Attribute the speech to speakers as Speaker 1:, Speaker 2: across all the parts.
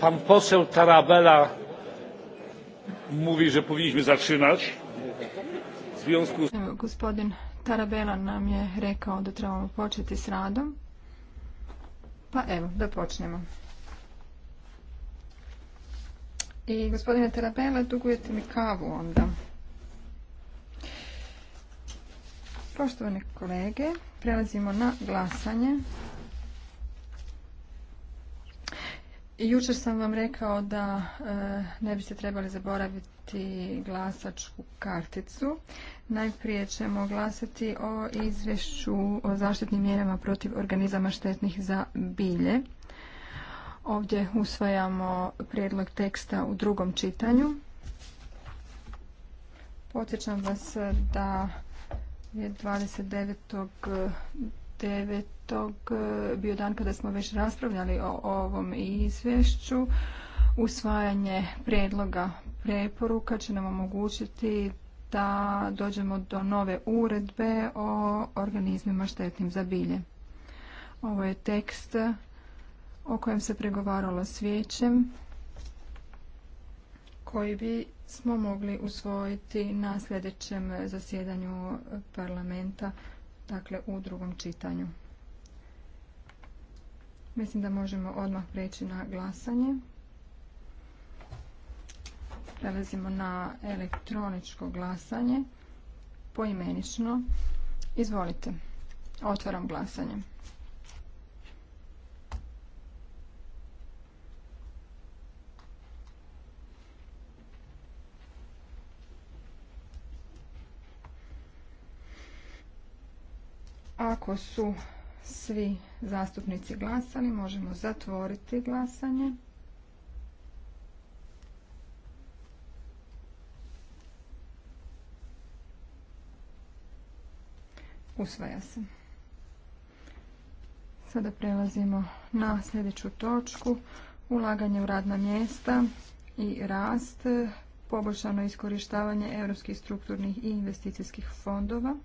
Speaker 1: Pan poseł Tarabella mówi, że powinniśmy zaczynać. W związku z...
Speaker 2: Gospodin Tarabella nam je rekao da trebamo početi s radom. Pa evo, da počnemo. I gospodine Tarabella, dugujete mi kavu onda. Poštovane kolege, prelazimo na glasanje. Jučer sam vam rekao da e, ne biste trebali zaboraviti glasačku karticu. Najprije ćemo glasati o izvješću o zaštitnim mjerama protiv organizama štetnih za bilje. Ovdje usvajamo prijedlog teksta u drugom čitanju. Podsjećam vas da je 29.9. Eh, eh, bio dan kada smo već raspravljali o ovom izvješću. Usvajanje predloga preporuka će nam omogućiti da dođemo do nove uredbe o organizmima štetnim za bilje. Ovo je tekst o kojem se pregovaralo s vijećem koji bi smo mogli usvojiti na sljedećem zasjedanju parlamenta, dakle u drugom čitanju. Mislim da možemo odmah preći na glasanje. Prelazimo na elektroničko glasanje, poimenično. Izvolite, otvaram glasanje. Ako su svi zastupnici glasali, možemo zatvoriti glasanje. Usvaja se. Sada prelazimo na sljedeću točku. Ulaganje u radna mjesta i rast, poboljšano iskorištavanje europskih strukturnih i investicijskih fondova.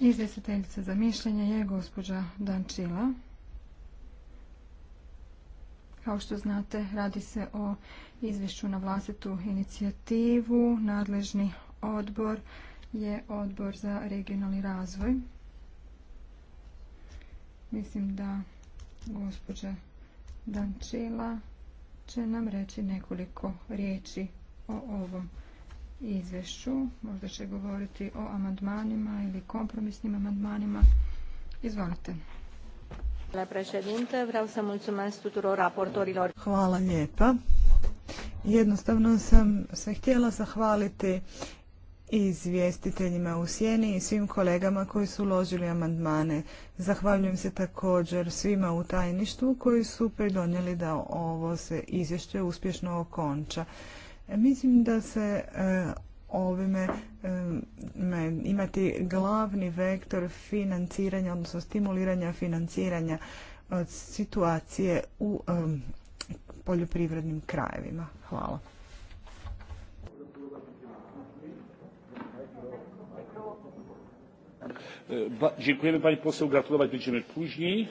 Speaker 2: Izvjestiteljica za mišljenje je gospođa Dančila. Kao što znate, radi se o izvješću na vlastitu inicijativu. Nadležni odbor je odbor za regionalni razvoj. Mislim da gospođa Dančila će nam reći nekoliko riječi o ovom izvješću. Možda će govoriti o amandmanima ili kompromisnim amandmanima. Izvolite.
Speaker 3: Hvala lijepa.
Speaker 4: Jednostavno sam se htjela zahvaliti izvjestiteljima u Sjeni i svim kolegama koji su uložili amandmane. Zahvaljujem se također svima u tajništvu koji su pridonijeli da ovo se izvješće uspješno okonča. Mislim da se e, ovime e, imati glavni vektor financiranja, odnosno stimuliranja financiranja od e, situacije u poljoprivrednim krajevima. Hvala.
Speaker 1: Dziękujemy Pani Poseł, gratulować będziemy później.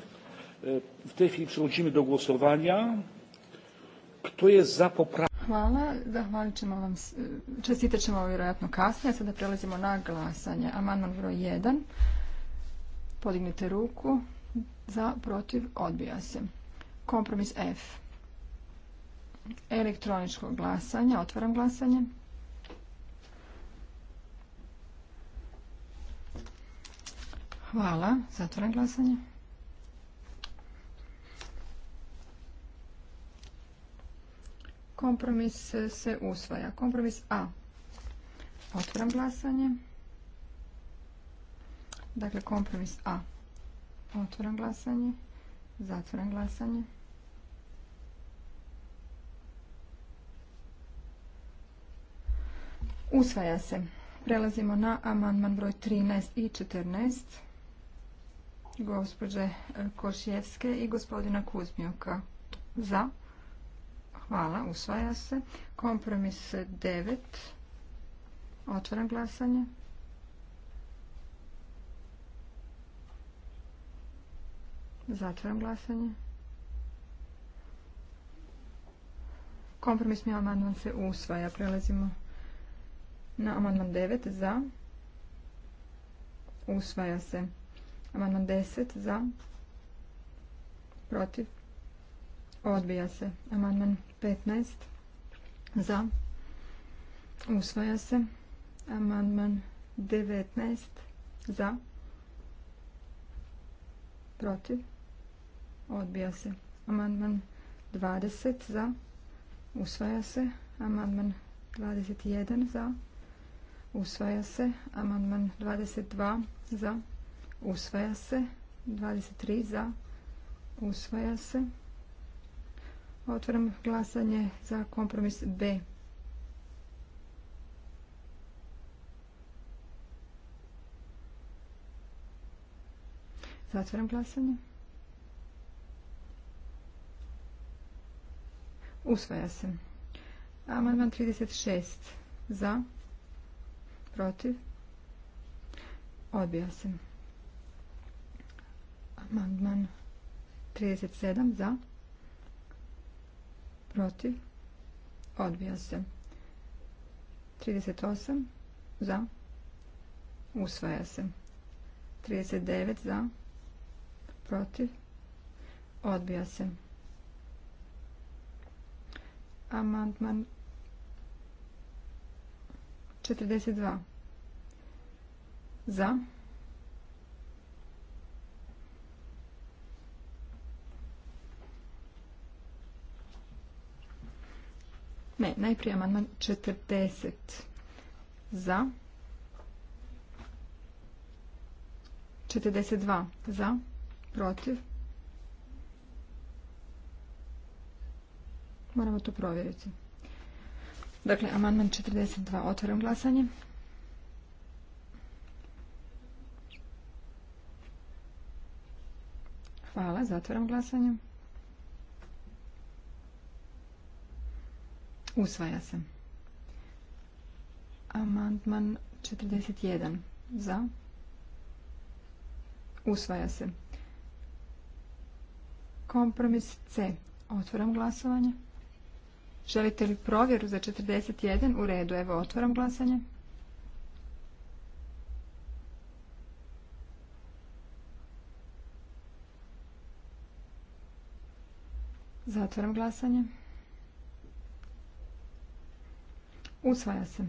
Speaker 1: W tej chwili przechodzimy do głosowania. Kto jest za poprawą?
Speaker 2: Hvala. Zahvalit ćemo vam, čestitat ćemo vjerojatno kasnije. Sada prelazimo na glasanje. Amandman broj 1. Podignite ruku. Za, protiv, odbija se. Kompromis F. Elektroničko glasanje. Otvaram glasanje. Hvala. Zatvaram glasanje. Kompromis se usvaja. Kompromis A. Otvaram glasanje. Dakle, kompromis A. Otvaram glasanje. Zatvaram glasanje. Usvaja se. Prelazimo na amandman broj 13 i 14 gospođe Košijevske i gospodina Kuzmijuka. Za. Hvala, usvaja se. Kompromis 9. Otvoram glasanje. Zatvoram glasanje. Kompromis Kompromisni amandman se usvaja. Prelazimo na amandman 9 za. Usvaja se. Amandman 10 za. Protiv. Odbija se. Amandman 15. Za. Usvaja se. Amandman 19. Za. Protiv. Odbija se. Amandman 20. Za. Usvaja se. Amandman 21. Za. Usvaja se. Amandman 22. Za. Usvaja se. 23. Za. Usvaja se. Otvaram glasanje za kompromis B. Zatvaram glasanje. Usvaja se. Amandman 36. Za. Protiv. Odbija se. Amandman 37. Za protiv, odbija se. 38 za, usvaja se. 39 za, protiv, odbija se. Amantman. 42 za, Ne, najprije amandman 40 za. 42 za, protiv. Moramo to provjeriti. Dakle, amandman 42. Otvaram glasanje. Hvala, zatvaram glasanje. Usvaja se. Amandman 41. Za. Usvaja se. Kompromis C. Otvaram glasovanje. Želite li provjeru za 41? U redu, evo otvoram glasanje. Zatvaram glasanje. Usvaja se.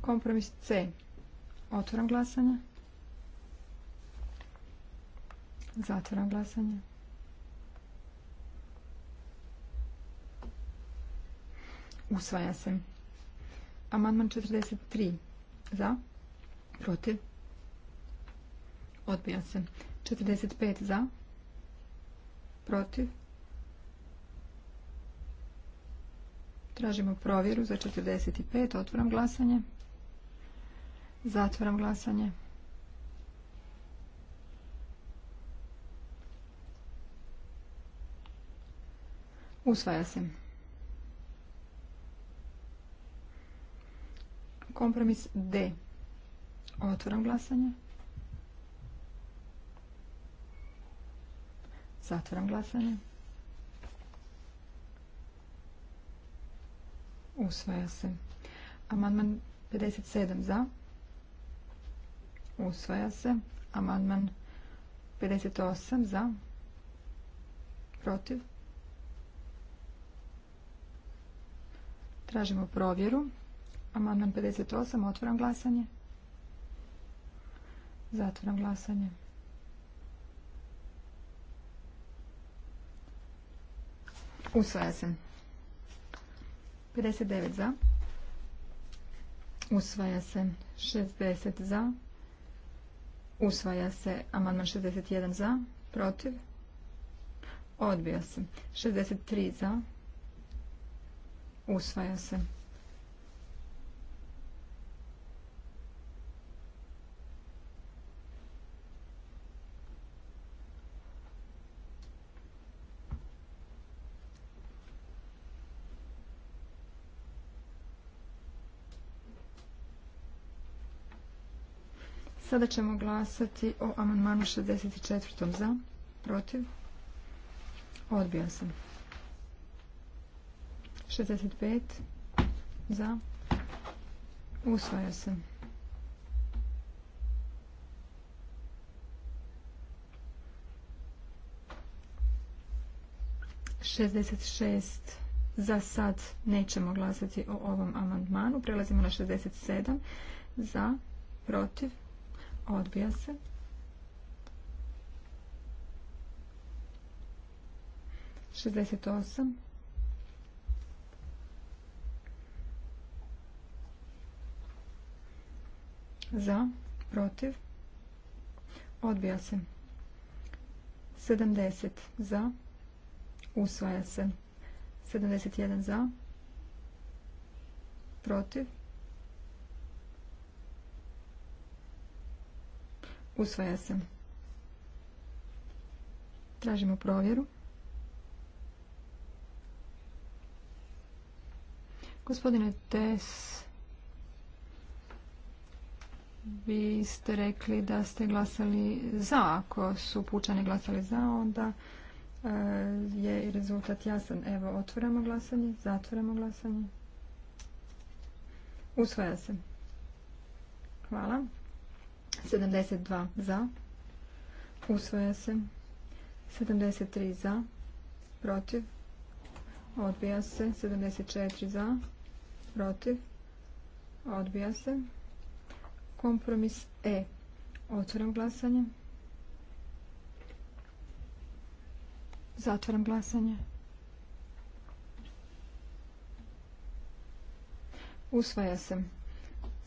Speaker 2: Kompromis C. Otvoram glasanje. Zatvoram glasanje. Usvaja se. Amandman 43. Za. Protiv. Odbija se. 45 za. Protiv. Tražimo provjeru za 45. Otvoram glasanje. Zatvoram glasanje. Usvaja se. Kompromis D. Otvoram glasanje. Zatvaram glasanje. Usvaja se. Amandman 57 za. Usvaja se. Amandman 58 za. Protiv. Tražimo provjeru. Amandman 58. Otvoram glasanje. Zatvoram glasanje. Usvaja se. 59 za. Usvaja se. 60 za. Usvaja se. Amandman 61 za. Protiv. Odbija se. 63 za. Usvaja se. Sada ćemo glasati o amandmanu 64. za, protiv, odbija sam. 65 za, usvaja sam. Šestdeset šest za sad nećemo glasati o ovom amandmanu. Prelazimo na 67. sedam za, protiv, Odbija se. Šestdeset osam. Za. Protiv. Odbija se. Sedamdeset. Za. Usvaja se. Sedamdeset jedan. Za. Protiv. Usvaja se. Tražimo provjeru. Gospodine Tes, vi ste rekli da ste glasali za. Ako su pučani glasali za, onda eh, je i rezultat jasan. Evo, otvoramo glasanje, zatvoramo glasanje. Usvaja se. Hvala. 72 za. Usvaja se. 73 za. Protiv. Odbija se. 74 za. Protiv. Odbija se. Kompromis E. Otvaram glasanje. Zatvoram glasanje. Usvaja se.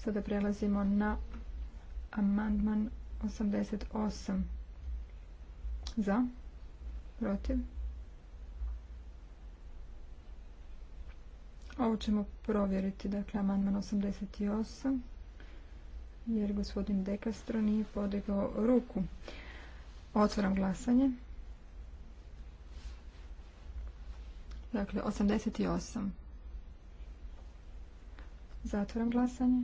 Speaker 2: Sada prelazimo na Amandman 88. Za. Protiv. Ovo ćemo provjeriti, dakle, amandman 88, jer gospodin Dekastro nije podigao ruku. Otvoram glasanje. Dakle, 88. Zatvoram glasanje.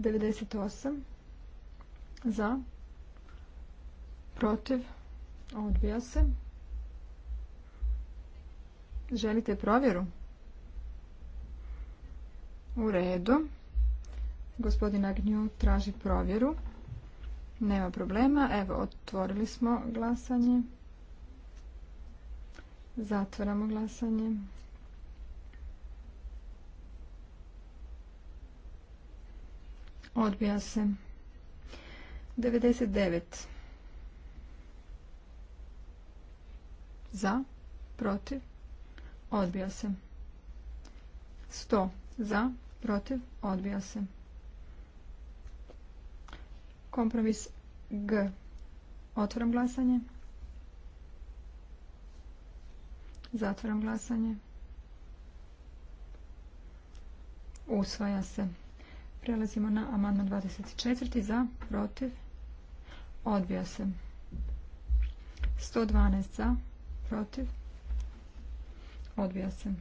Speaker 2: 98 za protiv odbija se želite provjeru u redu gospodin Agnju traži provjeru nema problema evo otvorili smo glasanje zatvaramo glasanje Odbija se. 99. Za. Protiv. Odbija se. 100. Za. Protiv. Odbija se. Kompromis G. Otvoram glasanje. Zatvoram glasanje. Usvaja se. Prelazimo na amandman 24. Za, protiv, odbija se. 112 za, protiv, odbija se.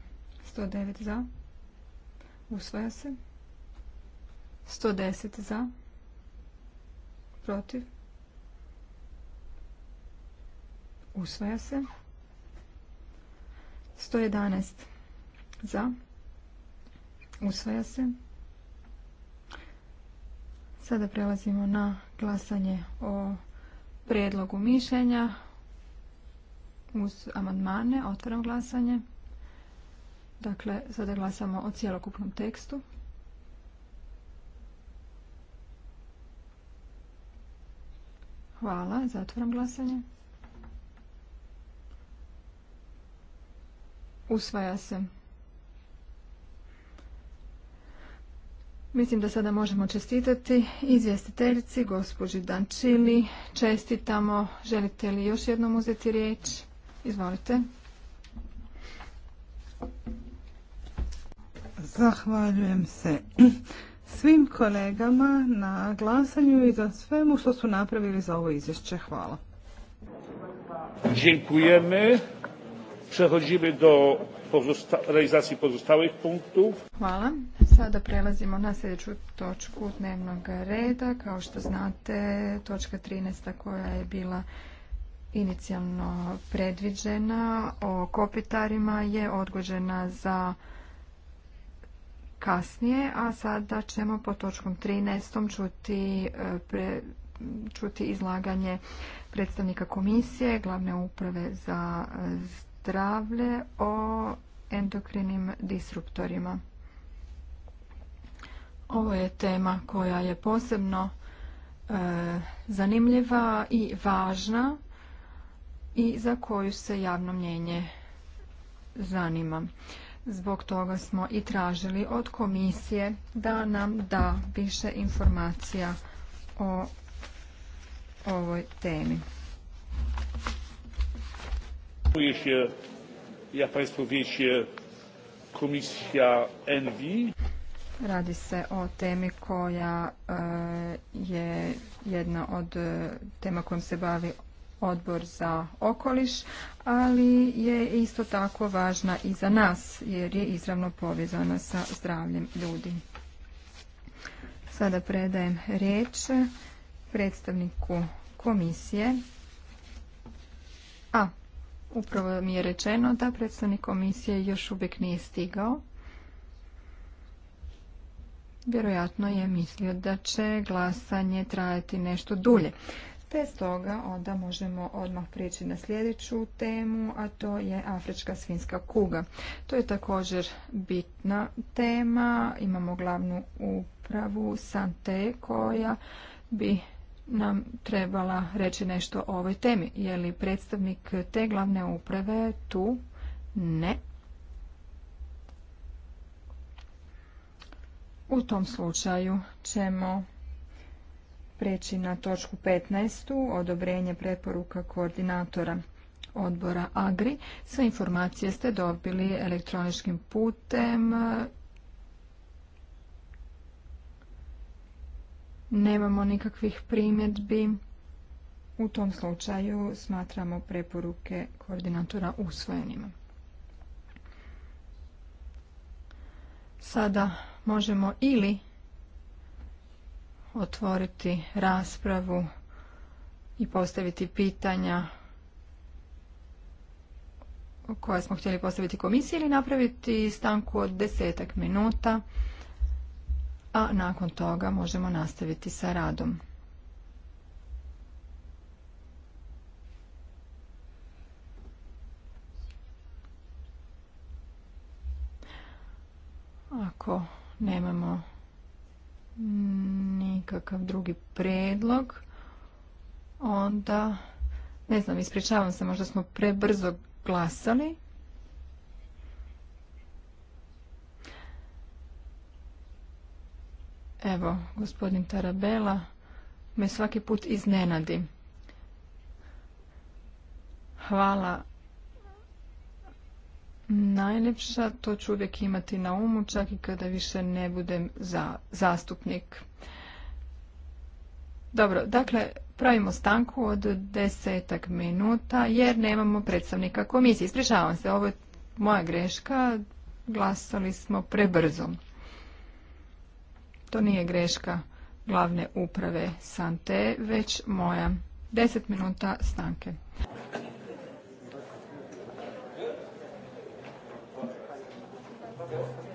Speaker 2: 109 za, usvaja se. 110 za, protiv, usvaja se. 111 za, usvaja se. Sada prelazimo na glasanje o prijedlogu mišljenja uz amandmane. Otvaram glasanje. Dakle, sada glasamo o cijelokupnom tekstu. Hvala, zatvaram glasanje. Usvaja se. Mislim da sada možemo čestitati izvjestiteljici, gospođi Dančili. Čestitamo. Želite li još jednom uzeti riječ? Izvolite.
Speaker 4: Zahvaljujem se svim kolegama na glasanju i za svemu što su napravili za ovo izvješće. Hvala.
Speaker 1: Dziękujemy. Przechodzimy do realizacji pozostałych punktów.
Speaker 4: Hvala.
Speaker 2: Sada prelazimo na sljedeću točku dnevnog reda. Kao što znate, točka 13. koja je bila inicijalno predviđena o kopitarima je odgođena za kasnije, a sada ćemo po točkom 13. čuti, e, čuti izlaganje predstavnika komisije, glavne uprave za e, zdravlje o endokrinim disruptorima. Ovo je tema koja je posebno e, zanimljiva i važna i za koju se javno mnjenje zanima. Zbog toga smo i tražili od komisije da nam da više informacija o ovoj temi.
Speaker 1: Ja wiecie,
Speaker 2: Radi se o temi koja e, je jedna od e, tema kojom se bavi odbor za okoliš, ali je isto tako važna i za nas jer je izravno povezana sa zdravljem ljudi. Sada predajem riječ predstavniku komisije. A, upravo mi je rečeno da predstavnik komisije još uvijek nije stigao vjerojatno je mislio da će glasanje trajati nešto dulje. Te stoga onda možemo odmah prijeći na sljedeću temu, a to je afrička svinska kuga. To je također bitna tema. Imamo glavnu upravu Sante koja bi nam trebala reći nešto o ovoj temi. Je li predstavnik te glavne uprave tu? Ne. U tom slučaju ćemo preći na točku 15. Odobrenje preporuka koordinatora odbora AGRI. Sve informacije ste dobili elektroničkim putem. Nemamo nikakvih primjedbi. U tom slučaju smatramo preporuke koordinatora usvojenima. Sada možemo ili otvoriti raspravu i postaviti pitanja koja smo htjeli postaviti komisiji ili napraviti stanku od desetak minuta, a nakon toga možemo nastaviti sa radom. Ako nemamo nikakav drugi predlog, onda, ne znam, ispričavam se, možda smo prebrzo glasali. Evo, gospodin Tarabela me svaki put iznenadi. Hvala najljepša, to ću uvijek imati na umu, čak i kada više ne budem za, zastupnik. Dobro, dakle, pravimo stanku od desetak minuta jer nemamo predstavnika komisije. Ispričavam se, ovo je moja greška, glasali smo prebrzo. To nije greška glavne uprave Sante, već moja. Deset minuta stanke. Hvala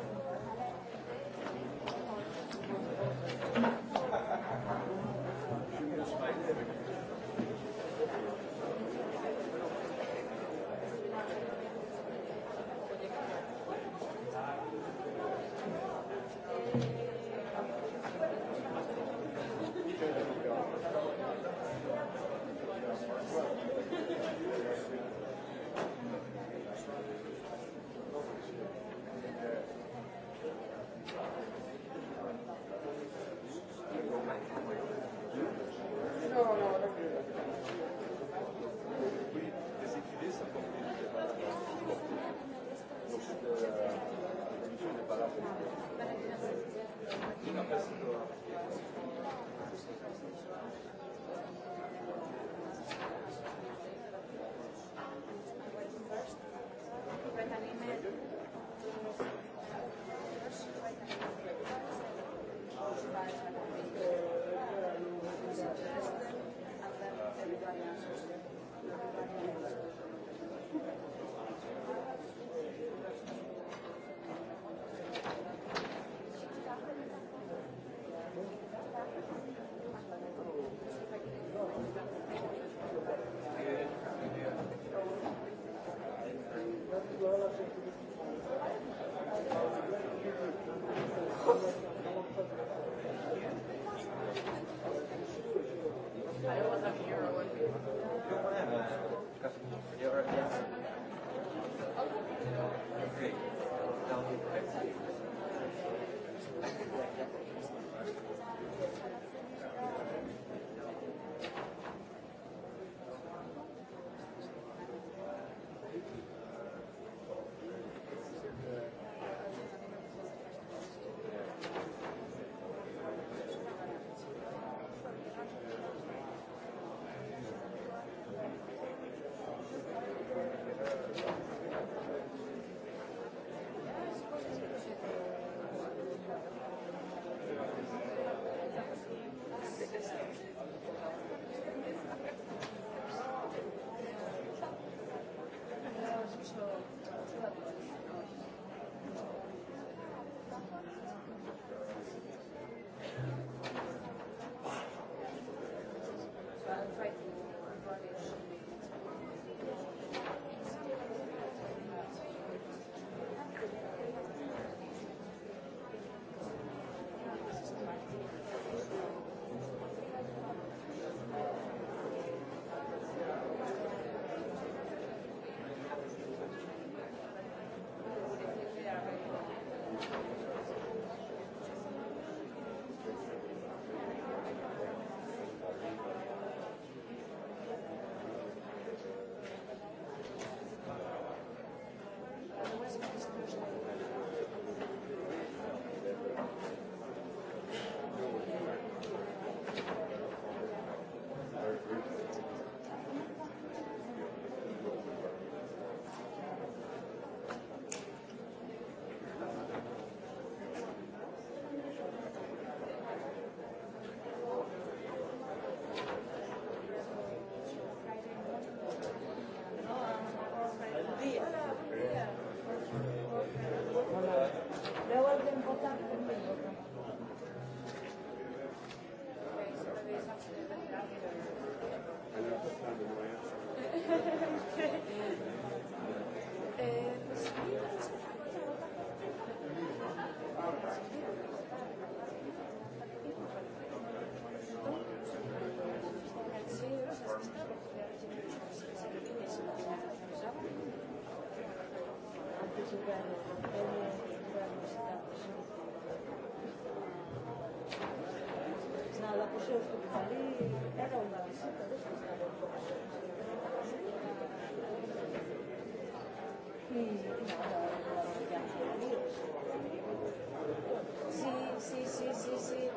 Speaker 5: Sí, sí, sí, sí, sí.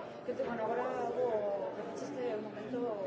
Speaker 5: ahora hago, el momento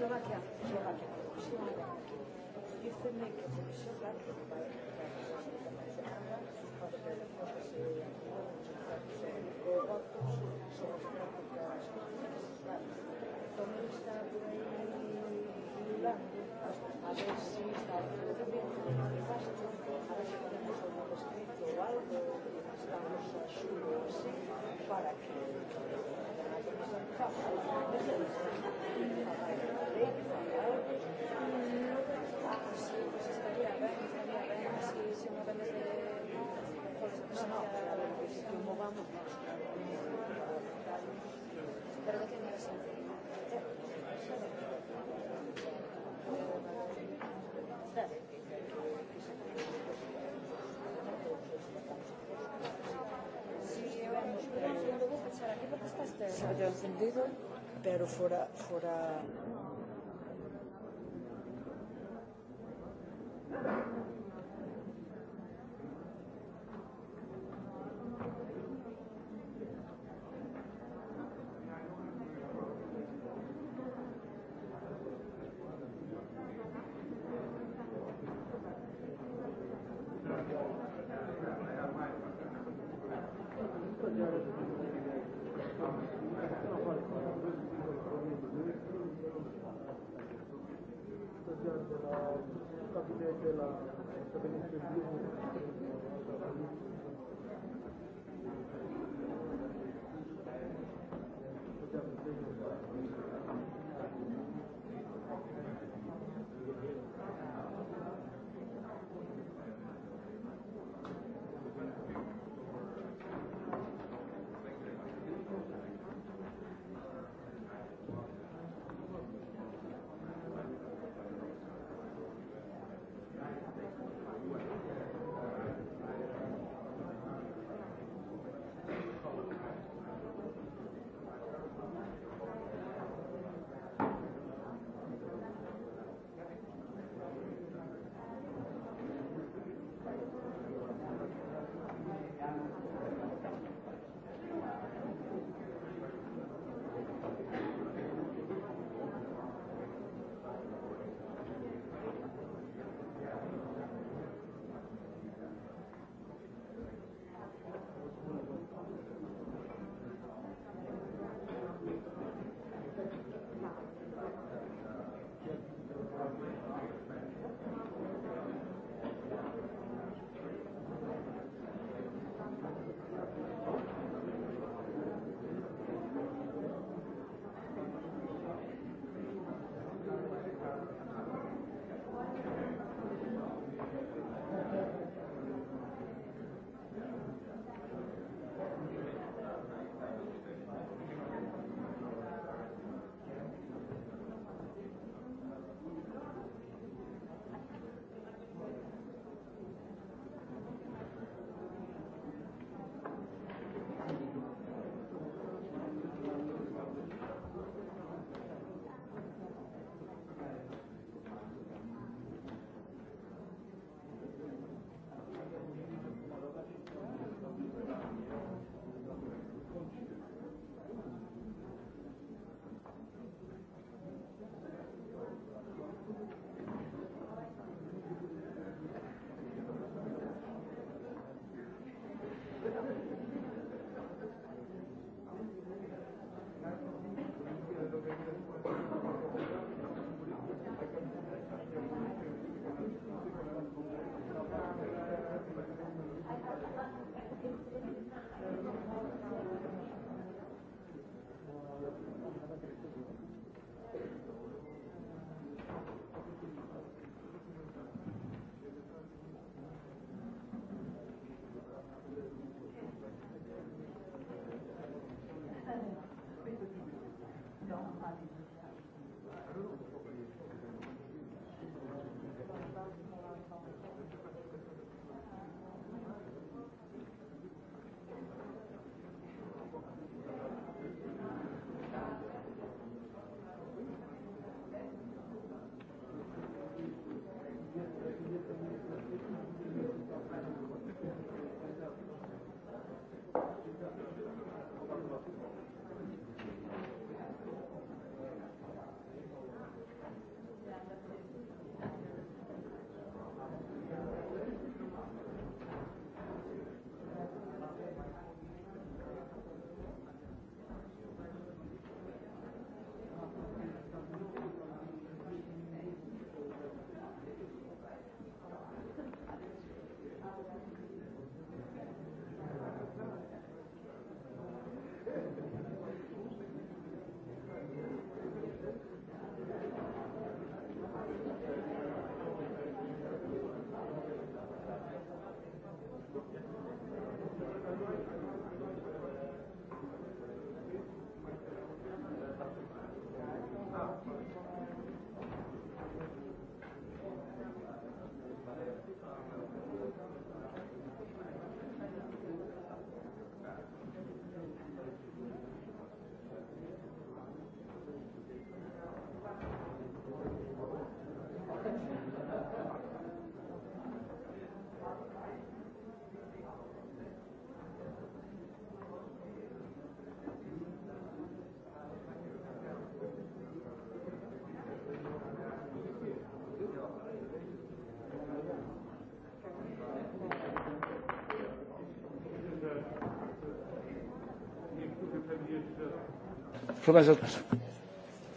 Speaker 5: Slovakia. Slovakia. Slovakia. If they make it Slovakia, a para que se encendido, pero fuera, fuera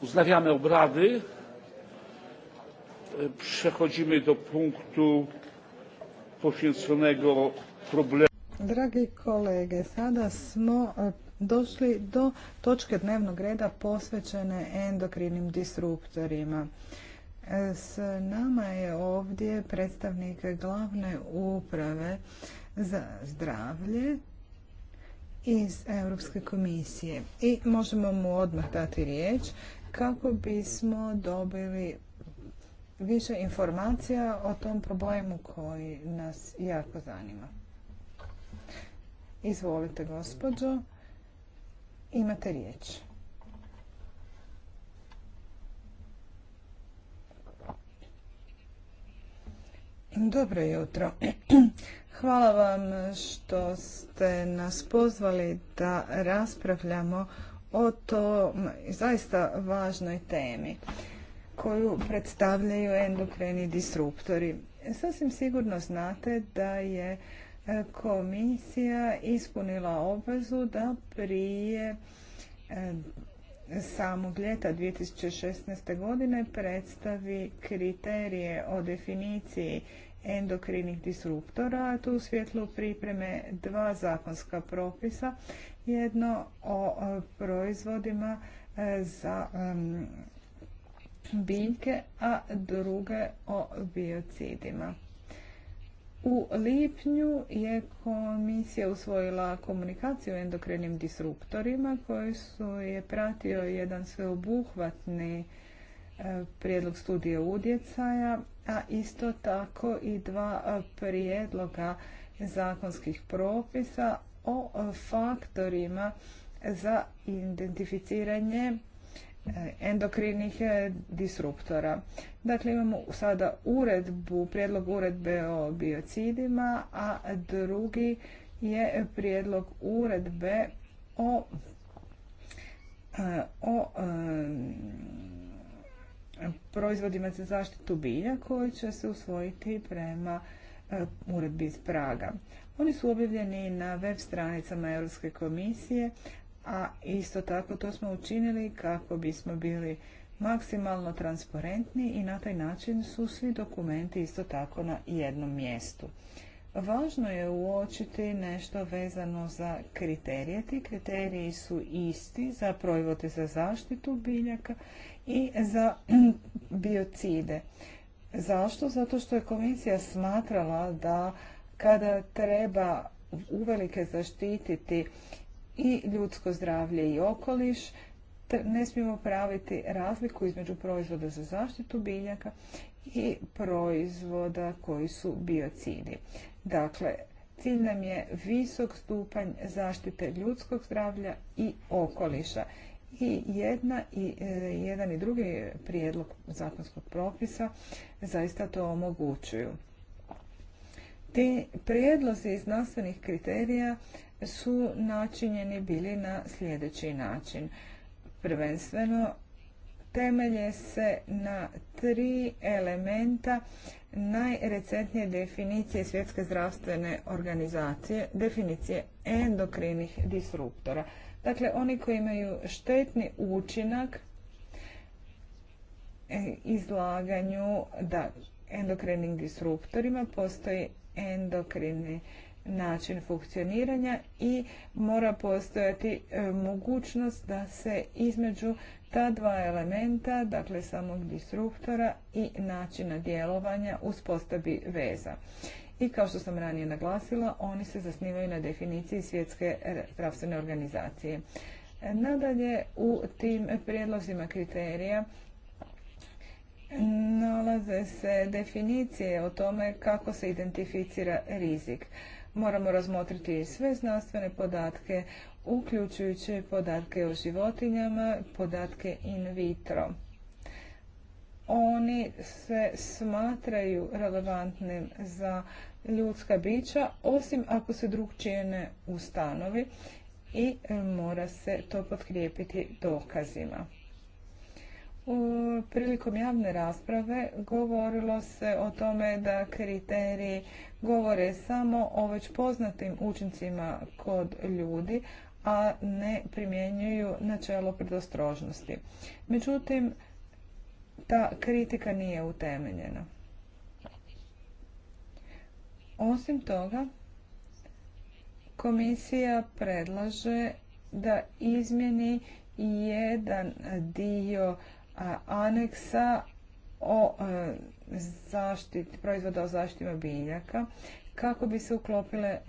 Speaker 1: Uznawiamy obrady. E, przechodzimy do punktu poświęconego problemu.
Speaker 4: Dragi kolege, sada smo e, došli do točke dnevnog reda posvećene endokrinim disruptorima. E, s nama je ovdje predstavnik glavne uprave za zdravlje iz Europske komisije i možemo mu odmah dati riječ kako bismo dobili više informacija o tom problemu koji nas jako zanima. Izvolite, gospođo. Imate riječ. Dobro jutro. Hvala vam što ste nas pozvali da raspravljamo o to zaista važnoj temi koju predstavljaju endokreni disruptori. Sasvim sigurno znate da je e, komisija ispunila obvezu da prije e, samog ljeta 2016. godine predstavi kriterije o definiciji endokrinih disruptora. Tu u svjetlu pripreme dva zakonska propisa. Jedno o e, proizvodima e, za biljke, a druge o biocidima. U lipnju je komisija usvojila komunikaciju o endokrinim disruptorima koji su je pratio jedan sveobuhvatni E, prijedlog studije udjecaja, a isto tako i dva e, prijedloga zakonskih propisa o e, faktorima za identificiranje endokrinih disruptora. Dakle, imamo sada uredbu, prijedlog uredbe o biocidima, a drugi je prijedlog uredbe o, o proizvodima za zaštitu bilja koji će se usvojiti prema e, uredbi iz Praga. Oni su objavljeni na web stranicama Europske komisije, a isto tako to smo učinili kako bismo bili maksimalno transparentni i na taj način su svi dokumenti isto tako na jednom mjestu. Važno je uočiti nešto vezano za kriterije. Ti kriteriji su isti za proizvode za zaštitu biljaka i za biocide. Zašto? Zato što je komisija smatrala da kada treba uvelike zaštititi i ljudsko zdravlje i okoliš, ne smijemo praviti razliku između proizvoda za zaštitu biljaka i proizvoda koji su biocidi. Dakle, cilj nam je visok stupanj zaštite ljudskog zdravlja i okoliša. I, jedna, i e, jedan i drugi prijedlog zakonskog propisa zaista to omogućuju. Ti prijedlozi znanstvenih kriterija su načinjeni bili na sljedeći način. Prvenstveno temelje se na tri elementa najrecentnije definicije Svjetske zdravstvene organizacije, definicije endokrinih disruptora. Dakle, oni koji imaju štetni učinak e, izlaganju da endokrinim disruptorima postoji endokrini način funkcioniranja i mora postojati e, mogućnost da se između ta dva elementa, dakle samog disruptora i načina djelovanja uspostavi veza. I kao što sam ranije naglasila, oni se zasnivaju na definiciji svjetske zdravstvene organizacije. E, nadalje, u tim prijedlozima kriterija nalaze se definicije o tome kako se identificira rizik. Moramo razmotriti sve znanstvene podatke, uključujući podatke o životinjama, podatke in vitro. Oni se smatraju relevantnim za ljudska bića, osim ako se čine ustanovi i mora se to potkrijepiti dokazima prilikom javne rasprave govorilo se o tome da kriteriji govore samo o već poznatim učincima kod ljudi, a ne primjenjuju načelo predostrožnosti. Međutim, ta kritika nije utemeljena. Osim toga, komisija predlaže da izmjeni jedan dio aneksa o e, zaštiti, proizvoda o zaštiti biljaka kako bi se uklopile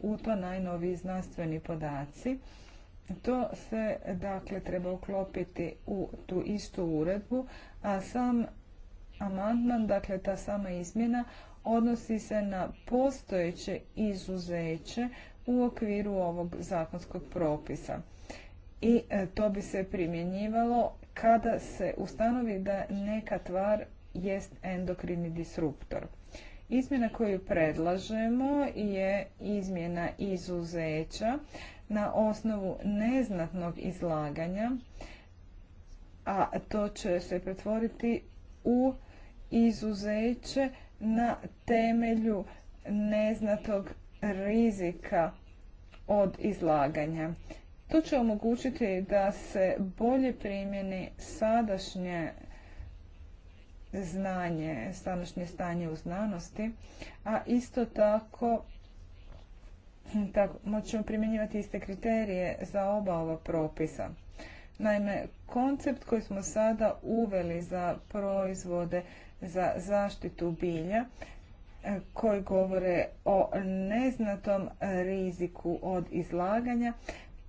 Speaker 4: u to najnoviji znanstveni podaci. To se dakle treba uklopiti u tu istu uredbu, a sam amandman, dakle ta sama izmjena, odnosi se na postojeće izuzeće u okviru ovog zakonskog propisa. I e, to bi se primjenjivalo kada se ustanovi da neka tvar jest endokrini disruptor. Izmjena koju predlažemo je izmjena izuzeća na osnovu neznatnog izlaganja, a to će se pretvoriti u izuzeće na temelju neznatog rizika od izlaganja. To će omogućiti da se bolje primjeni sadašnje znanje, sadašnje stanje u znanosti, a isto tako tako, moćemo primjenjivati iste kriterije za oba ova propisa. Naime, koncept koji smo sada uveli za proizvode za zaštitu bilja, e, koji govore o neznatom riziku od izlaganja,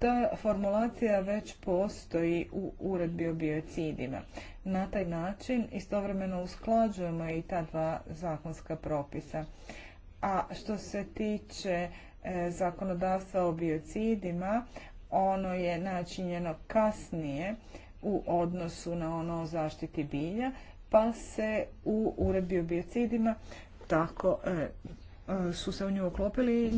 Speaker 4: ta formulacija već postoji u uredbi o biocidima. Na taj način istovremeno usklađujemo i ta dva zakonska propisa. A što se tiče e, zakonodavstva o biocidima, ono je načinjeno kasnije u odnosu na ono o zaštiti bilja, pa se u uredbi o biocidima tako e, E, su se u nju oklopili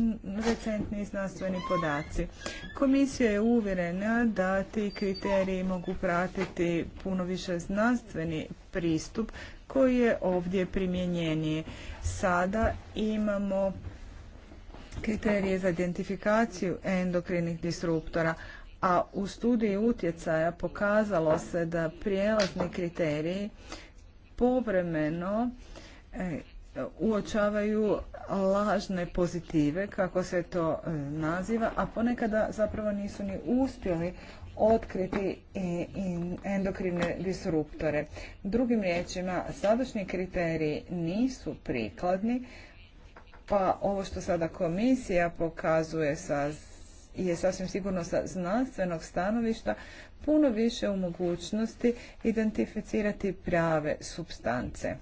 Speaker 4: recentni znanstveni podaci. Komisija je uvjerena da ti kriteriji mogu pratiti puno više znanstveni pristup koji je ovdje primjenjeniji. Sada imamo kriterije za identifikaciju endokrinih disruptora, a u studiji utjecaja pokazalo se da prijelazni kriteriji povremeno e, uočavaju lažne pozitive, kako se to e, naziva, a ponekada zapravo nisu ni uspjeli otkriti endokrine disruptore. Drugim riječima, sadašnji kriteriji nisu prikladni, pa ovo što sada komisija pokazuje sa, je sasvim sigurno sa znanstvenog stanovišta puno više u mogućnosti identificirati prave substance.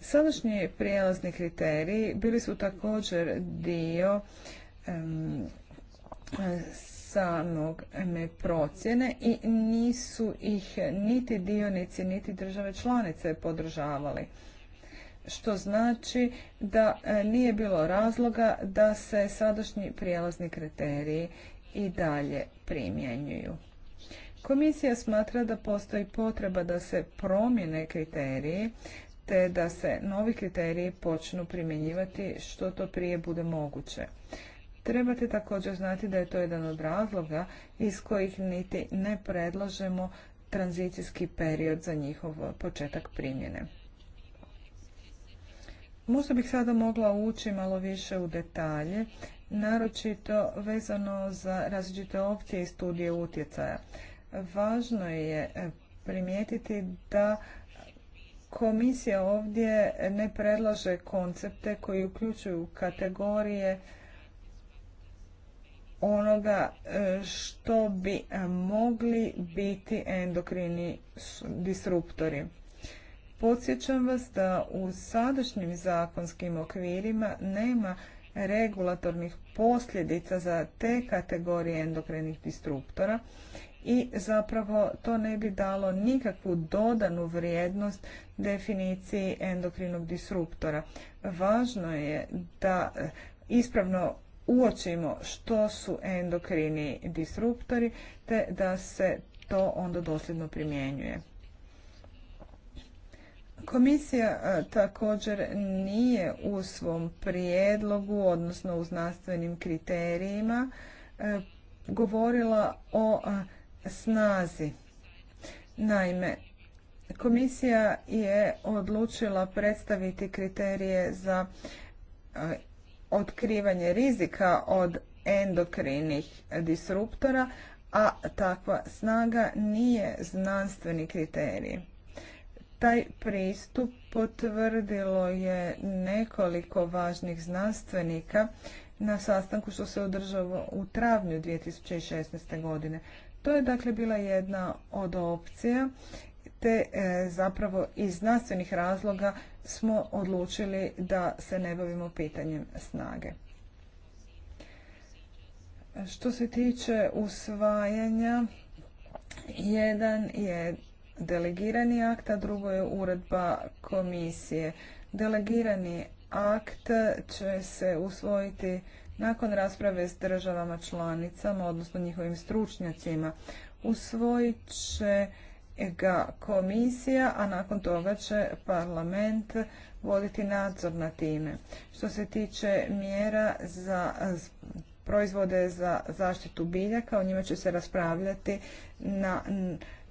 Speaker 4: Sadašnji prijelazni kriteriji bili su također dio um, samog procjene i nisu ih niti dionici, niti države članice podržavali. Što znači da e, nije bilo razloga da se sadašnji prijelazni kriteriji i dalje primjenjuju. Komisija smatra da postoji potreba da se promjene kriteriji te da se novi kriteriji počnu primjenjivati što to prije bude moguće. Trebate također znati da je to jedan od razloga iz kojih niti ne predlažemo tranzicijski period za njihov početak primjene. Možda bih sada mogla ući malo više u detalje, naročito vezano za različite opcije i studije utjecaja. Važno je e, primijetiti da Komisija ovdje ne predlaže koncepte koji uključuju kategorije onoga e, što bi e, mogli biti endokrini disruptori. Podsjećam vas da u sadašnjim zakonskim okvirima nema regulatornih posljedica za te kategorije endokrinih disruptora i zapravo to ne bi dalo nikakvu dodanu vrijednost definiciji endokrinog disruptora. Važno je da e, ispravno uočimo što su endokrini disruptori te da se to onda dosljedno primjenjuje. Komisija e, također nije u svom prijedlogu, odnosno u znanstvenim kriterijima, e, govorila o snazi. Naime, komisija je odlučila predstaviti kriterije za e, otkrivanje rizika od endokrinih disruptora, a takva snaga nije znanstveni kriterij. Taj pristup potvrdilo je nekoliko važnih znanstvenika na sastanku što se održalo u travnju 2016. godine. To je dakle bila jedna od opcija te e, zapravo iz znanstvenih razloga smo odlučili da se ne bavimo pitanjem snage. Što se tiče usvajanja, jedan je delegirani akt, a drugo je uredba komisije. Delegirani akt će se usvojiti nakon rasprave s državama članicama, odnosno njihovim stručnjacima. Usvojit će ga komisija, a nakon toga će parlament voditi nadzor na time. Što se tiče mjera za proizvode za zaštitu biljaka, o njima će se raspravljati na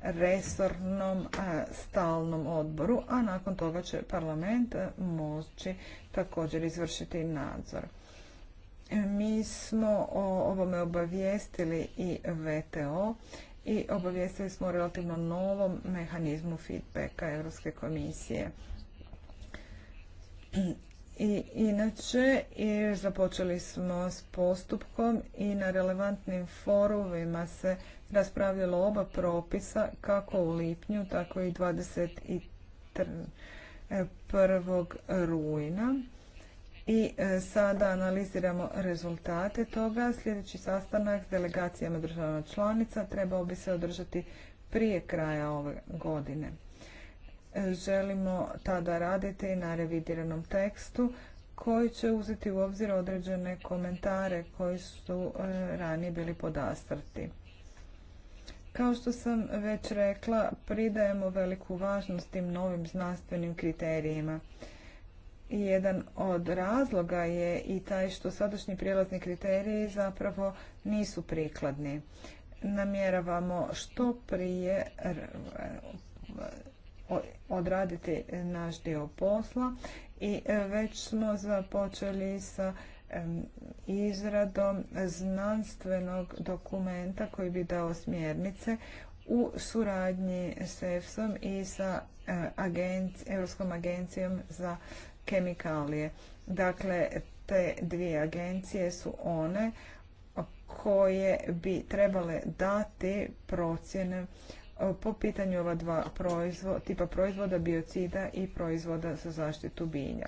Speaker 4: resornom stalnom odboru, a nakon toga će parlament moći također izvršiti nadzor. Mi smo o ovome obavijestili i VTO i obavijestili smo o relativno novom mehanizmu feedbacka Europske komisije. I inače, i započeli smo s postupkom i na relevantnim forumima se raspravljalo oba propisa, kako u lipnju, tako i 21. rujna. I e, sada analiziramo rezultate toga. Sljedeći sastanak s delegacijama država članica trebao bi se održati prije kraja ove godine. E, želimo tada raditi na revidiranom tekstu koji će uzeti u obzir određene komentare koji su e, ranije bili podastrti. Kao što sam već rekla, pridajemo veliku važnost tim novim znanstvenim kriterijima. Jedan od razloga je i taj što sadašnji prijelazni kriteriji zapravo nisu prikladni. Namjeravamo što prije odraditi naš dio posla i e, već smo započeli sa izradom znanstvenog dokumenta koji bi dao smjernice u suradnji s EFSom i sa e, Europskom agencijom za kemikalije. Dakle, te dvije agencije su one koje bi trebale dati procjene e, po pitanju ova dva proizvoda, tipa proizvoda biocida i proizvoda za zaštitu binja.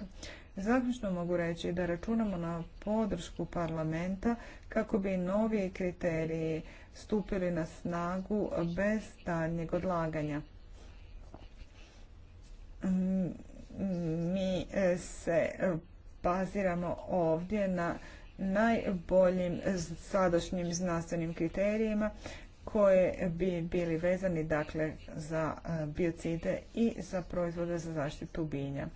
Speaker 4: Zaključno mogu reći da računamo na podršku parlamenta kako bi novi kriteriji stupili na snagu bez daljnjeg odlaganja. Mm, mi e, se e, baziramo ovdje na najboljim sadašnjim znanstvenim kriterijima koje bi bili vezani dakle za e, biocide i za proizvode za zaštitu bilja.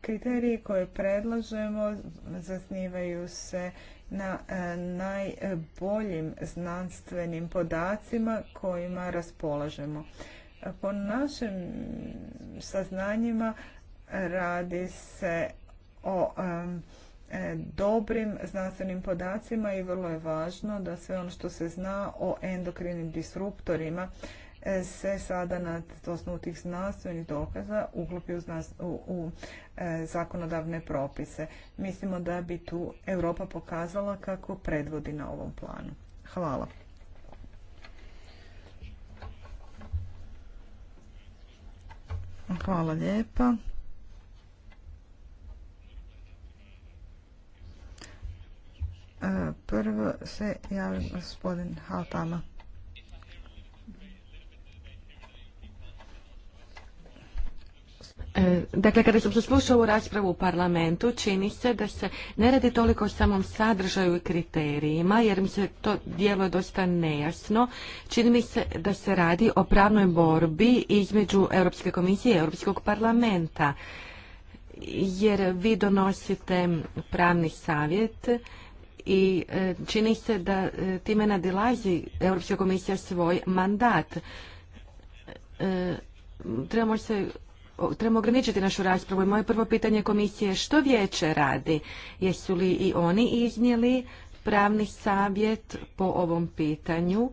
Speaker 4: Kriteriji koje predlažemo zasnivaju se na najboljim znanstvenim podacima kojima raspolažemo. Po našim saznanjima Radi se o e, dobrim znanstvenim podacima i vrlo je važno da sve ono što se zna o endokrinim disruptorima e, se sada na osnovu tih znanstvenih dokaza uklopi u, e, zakonodavne propise. Mislimo da bi tu Europa pokazala kako predvodi na ovom planu. Hvala. Hvala lijepa. Prvo se javlja gospodin Haltama.
Speaker 3: E, dakle, kada sam slušao ovu raspravu u parlamentu, čini se da se ne radi toliko o samom sadržaju i kriterijima, jer mi se to djeluje dosta nejasno. Čini mi se da se radi o pravnoj borbi između Europske komisije i Europskog parlamenta, jer vi donosite pravni savjet i e, čini se da e, time nadilazi Europska komisija svoj mandat. E, trebamo se trebamo ograničiti našu raspravu i moje prvo pitanje komisije je što vijeće radi? Jesu li i oni iznijeli pravni savjet po ovom pitanju?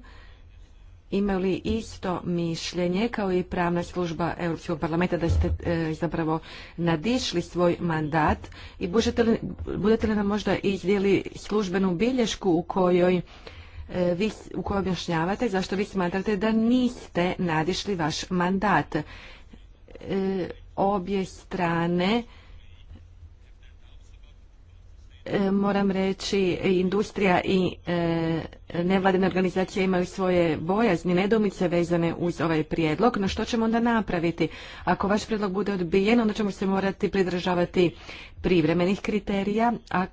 Speaker 3: imali isto mišljenje kao i pravna služba Europskog parlamenta da ste e, zapravo nadišli svoj mandat i budete li nam možda izdjeli službenu bilješku u kojoj e, u kojoj objašnjavate zašto vi smatrate da niste nadišli vaš mandat. E, obje strane E, moram reći, industrija i e, nevladine organizacije imaju svoje bojazni, nedomice vezane uz ovaj prijedlog, no što ćemo onda napraviti? Ako vaš prijedlog bude odbijen, onda ćemo se morati pridržavati privremenih kriterija, a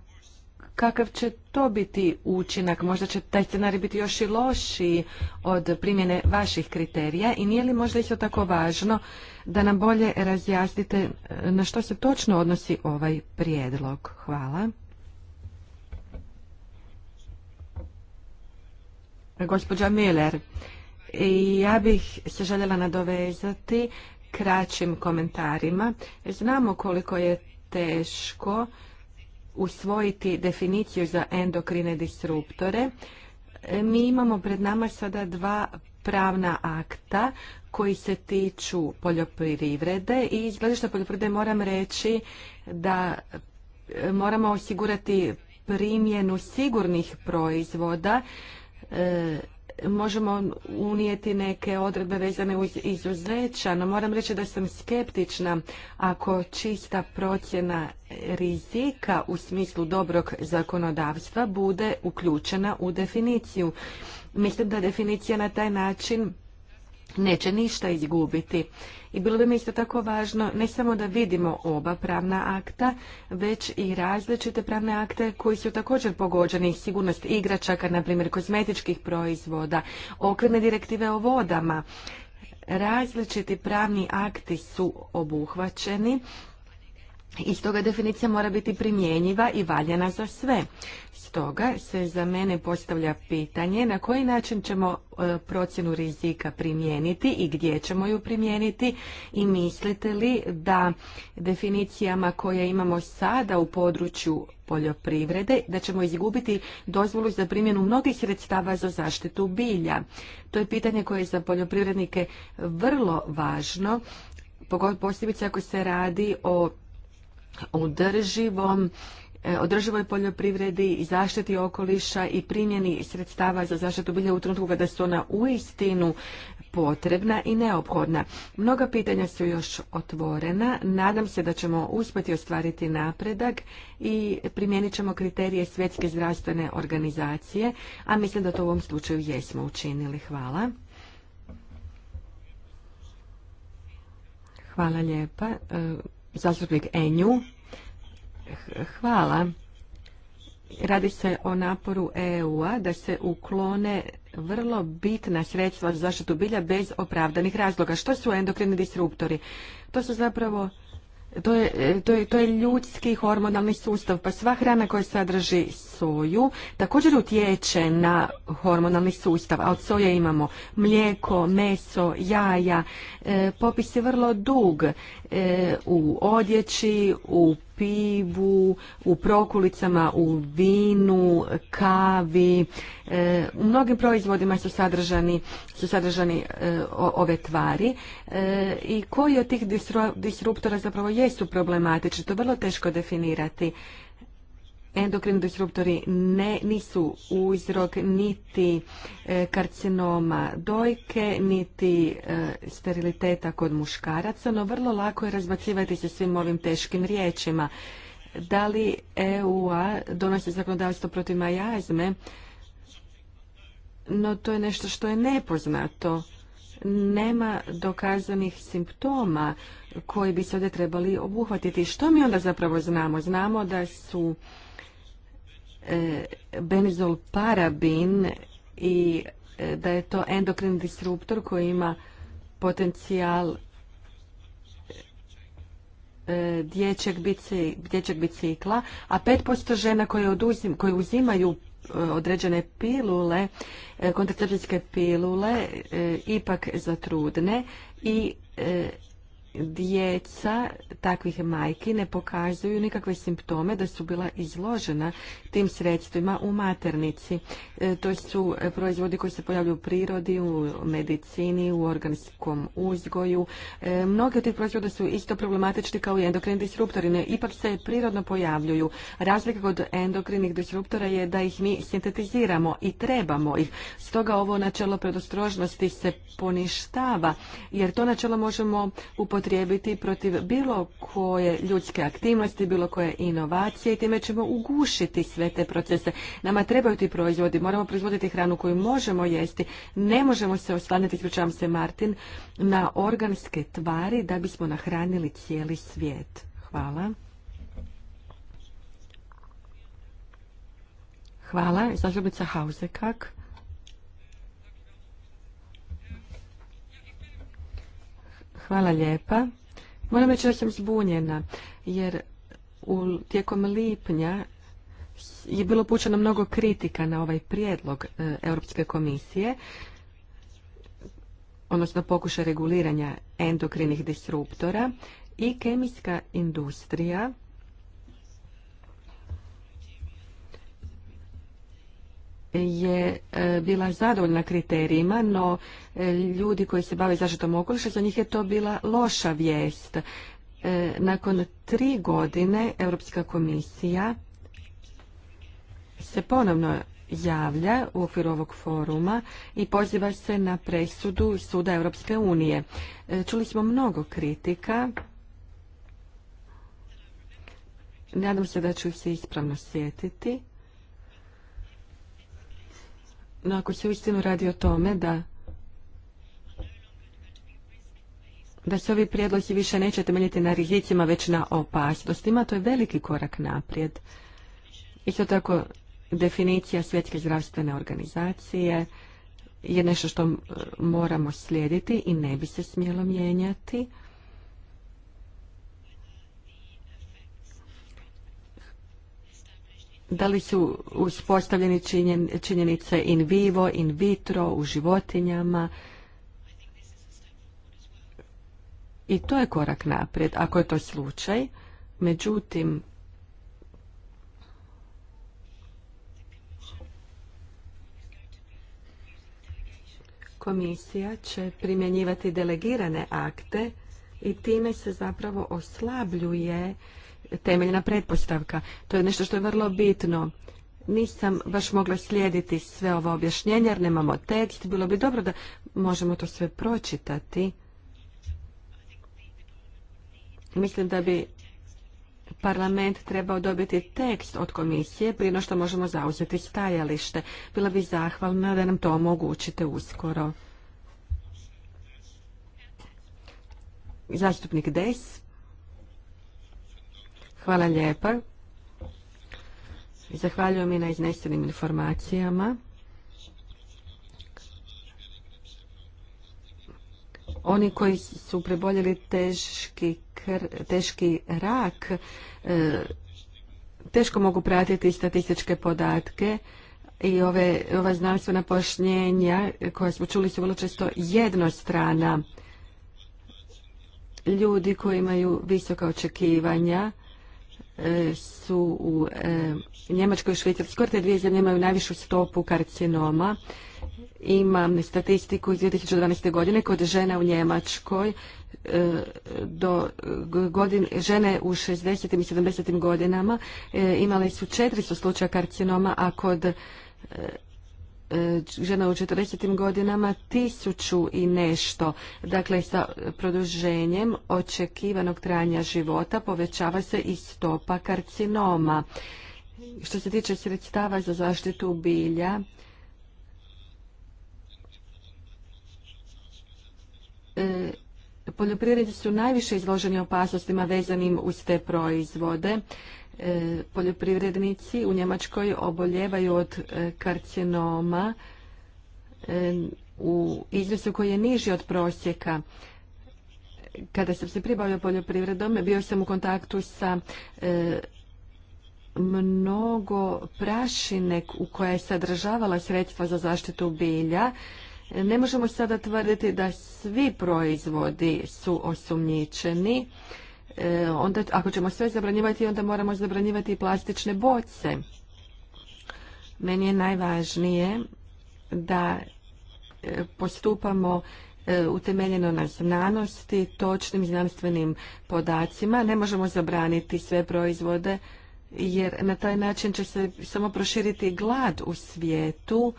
Speaker 3: kakav će to biti učinak? Možda će taj scenarij biti još i lošiji od primjene vaših kriterija i nije li možda isto tako važno da nam bolje razjasnite e, na što se točno odnosi ovaj prijedlog? Hvala. Gospođa Miller, ja bih se željela nadovezati kraćim komentarima. Znamo koliko je teško usvojiti definiciju za endokrine disruptore. Mi imamo pred nama sada dva pravna akta koji se tiču poljoprivrede i iz gledišta poljoprivrede moram reći da e, moramo osigurati primjenu sigurnih proizvoda E, možemo unijeti neke odredbe vezane uz izuzeća, no moram reći da sam skeptična ako čista procjena rizika u smislu dobrog zakonodavstva bude uključena u definiciju. Mislim da definicija na taj način neće ništa izgubiti. I bilo bi mi isto tako važno ne samo da vidimo oba pravna akta, već i različite pravne akte koji su također pogođeni sigurnost igračaka, na primjer kozmetičkih proizvoda, okvirne direktive o vodama. Različiti pravni akti su obuhvaćeni i stoga definicija mora biti primjenjiva i valjena za sve. Stoga se za mene postavlja pitanje na koji način ćemo e, procjenu rizika primijeniti i gdje ćemo ju primijeniti i mislite li da definicijama koje imamo sada u području poljoprivrede da ćemo izgubiti dozvolu za primjenu mnogih sredstava za zaštitu bilja. To je pitanje koje je za poljoprivrednike vrlo važno, posebice ako se radi o održivom e, održivoj poljoprivredi i zaštiti okoliša i primjeni sredstava za zaštitu bilja u trenutku kada su ona uistinu potrebna i neophodna. Mnoga pitanja su još otvorena. Nadam se da ćemo uspjeti ostvariti napredak i primijenit ćemo kriterije Svjetske zdravstvene organizacije, a mislim da to u ovom slučaju jesmo učinili. Hvala. Hvala lijepa. E, zastupnik Enju. Hvala. Radi se o naporu EU-a da se uklone vrlo bitna sredstva za zaštitu bilja bez opravdanih razloga. Što su endokrini disruptori? To su zapravo to je, to, je, ljudski hormonalni sustav, pa sva hrana koja sadrži soju također utječe na hormonalni sustav, a od soje imamo mlijeko, meso, jaja, e, popis je vrlo dug. E, u odjeći, u pivu, u prokulicama, u vinu, kavi. E, u mnogim proizvodima su sadržani, su e, ove tvari. I koji od tih disruptora zapravo jesu problematični, to je vrlo teško definirati endokrini disruptori ne, nisu uzrok niti e, karcinoma dojke, niti e, steriliteta kod muškaraca, no vrlo lako je razbacivati se svim ovim teškim riječima. Da li EU-a donosi zakonodavstvo protiv majazme? No to je nešto što je nepoznato. Nema dokazanih simptoma koji bi se ovdje trebali obuhvatiti. Što mi onda zapravo znamo? Znamo da su E, benizol parabin i e, da je to endokrin disruptor koji ima potencijal e, dječjeg, bicikla, a 5% žena koje, koje uzimaju određene pilule, kontracepcijske pilule, ipak zatrudne i djeca takvih majki ne pokazuju nikakve simptome da su bila izložena tim sredstvima u maternici. E, to su proizvodi koji se pojavljuju u prirodi, u medicini, u organskom uzgoju. E, Mnogi od tih proizvoda su isto problematični kao i endokrini disruptori, ipak se prirodno pojavljuju. Razlika kod endokrinih disruptora je da ih mi sintetiziramo i trebamo ih. Stoga ovo načelo predostrožnosti se poništava, jer to načelo možemo upotrebiti upotrijebiti protiv bilo koje ljudske aktivnosti, bilo koje inovacije i time ćemo ugušiti sve te procese. Nama trebaju ti proizvodi, moramo proizvoditi hranu koju možemo jesti, ne možemo se oslanjati, ispričavam se Martin, na organske tvari da bismo nahranili cijeli svijet. Hvala. Hvala. Zastupnica Hausekak. Hvala lijepa. Moram reći da sam zbunjena, jer u, tijekom lipnja je bilo pučeno mnogo kritika na ovaj prijedlog e, Europske komisije, odnosno pokušaj reguliranja endokrinih disruptora i kemijska industrija je e, bila zadovoljna kriterijima, no e, ljudi koji se bave zaštitom okoliša, za njih je to bila loša vijest. E, nakon tri godine Europska komisija se ponovno javlja u okviru ovog foruma i poziva se na presudu Suda Europske unije. Čuli smo mnogo kritika. Nadam se da ću se ispravno sjetiti. No ako se uistinu radi o tome da da se ovi prijedlozi više neće temeljiti na rizicima, već na opasnostima, to je veliki korak naprijed. Isto tako, definicija svjetske zdravstvene organizacije je nešto što moramo slijediti i ne bi se smjelo mijenjati. da li su uspostavljeni činjenice in vivo, in vitro, u životinjama. I to je korak naprijed, ako je to slučaj. Međutim, komisija će primjenjivati delegirane akte i time se zapravo oslabljuje temeljna pretpostavka. To je nešto što je vrlo bitno. Nisam baš mogla slijediti sve ovo objašnjenje jer nemamo tekst. Bilo bi dobro da možemo to sve pročitati. Mislim da bi parlament trebao dobiti tekst od komisije prije no što možemo zauzeti stajalište. Bila bi zahvalna da nam to omogućite uskoro. Zastupnik Des. Hvala lijepa. Zahvaljujem i na iznesenim informacijama. Oni koji su preboljeli teški, teški rak e, teško mogu pratiti statističke podatke i ove, ova znanstvena pojašnjenja koja smo čuli su vrlo često jednostrana ljudi koji imaju visoka očekivanja su u e, Njemačkoj i Švicarskoj, te dvije zemlje imaju najvišu stopu karcinoma. Imam statistiku iz 2012. godine kod žena u Njemačkoj. E, do žene u 60. i 70. godinama e, imale su 400 slučaja karcinoma, a kod E, žena u 40. godinama tisuću i nešto. Dakle, sa produženjem očekivanog trajanja života povećava se i stopa karcinoma. Što se tiče sredstava za zaštitu bilja, e, poljoprivredi su najviše izloženi opasnostima vezanim uz te proizvode poljoprivrednici u Njemačkoj oboljevaju od e, karcinoma e, u iznosu koji je niži od prosjeka. Kada sam se pribavio poljoprivredom, bio sam u kontaktu sa e, mnogo prašine u koja je sadržavala sredstva za zaštitu bilja. Ne možemo sada tvrditi da svi proizvodi su osumnjičeni. E, onda ako ćemo sve zabranjivati, onda moramo zabranjivati i plastične boce. Meni je najvažnije da e, postupamo e, utemeljeno na znanosti, točnim znanstvenim podacima. Ne možemo zabraniti sve proizvode jer na taj način će se samo proširiti glad u svijetu.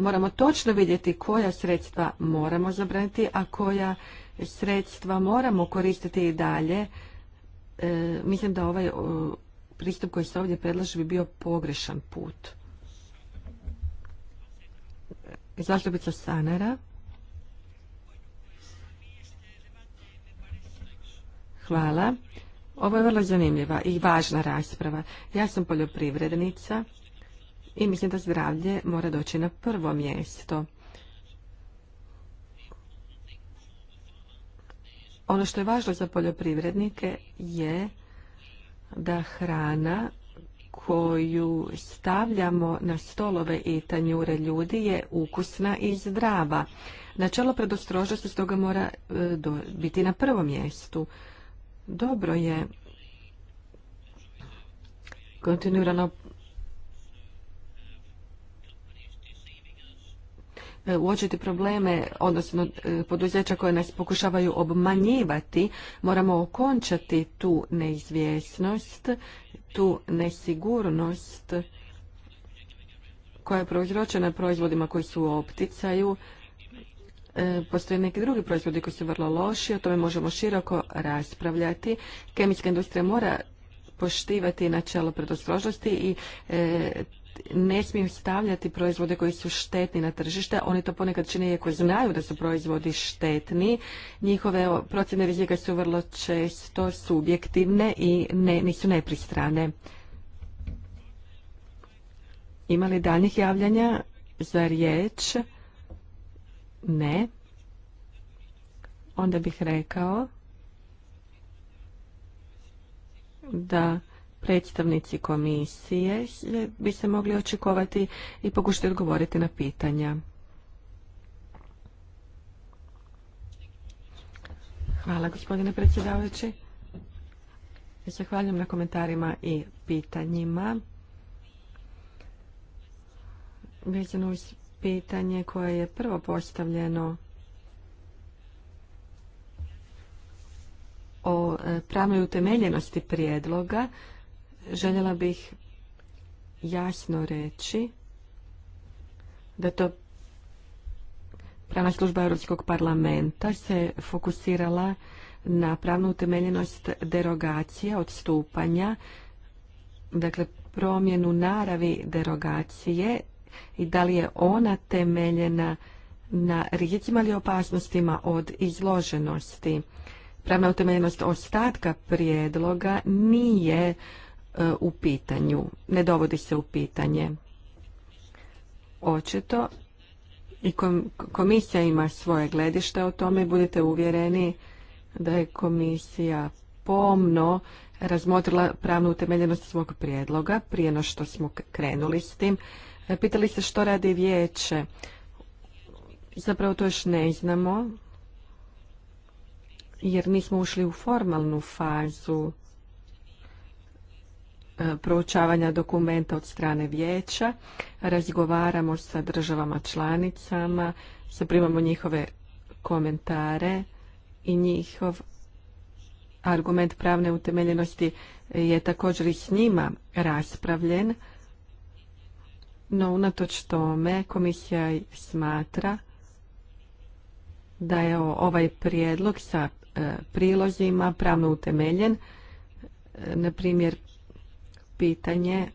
Speaker 3: Moramo točno vidjeti koja sredstva moramo zabraniti, a koja sredstva moramo koristiti i dalje. E, mislim da ovaj pristup koji se ovdje predlaže bi bio pogrešan put. se Sanara. Hvala. Ovo je vrlo zanimljiva i važna rasprava. Ja sam poljoprivrednica i mislim da zdravlje mora doći na prvo mjesto. Ono što je važno za poljoprivrednike je da hrana koju stavljamo na stolove i tanjure ljudi je ukusna i zdrava. Načelo predostrožnosti stoga mora e, biti na prvom mjestu. Dobro je kontinuirano E, uočiti probleme, odnosno e, poduzeća koje nas pokušavaju obmanjivati, moramo okončati tu neizvjesnost, tu nesigurnost koja je prouzročena proizvodima koji su u opticaju. E, postoje neki drugi proizvodi koji su vrlo loši, o tome možemo široko raspravljati. Kemijska industrija mora poštivati načelo predostrožnosti i ne smiju stavljati proizvode koji su štetni na tržište. Oni to ponekad čine iako znaju da su proizvodi štetni. Njihove procjene rizika su vrlo često subjektivne i ne, nisu nepristrane. Ima li daljnjih javljanja za riječ? Ne. Onda bih rekao da predstavnici komisije bi se mogli očekovati i pokušati odgovoriti na pitanja. Hvala gospodine predsjedavajući. Zahvaljujem na komentarima i pitanjima. Vezano uz pitanje koje je prvo postavljeno o e, pravnoj utemeljenosti prijedloga, Željela bih jasno reći da to pravna služba Europskog parlamenta se fokusirala na pravnu utemeljenost derogacije, odstupanja, dakle promjenu naravi derogacije i da li je ona temeljena na rizicima ili opasnostima od izloženosti. Pravna utemeljenost ostatka prijedloga nije E, u pitanju, ne dovodi se u pitanje. Očito i komisija ima svoje gledište o tome, budete uvjereni da je komisija pomno razmotrila pravnu utemeljenost svog prijedloga prije no što smo krenuli s tim. E, pitali se što radi vijeće. Zapravo to još ne znamo jer nismo ušli u formalnu fazu E, proučavanja dokumenta od strane vijeća, razgovaramo sa državama članicama, primamo njihove komentare i njihov argument pravne utemeljenosti je također i s njima raspravljen, no unatoč tome komisija smatra da je ovaj prijedlog sa e, prilozima pravno utemeljen, e, na primjer pitanje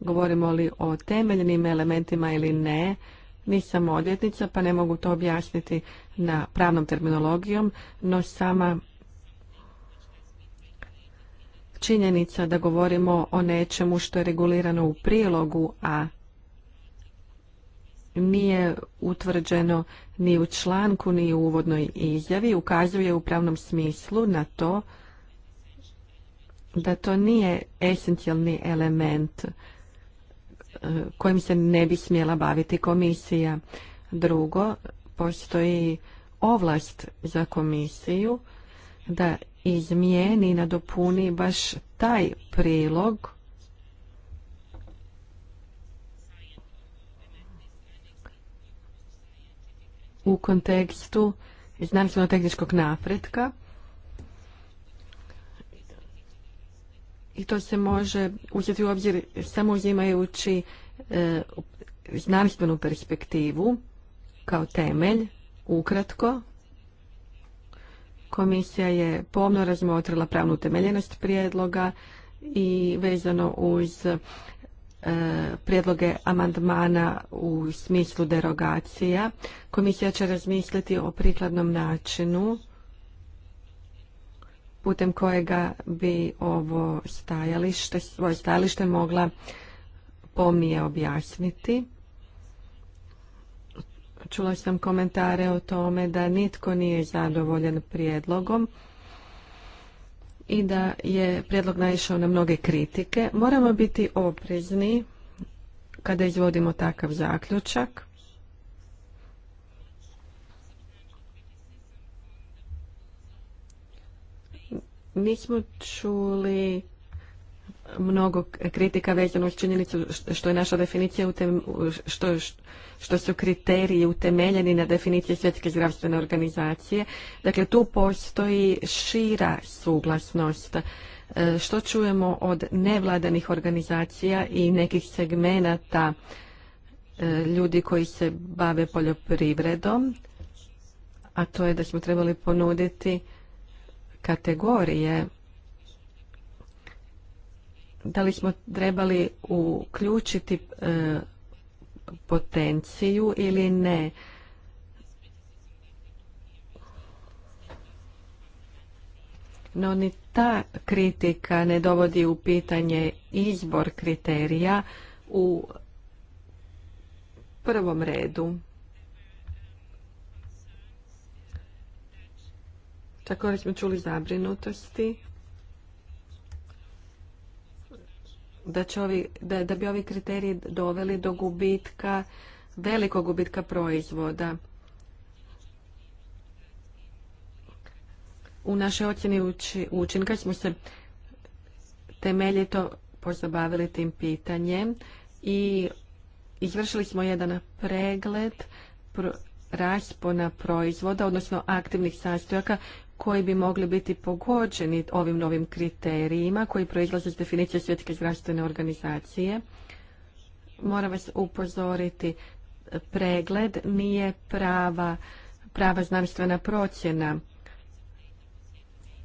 Speaker 3: govorimo li o temeljnim elementima ili ne. Nisam odvjetnica pa ne mogu to objasniti na pravnom terminologijom, no sama činjenica da govorimo o nečemu što je regulirano u prilogu, a nije utvrđeno ni u članku ni u uvodnoj izjavi, ukazuje u pravnom smislu na to da to nije esencijalni element e, kojim se ne bi smjela baviti komisija. Drugo, postoji ovlast za komisiju da izmijeni i nadopuni baš taj prilog u kontekstu znanstveno-tehničkog napretka i to se može uzeti u obzir samo uzimajući e, znanstvenu perspektivu kao temelj, ukratko. Komisija je pomno razmotrila pravnu temeljenost prijedloga i vezano uz e, prijedloge amandmana u smislu derogacija. Komisija će razmisliti o prikladnom načinu putem kojega bi ovo stajalište, svoje stajalište mogla pomije objasniti. Čula sam komentare o tome da nitko nije zadovoljan prijedlogom i da je prijedlog naišao na mnoge kritike. Moramo biti oprezni kada izvodimo takav zaključak. Nismo čuli mnogo kritika vezano uz činjenicu što je naša definicija što, što su kriteriji utemeljeni na definiciji svjetske zdravstvene organizacije. Dakle, tu postoji šira suglasnost. E, što čujemo od nevladanih organizacija i nekih segmenata e, ljudi koji se bave poljoprivredom, a to je da smo trebali ponuditi kategorije da li smo trebali uključiti e, potenciju ili ne no ni ta kritika ne dovodi u pitanje izbor kriterija u prvom redu Također smo čuli zabrinutosti da, će ovi, da, da bi ovi kriteriji doveli do gubitka, velikog gubitka proizvoda. U našoj ocjeni učinka smo se temeljito pozabavili tim pitanjem i izvršili smo jedan pregled raspona proizvoda, odnosno aktivnih sastojaka koji bi mogli biti pogođeni ovim novim kriterijima koji proizlaze iz definicije svjetske zdravstvene organizacije. Moram vas upozoriti, pregled nije prava, prava znanstvena procjena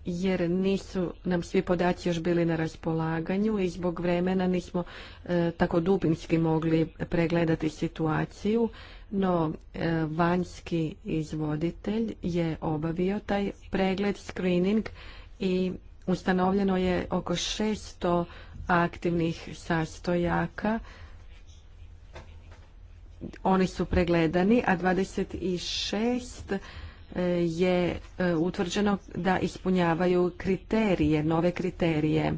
Speaker 3: jer nisu nam svi podaci još bili na raspolaganju i zbog vremena nismo e, tako dubinski mogli pregledati situaciju no e, vanjski izvoditelj je obavio taj pregled, screening i ustanovljeno je oko 600 aktivnih sastojaka. Oni su pregledani, a 26 e, je e, utvrđeno da ispunjavaju kriterije, nove kriterije.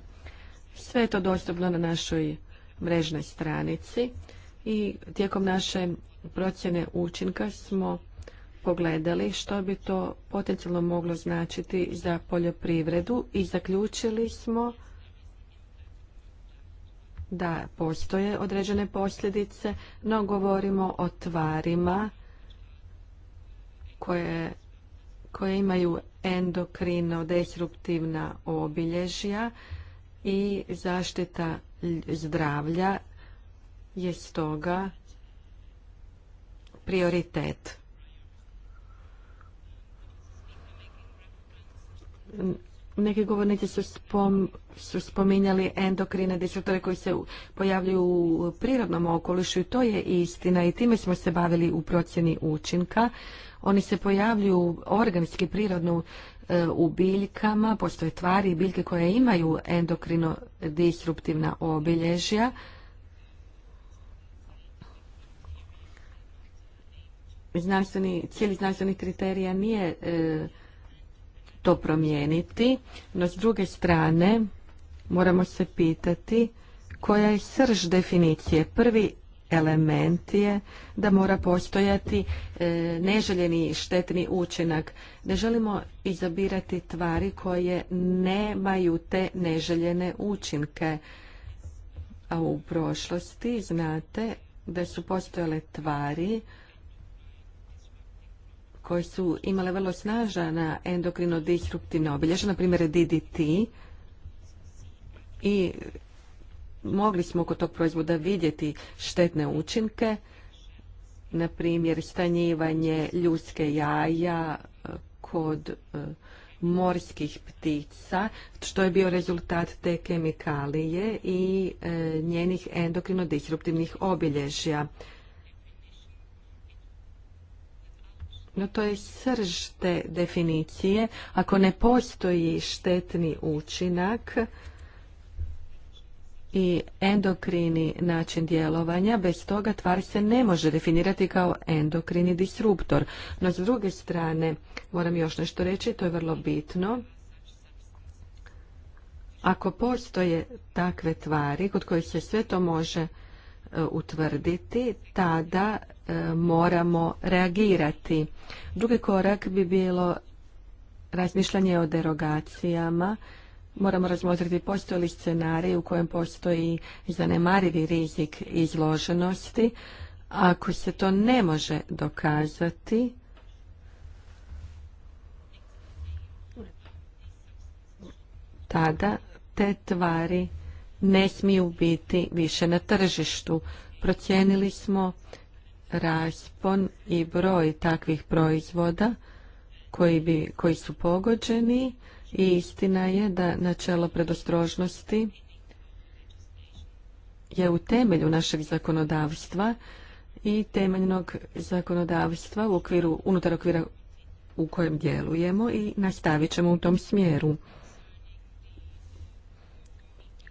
Speaker 3: Sve je to dostupno na našoj mrežnoj stranici i tijekom naše procjene učinka smo pogledali što bi to potencijalno moglo značiti za poljoprivredu i zaključili smo da postoje određene posljedice, no govorimo o tvarima koje, koje imaju endokrino disruptivna obilježja i zaštita zdravlja je stoga prioritet. Neki govornici su, spom, su spominjali endokrine disruptore koji se pojavljuju u prirodnom okolišu i to je istina i time smo se bavili u procjeni učinka. Oni se pojavljuju organski prirodno e, u biljkama, postoje tvari i biljke koje imaju endokrino disruptivna obilježja znanstveni, cijeli znanstveni kriterija nije e, to promijeniti, no s druge strane moramo se pitati koja je srž definicije. Prvi element je da mora postojati e, neželjeni štetni učinak. Ne želimo izabirati tvari koje nemaju te neželjene učinke. A u prošlosti znate da su postojale tvari koje su imale vrlo snažana endokrino-disruptivna obilježja, na primjer DDT, i mogli smo kod tog proizvoda vidjeti štetne učinke, na primjer stanjivanje ljudske jaja e, kod e, morskih ptica, što je bio rezultat te kemikalije i e, njenih endokrino-disruptivnih obilježja. No to je srž te definicije. Ako ne postoji štetni učinak i endokrini način djelovanja, bez toga tvar se ne može definirati kao endokrini disruptor. No s druge strane, moram još nešto reći, to je vrlo bitno. Ako postoje takve tvari kod kojih se sve to može E, utvrditi, tada e, moramo reagirati. Drugi korak bi bilo razmišljanje o derogacijama. Moramo razmotriti postoji li scenarij u kojem postoji zanemarivi rizik izloženosti. Ako se to ne može dokazati, tada te tvari ne smiju biti više na tržištu. Procijenili smo raspon i broj takvih proizvoda koji, bi, koji su pogođeni i istina je da načelo predostrožnosti je u temelju našeg zakonodavstva i temeljnog zakonodavstva u okviru, unutar okvira u kojem djelujemo i nastavit ćemo u tom smjeru.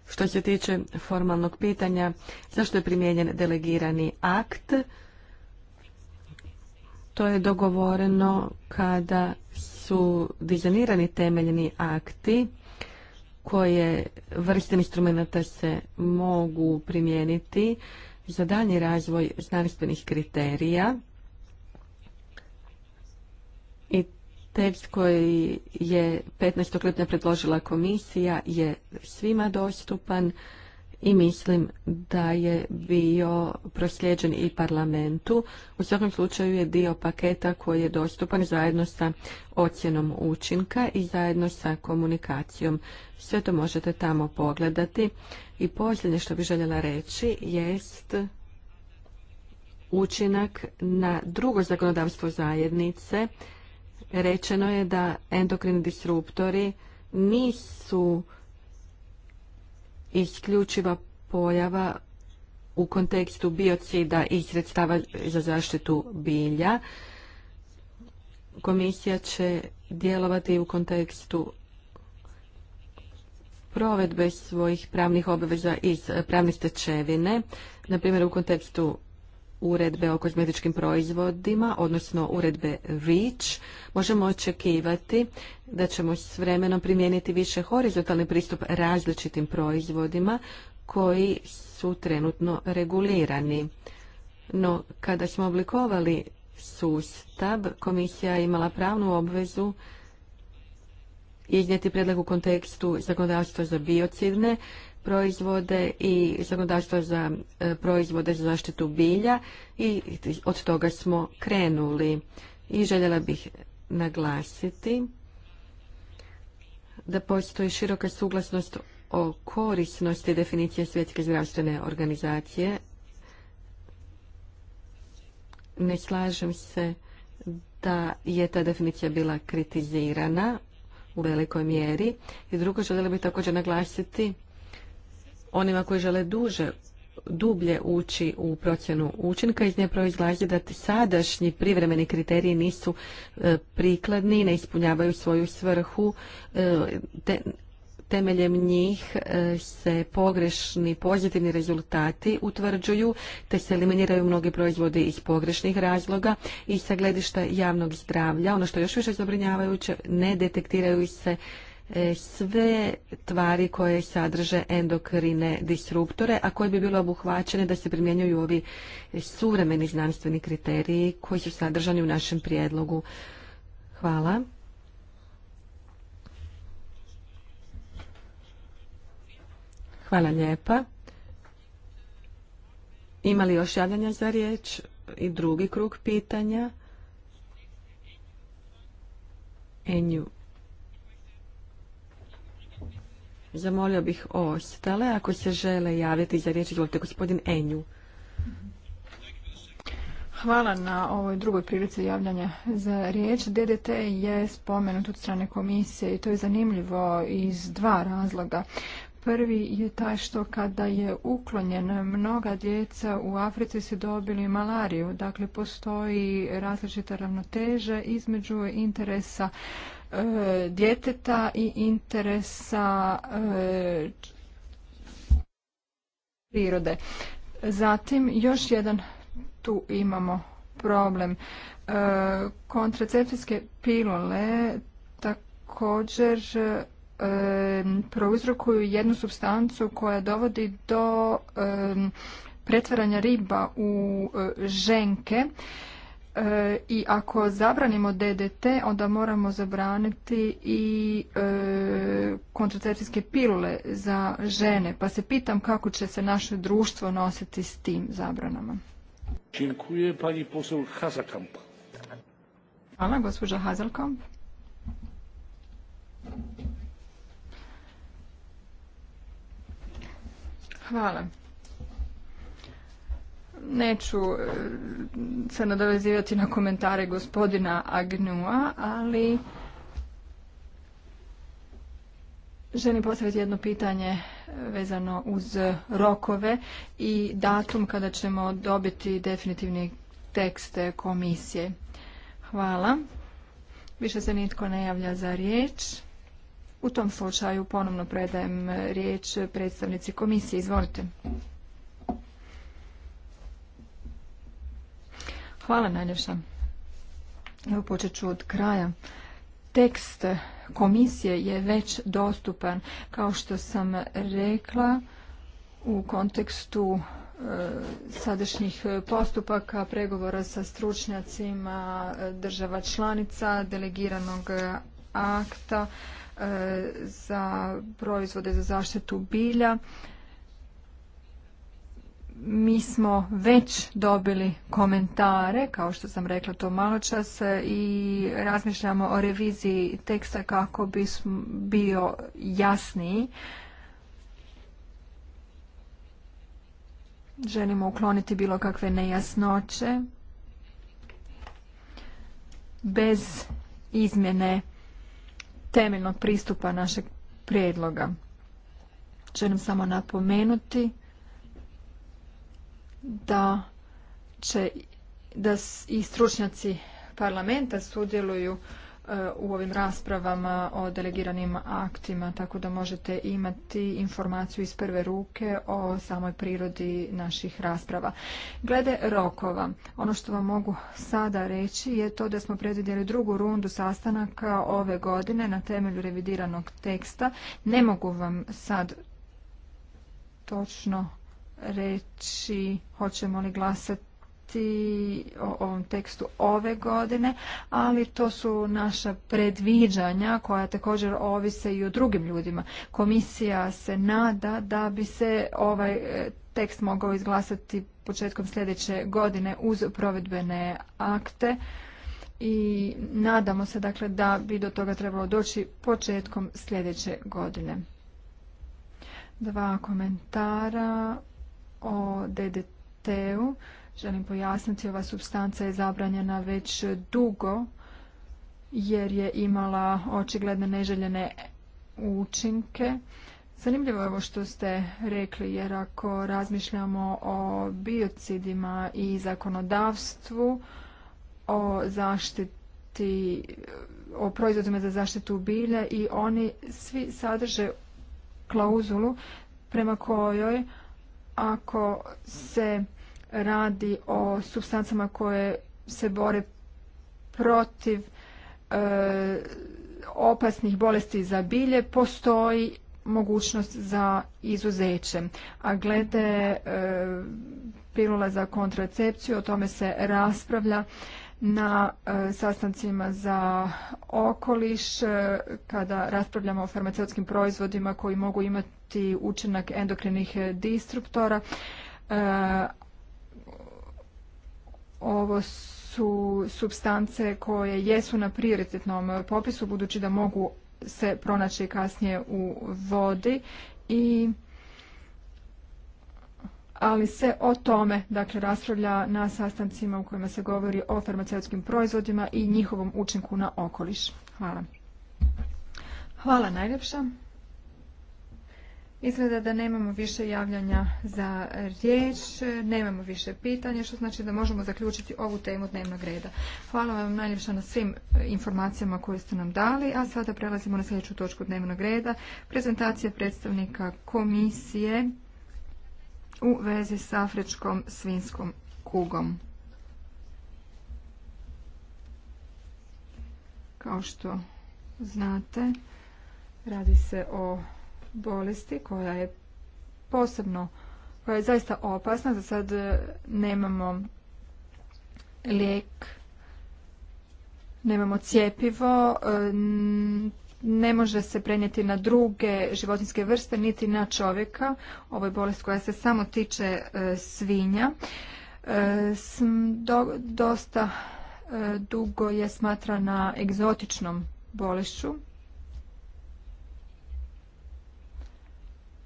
Speaker 3: Što se tiče formalnog pitanja, zašto je primijenjen delegirani akt? To je dogovoreno kada su dizajnirani temeljni akti koje vrste instrumenta se mogu primijeniti za dalji razvoj znanstvenih kriterija Tekst koji je 15. lipnja predložila komisija je svima dostupan i mislim da je bio prosljeđen i parlamentu. U svakom slučaju je dio paketa koji je dostupan zajedno sa ocjenom učinka i zajedno sa komunikacijom. Sve to možete tamo pogledati. I posljednje što bih željela reći jest učinak na drugo zakonodavstvo zajednice rečeno je da endokrini disruptori nisu isključiva pojava u kontekstu biocida i sredstava za zaštitu bilja. Komisija će djelovati u kontekstu provedbe svojih pravnih obveza iz pravne stečevine, na primjer u kontekstu uredbe o kozmetičkim proizvodima, odnosno uredbe REACH, možemo očekivati da ćemo s vremenom primijeniti više horizontalni pristup različitim proizvodima koji su trenutno regulirani. No, kada smo oblikovali sustav, komisija je imala pravnu obvezu iznijeti predlag u kontekstu zakonodavstva za biocidne proizvode i zakonodavstva za e, proizvode za zaštitu bilja i od toga smo krenuli. I željela bih naglasiti da postoji široka suglasnost o korisnosti definicije svjetske zdravstvene organizacije. Ne slažem se da je ta definicija bila kritizirana u velikoj mjeri. I drugo, željela bih također naglasiti onima koji žele duže dublje ući u procjenu učinka. Iz nje proizlazi da sadašnji privremeni kriteriji nisu e, prikladni, ne ispunjavaju svoju svrhu. E, temeljem njih e, se pogrešni pozitivni rezultati utvrđuju, te se eliminiraju mnogi proizvodi iz pogrešnih razloga i sa gledišta javnog zdravlja. Ono što je još više zabrinjavajuće, ne detektiraju se E, sve tvari koje sadrže endokrine disruptore, a koje bi bilo obuhvaćene da se primjenjuju ovi suvremeni znanstveni kriteriji koji su sadržani u našem prijedlogu. Hvala. Hvala lijepa. Ima li još javljanja za riječ i drugi krug pitanja? Enju Zamolio bih ostale, ako se žele javiti za riječ, izvolite gospodin Enju.
Speaker 2: Hvala na ovoj drugoj prilici javljanja za riječ. DDT je spomenut od strane komisije i to je zanimljivo iz dva razloga. Prvi je taj što kada je uklonjen mnoga djeca u Africi su dobili malariju. Dakle, postoji različita ravnoteža između interesa E, djeteta i interesa e, prirode. Zatim još jedan tu imamo problem. E, kontracepcijske pilule također prouzrokuju jednu substancu koja dovodi do pretvaranja riba u ženke E, I ako zabranimo DDT, onda moramo zabraniti i e, kontracepcijske pilule za žene. Pa se pitam kako će se naše društvo nositi s tim zabranama.
Speaker 1: Dziękuję pani poseł Hazelkamp.
Speaker 2: Hvala, gospođa Hazelkamp. Hvala. Neću e, se nadovezivati na komentare gospodina Agnua, ali želim postaviti jedno pitanje vezano uz rokove i datum kada ćemo dobiti definitivni tekst komisije. Hvala. Više se nitko ne javlja za riječ. U tom slučaju ponovno predajem riječ predstavnici komisije. Izvolite. Hvala najljepša. Evo počet ću od kraja. Tekst komisije je već dostupan, kao što sam rekla, u kontekstu e, sadašnjih postupaka, pregovora sa stručnjacima e, država članica, delegiranog akta e, za proizvode za zaštitu bilja mi smo već dobili komentare, kao što sam rekla to malo čas, i razmišljamo o reviziji teksta kako bi bio jasniji. Želimo ukloniti bilo kakve nejasnoće bez izmjene temeljnog pristupa našeg prijedloga. Želim samo napomenuti da će da i stručnjaci parlamenta sudjeluju e, u ovim raspravama o delegiranim aktima, tako da možete imati informaciju iz prve ruke o samoj prirodi naših rasprava. Glede rokova, ono što vam mogu sada reći je to da smo predvidjeli drugu rundu sastanaka ove godine na temelju revidiranog teksta. Ne mogu vam sad točno reći hoćemo li glasati o ovom tekstu ove godine, ali to su naša predviđanja koja također ovise i o drugim ljudima. Komisija se nada da bi se ovaj e, tekst mogao izglasati početkom sljedeće godine uz provedbene akte i nadamo se dakle da bi do toga trebalo doći početkom sljedeće godine. Dva komentara o DDT-u. Želim pojasniti, ova substanca je zabranjena već dugo jer je imala očigledne neželjene učinke. Zanimljivo je ovo što ste rekli, jer ako razmišljamo o biocidima i zakonodavstvu, o zaštiti, o proizvodima za zaštitu bilja i oni svi sadrže klauzulu prema kojoj ako se radi o substancama koje se bore protiv e, opasnih bolesti za bilje postoji mogućnost za izuzeće. A glede e, pilula za kontracepciju, o tome se raspravlja na e, sastancima za okoliš e, kada raspravljamo o farmaceutskim proizvodima koji mogu imati učinak endokrinih disruptora. E, ovo su substance koje jesu na prioritetnom popisu budući da mogu se pronaći kasnije u vodi i ali se o tome dakle, raspravlja na sastancima u kojima se govori o farmaceutskim proizvodima i njihovom učinku na okoliš. Hvala. Hvala najljepša. Izgleda da nemamo više javljanja za riječ, nemamo više pitanja, što znači da možemo zaključiti ovu temu dnevnog reda. Hvala vam najljepša na svim informacijama koje ste nam dali, a sada prelazimo na sljedeću točku dnevnog reda, prezentacija predstavnika komisije u vezi s afričkom svinskom kugom. Kao što znate, radi se o bolesti koja je posebno, koja je zaista opasna. Za sad e, nemamo lijek, nemamo cjepivo, e, ne može se prenijeti na druge životinske vrste niti na čovjeka. Ovo je bolest koja se samo tiče e, svinja. E, dosta e, dugo je smatrana egzotičnom bolešću.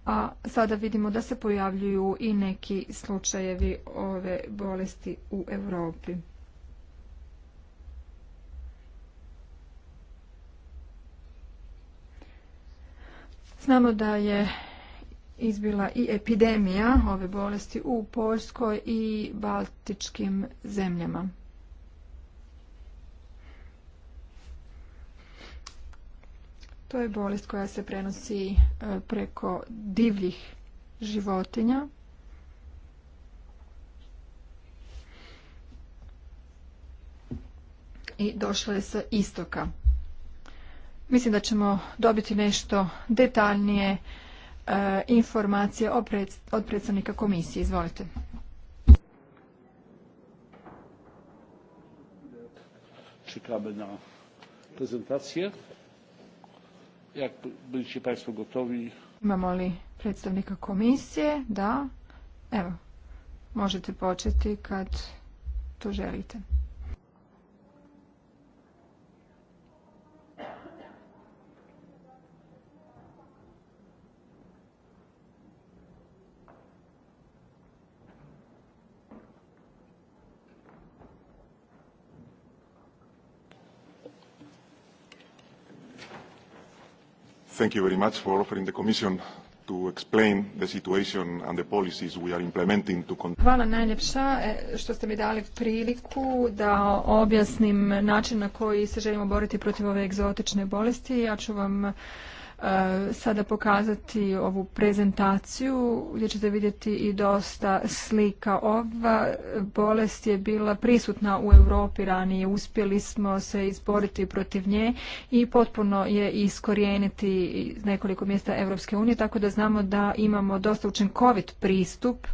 Speaker 2: A sada vidimo da se pojavljuju i neki slučajevi ove bolesti u Europi. Znamo da je izbila i epidemija ove bolesti u Poljskoj i Baltičkim zemljama. To je bolest koja se prenosi e, preko divljih životinja. I došla je sa istoka. Mislim da ćemo dobiti nešto detaljnije e, informacije od predstavnika komisije. Izvolite.
Speaker 1: na Jak byliście Państwo
Speaker 2: Imamo li predstavnika komisije? Da. Evo, možete početi kad to želite.
Speaker 5: thank you very much for offering the Commission to explain the situation and the policies we are implementing to...
Speaker 2: Hvala najljepša e, što ste mi dali priliku da objasnim način na koji se želimo boriti protiv ove egzotične bolesti. Ja ću vam E, sada pokazati ovu prezentaciju gdje ćete vidjeti i dosta slika. Ova bolest je bila prisutna u Europi ranije. Uspjeli smo se izboriti protiv nje i potpuno je iskorijeniti nekoliko mjesta Europske unije, tako da znamo da imamo dosta učinkovit pristup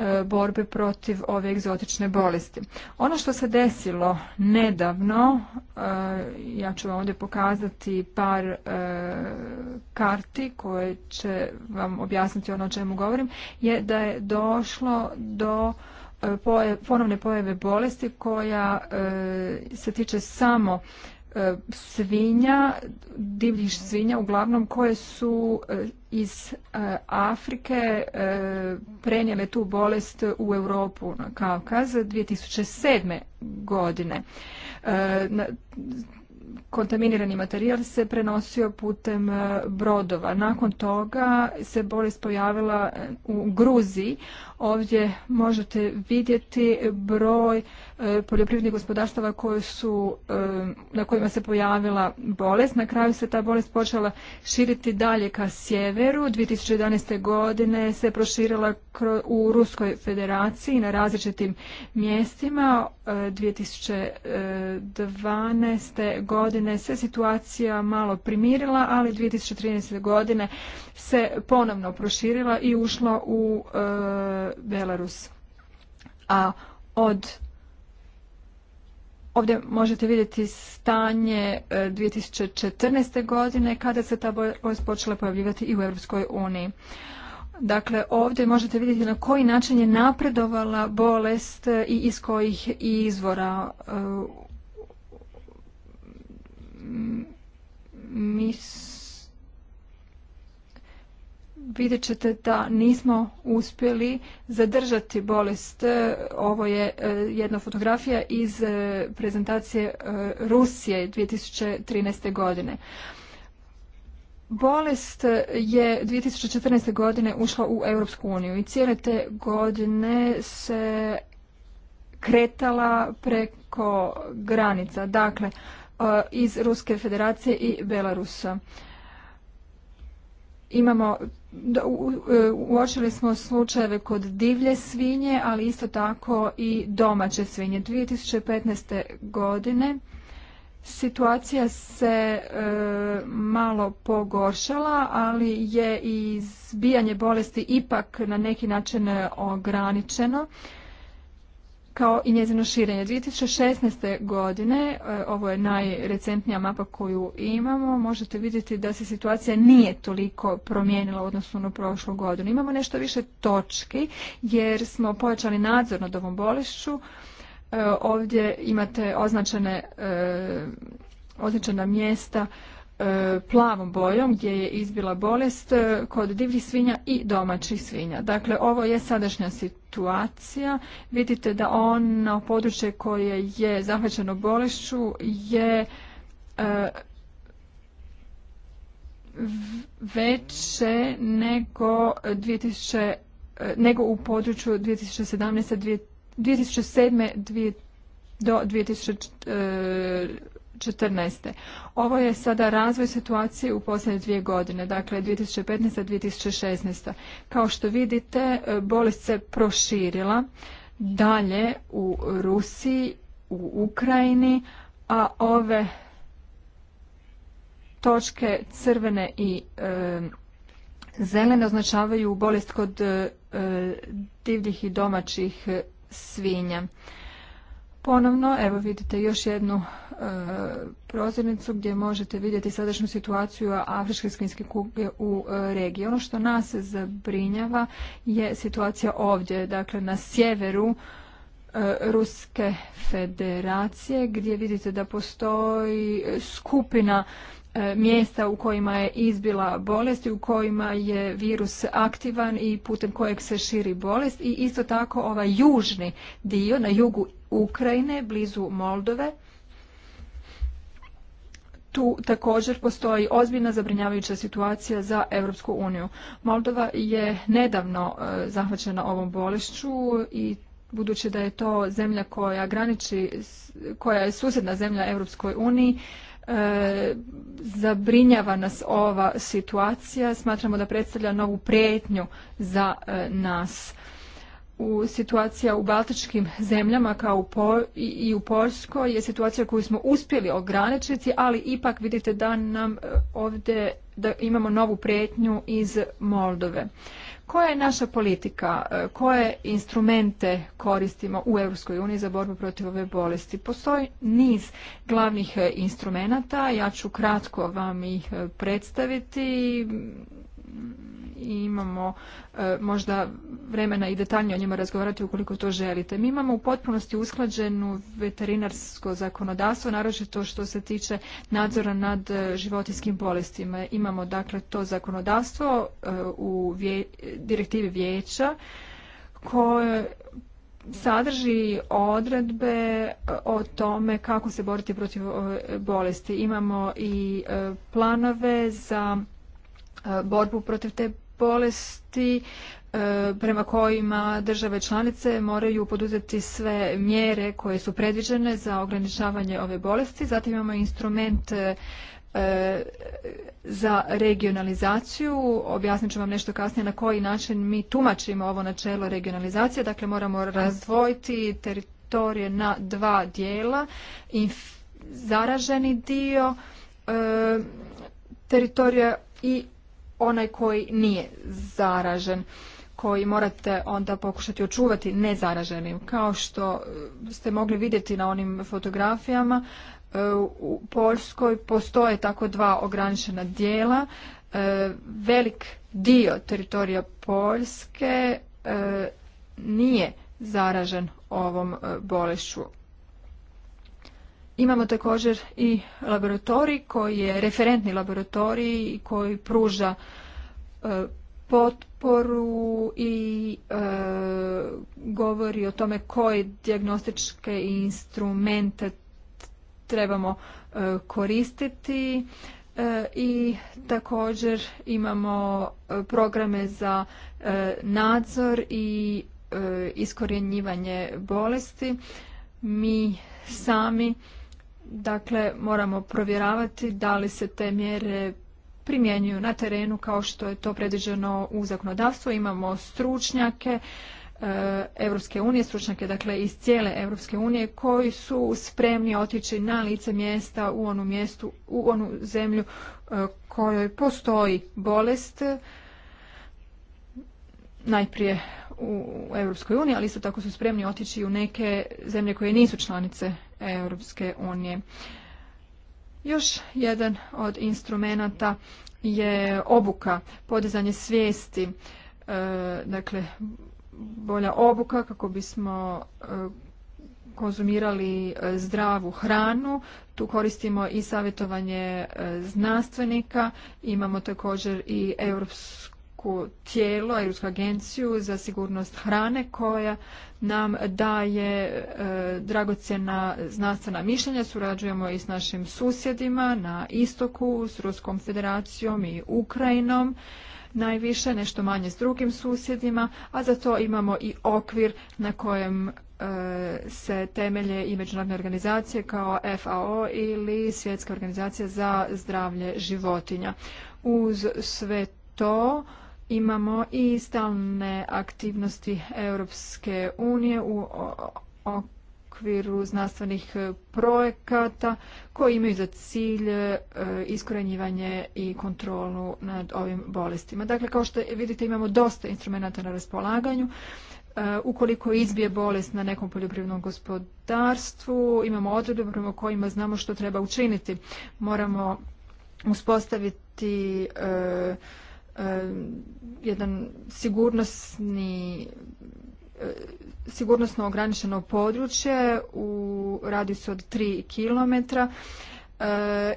Speaker 2: E, borbe protiv ove egzotične bolesti. Ono što se desilo nedavno, e, ja ću vam ovdje pokazati par e, karti koje će vam objasniti ono o čemu govorim, je da je došlo do ponovne pojave bolesti koja se tiče samo E, svinja, divljih svinja, uglavnom koje su e, iz e, Afrike prenijele tu bolest u Europu na Kaukaz 2007. godine. Kontaminirani materijal se prenosio putem brodova. Nakon toga se bolest pojavila u Gruziji, Ovdje možete vidjeti broj e, poljoprivrednih gospodarstava e, na kojima se pojavila bolest. Na kraju se ta bolest počela širiti dalje ka sjeveru. 2011. godine se proširila u Ruskoj federaciji na različitim mjestima. 2012. E, godine se situacija malo primirila, ali 2013. godine se ponovno proširila i ušla u Belarus. A od Ovdje možete vidjeti stanje 2014. E, godine kada se ta bolest počela pojavljivati i u Europskoj uniji. Dakle, ovdje možete vidjeti na koji način je napredovala bolest i iz kojih izvora. E, mi vidjet ćete da nismo uspjeli zadržati bolest. E, ovo je e, jedna fotografija iz e, prezentacije Rusije 2013. godine. Bolest je 2014. godine ušla u Europsku uniju i cijele te godine se kretala preko granica, dakle iz Ruske federacije i Belarusa. Imamo uočili smo slučajeve kod divlje svinje, ali isto tako i domaće svinje. 2015. godine situacija se e, malo pogoršala, ali je i zbijanje bolesti ipak na neki način e, ograničeno kao i njezino širenje. 2016. godine, e, ovo je najrecentnija mapa koju imamo, možete vidjeti da se situacija nije toliko promijenila u odnosu na prošlu godinu. Imamo nešto više točki jer smo pojačali nadzor nad ovom bolešću. E, ovdje imate označene e, označena mjesta E, plavom bojom gdje je izbila bolest e, kod divljih svinja i domaćih svinja. Dakle, ovo je sadašnja situacija. Vidite da ono područje koje je zahvaćeno bolešću je e, veće nego 2000 nego u području 2017 2007 do 2014. Ovo je sada razvoj situacije u posljednje dvije godine, dakle 2015. 2016. Kao što vidite, e, bolest se proširila dalje u Rusiji, u Ukrajini, a ove točke crvene i e, zelene označavaju bolest kod e, divljih i domaćih svinja. Ponovno, evo vidite još jednu e, prozirnicu gdje možete vidjeti sadašnju situaciju afričke svinjske kuge u e, regiji. Ono što nas zabrinjava je situacija ovdje, dakle na sjeveru e, Ruske federacije gdje vidite da postoji skupina e, mjesta u kojima je izbila bolest i u kojima je virus aktivan i putem kojeg se širi bolest i isto tako ovaj južni dio na jugu Ukrajine, blizu Moldove. Tu također postoji ozbiljna zabrinjavajuća situacija za Europsku uniju. Moldova je nedavno e, zahvaćena ovom bolešću i budući da je to zemlja koja graniči, koja je susjedna zemlja Europskoj uniji, e, zabrinjava nas ova situacija, smatramo da predstavlja novu prijetnju za e, nas u situacija u baltičkim zemljama kao u i u Poljskoj je situacija koju smo uspjeli ograničiti, ali ipak vidite da nam e, ovdje da imamo novu prijetnju iz Moldove. Koja je naša politika? E, koje instrumente koristimo u EU za borbu protiv ove bolesti? Postoji niz glavnih e, instrumenata, ja ću kratko vam ih predstaviti imamo e, možda vremena i detaljnije o njima razgovarati ukoliko to želite. Mi imamo u potpunosti usklađenu veterinarsko zakonodavstvo, naročito što se tiče nadzora nad e, životinskim bolestima. Imamo dakle to zakonodavstvo e, u direktivi vijeća koje sadrži odredbe o tome kako se boriti protiv bolesti. Imamo i planove za borbu protiv te bolesti e, prema kojima države članice moraju poduzeti sve mjere koje su predviđene za ograničavanje ove bolesti. Zatim imamo instrument e, e, za regionalizaciju. Objasnit ću vam nešto kasnije na koji način mi tumačimo ovo načelo regionalizacije. Dakle, moramo razdvojiti teritorije na dva dijela. Zaraženi dio teritorija i onaj koji nije zaražen koji morate onda pokušati očuvati nezaraženim. Kao što e, ste mogli vidjeti na onim fotografijama, e, u Poljskoj postoje tako dva ograničena dijela. E, velik dio teritorija Poljske nije zaražen ovom bolešću. Imamo također i laboratorij koji je referentni laboratorij koji pruža e, potporu i e, govori o tome koje dijagnostičke instrumente trebamo e, koristiti i također imamo programe za nadzor i iskorjenjivanje bolesti. Mi sami Dakle, moramo provjeravati da li se te mjere primjenjuju na terenu kao što je to predviđeno u zakonodavstvu. Imamo stručnjake e, Evropske unije, stručnjake dakle iz cijele Evropske unije koji su spremni otići na lice mjesta u onu mjestu, u onu zemlju e, kojoj postoji bolest najprije u Evropskoj uniji, ali isto tako su spremni otići u neke zemlje koje nisu članice Europske unije. Još jedan od instrumenata je obuka, podizanje svijesti, e, dakle bolja obuka kako bismo e, konzumirali e, zdravu hranu. Tu koristimo i savjetovanje znanstvenika. Imamo također i europsku europsku tijelo, europsku agenciju za sigurnost hrane koja nam daje e, dragocjena znanstvena mišljenja. Surađujemo i s našim susjedima na istoku, s Ruskom federacijom i Ukrajinom najviše, nešto manje s drugim susjedima, a za to imamo i okvir na kojem e, se temelje i međunarodne organizacije kao FAO ili Svjetska organizacija za zdravlje životinja. Uz sve to imamo i stalne aktivnosti Europske unije u okviru znanstvenih projekata koji imaju za cilj e, iskorenjivanje i kontrolu nad ovim bolestima. Dakle, kao što vidite imamo dosta instrumenta na raspolaganju. E, ukoliko izbije bolest na nekom poljoprivrednom gospodarstvu, imamo odredbe prema kojima znamo što treba učiniti. Moramo uspostaviti e, Eh, jedan sigurnosni eh, sigurnosno ograničeno područje u radijusu od 3 km eh,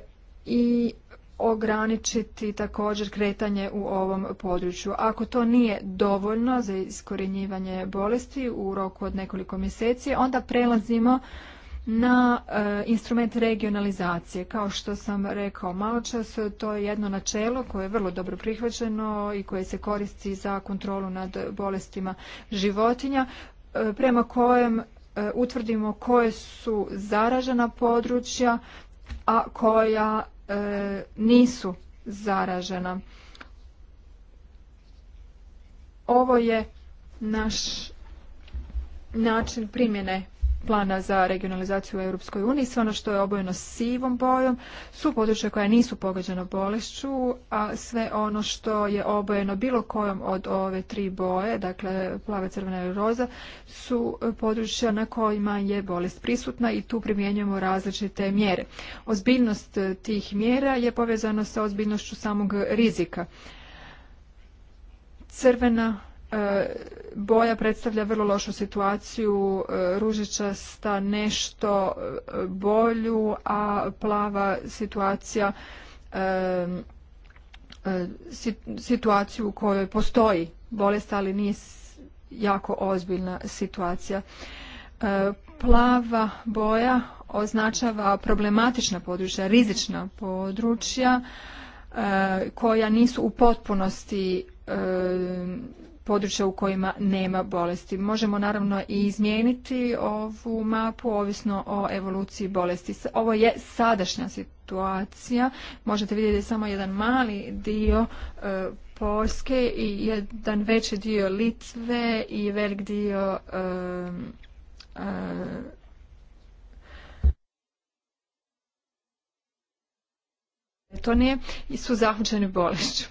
Speaker 2: i ograničiti također kretanje u ovom području. Ako to nije dovoljno za iskorjenjivanje bolesti u roku od nekoliko mjeseci, onda prelazimo na e, instrument regionalizacije. Kao što sam rekao malo čas, to je jedno načelo koje je vrlo dobro prihvaćeno i koje se koristi za kontrolu nad bolestima životinja, e, prema kojem e, utvrdimo koje su zaražena područja, a koja nisu zaražena. Ovo je naš način primjene plana za regionalizaciju u EU Sve ono što je obojeno sivom bojom su područja koja nisu pogođena bolešću, a sve ono što je obojeno bilo kojom od ove tri boje, dakle plave, crvena i roza, su područja na kojima je bolest prisutna i tu primjenjujemo različite mjere. Ozbiljnost tih mjera je povezana sa ozbiljnošću samog rizika. Crvena E, boja predstavlja vrlo lošu situaciju, e, ružičasta nešto e, bolju, a plava situacija situaciju u kojoj postoji bolest, ali nije jako ozbiljna situacija. Plava boja označava problematična područja, rizična područja koja nisu u potpunosti područja u kojima nema bolesti. Možemo naravno i izmijeniti ovu mapu ovisno o evoluciji bolesti. Ovo je sadašnja situacija. Možete vidjeti samo jedan mali dio e, Polske i jedan veći dio Litve i velik dio e, e, to su zahvaćeni bolešću.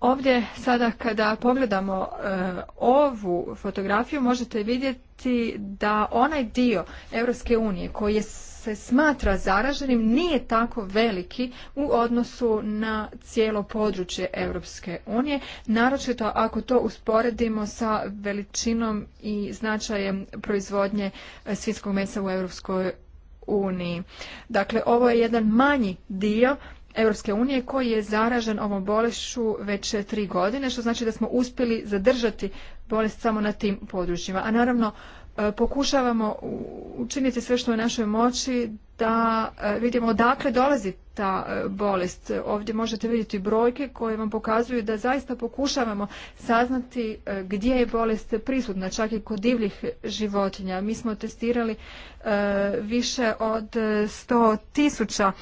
Speaker 2: Ovdje sada kada pogledamo e, ovu fotografiju možete vidjeti da onaj dio Europske unije koji se smatra zaraženim nije tako veliki u odnosu na cijelo područje Europske unije, naročito ako to usporedimo sa veličinom i značajem proizvodnje e, svinskog mesa u Europskoj uniji. Dakle, ovo je jedan manji dio Europske unije koji je zaražen ovom bolešću već tri godine, što znači da smo uspjeli zadržati bolest samo na tim područjima. A naravno e, pokušavamo učiniti sve što je u našoj moći da e, vidimo odakle dolazi ta e, bolest. Ovdje možete vidjeti brojke koje vam pokazuju da zaista pokušavamo saznati gdje je bolest prisutna, čak i kod divljih životinja. Mi smo testirali više od 100 tisuća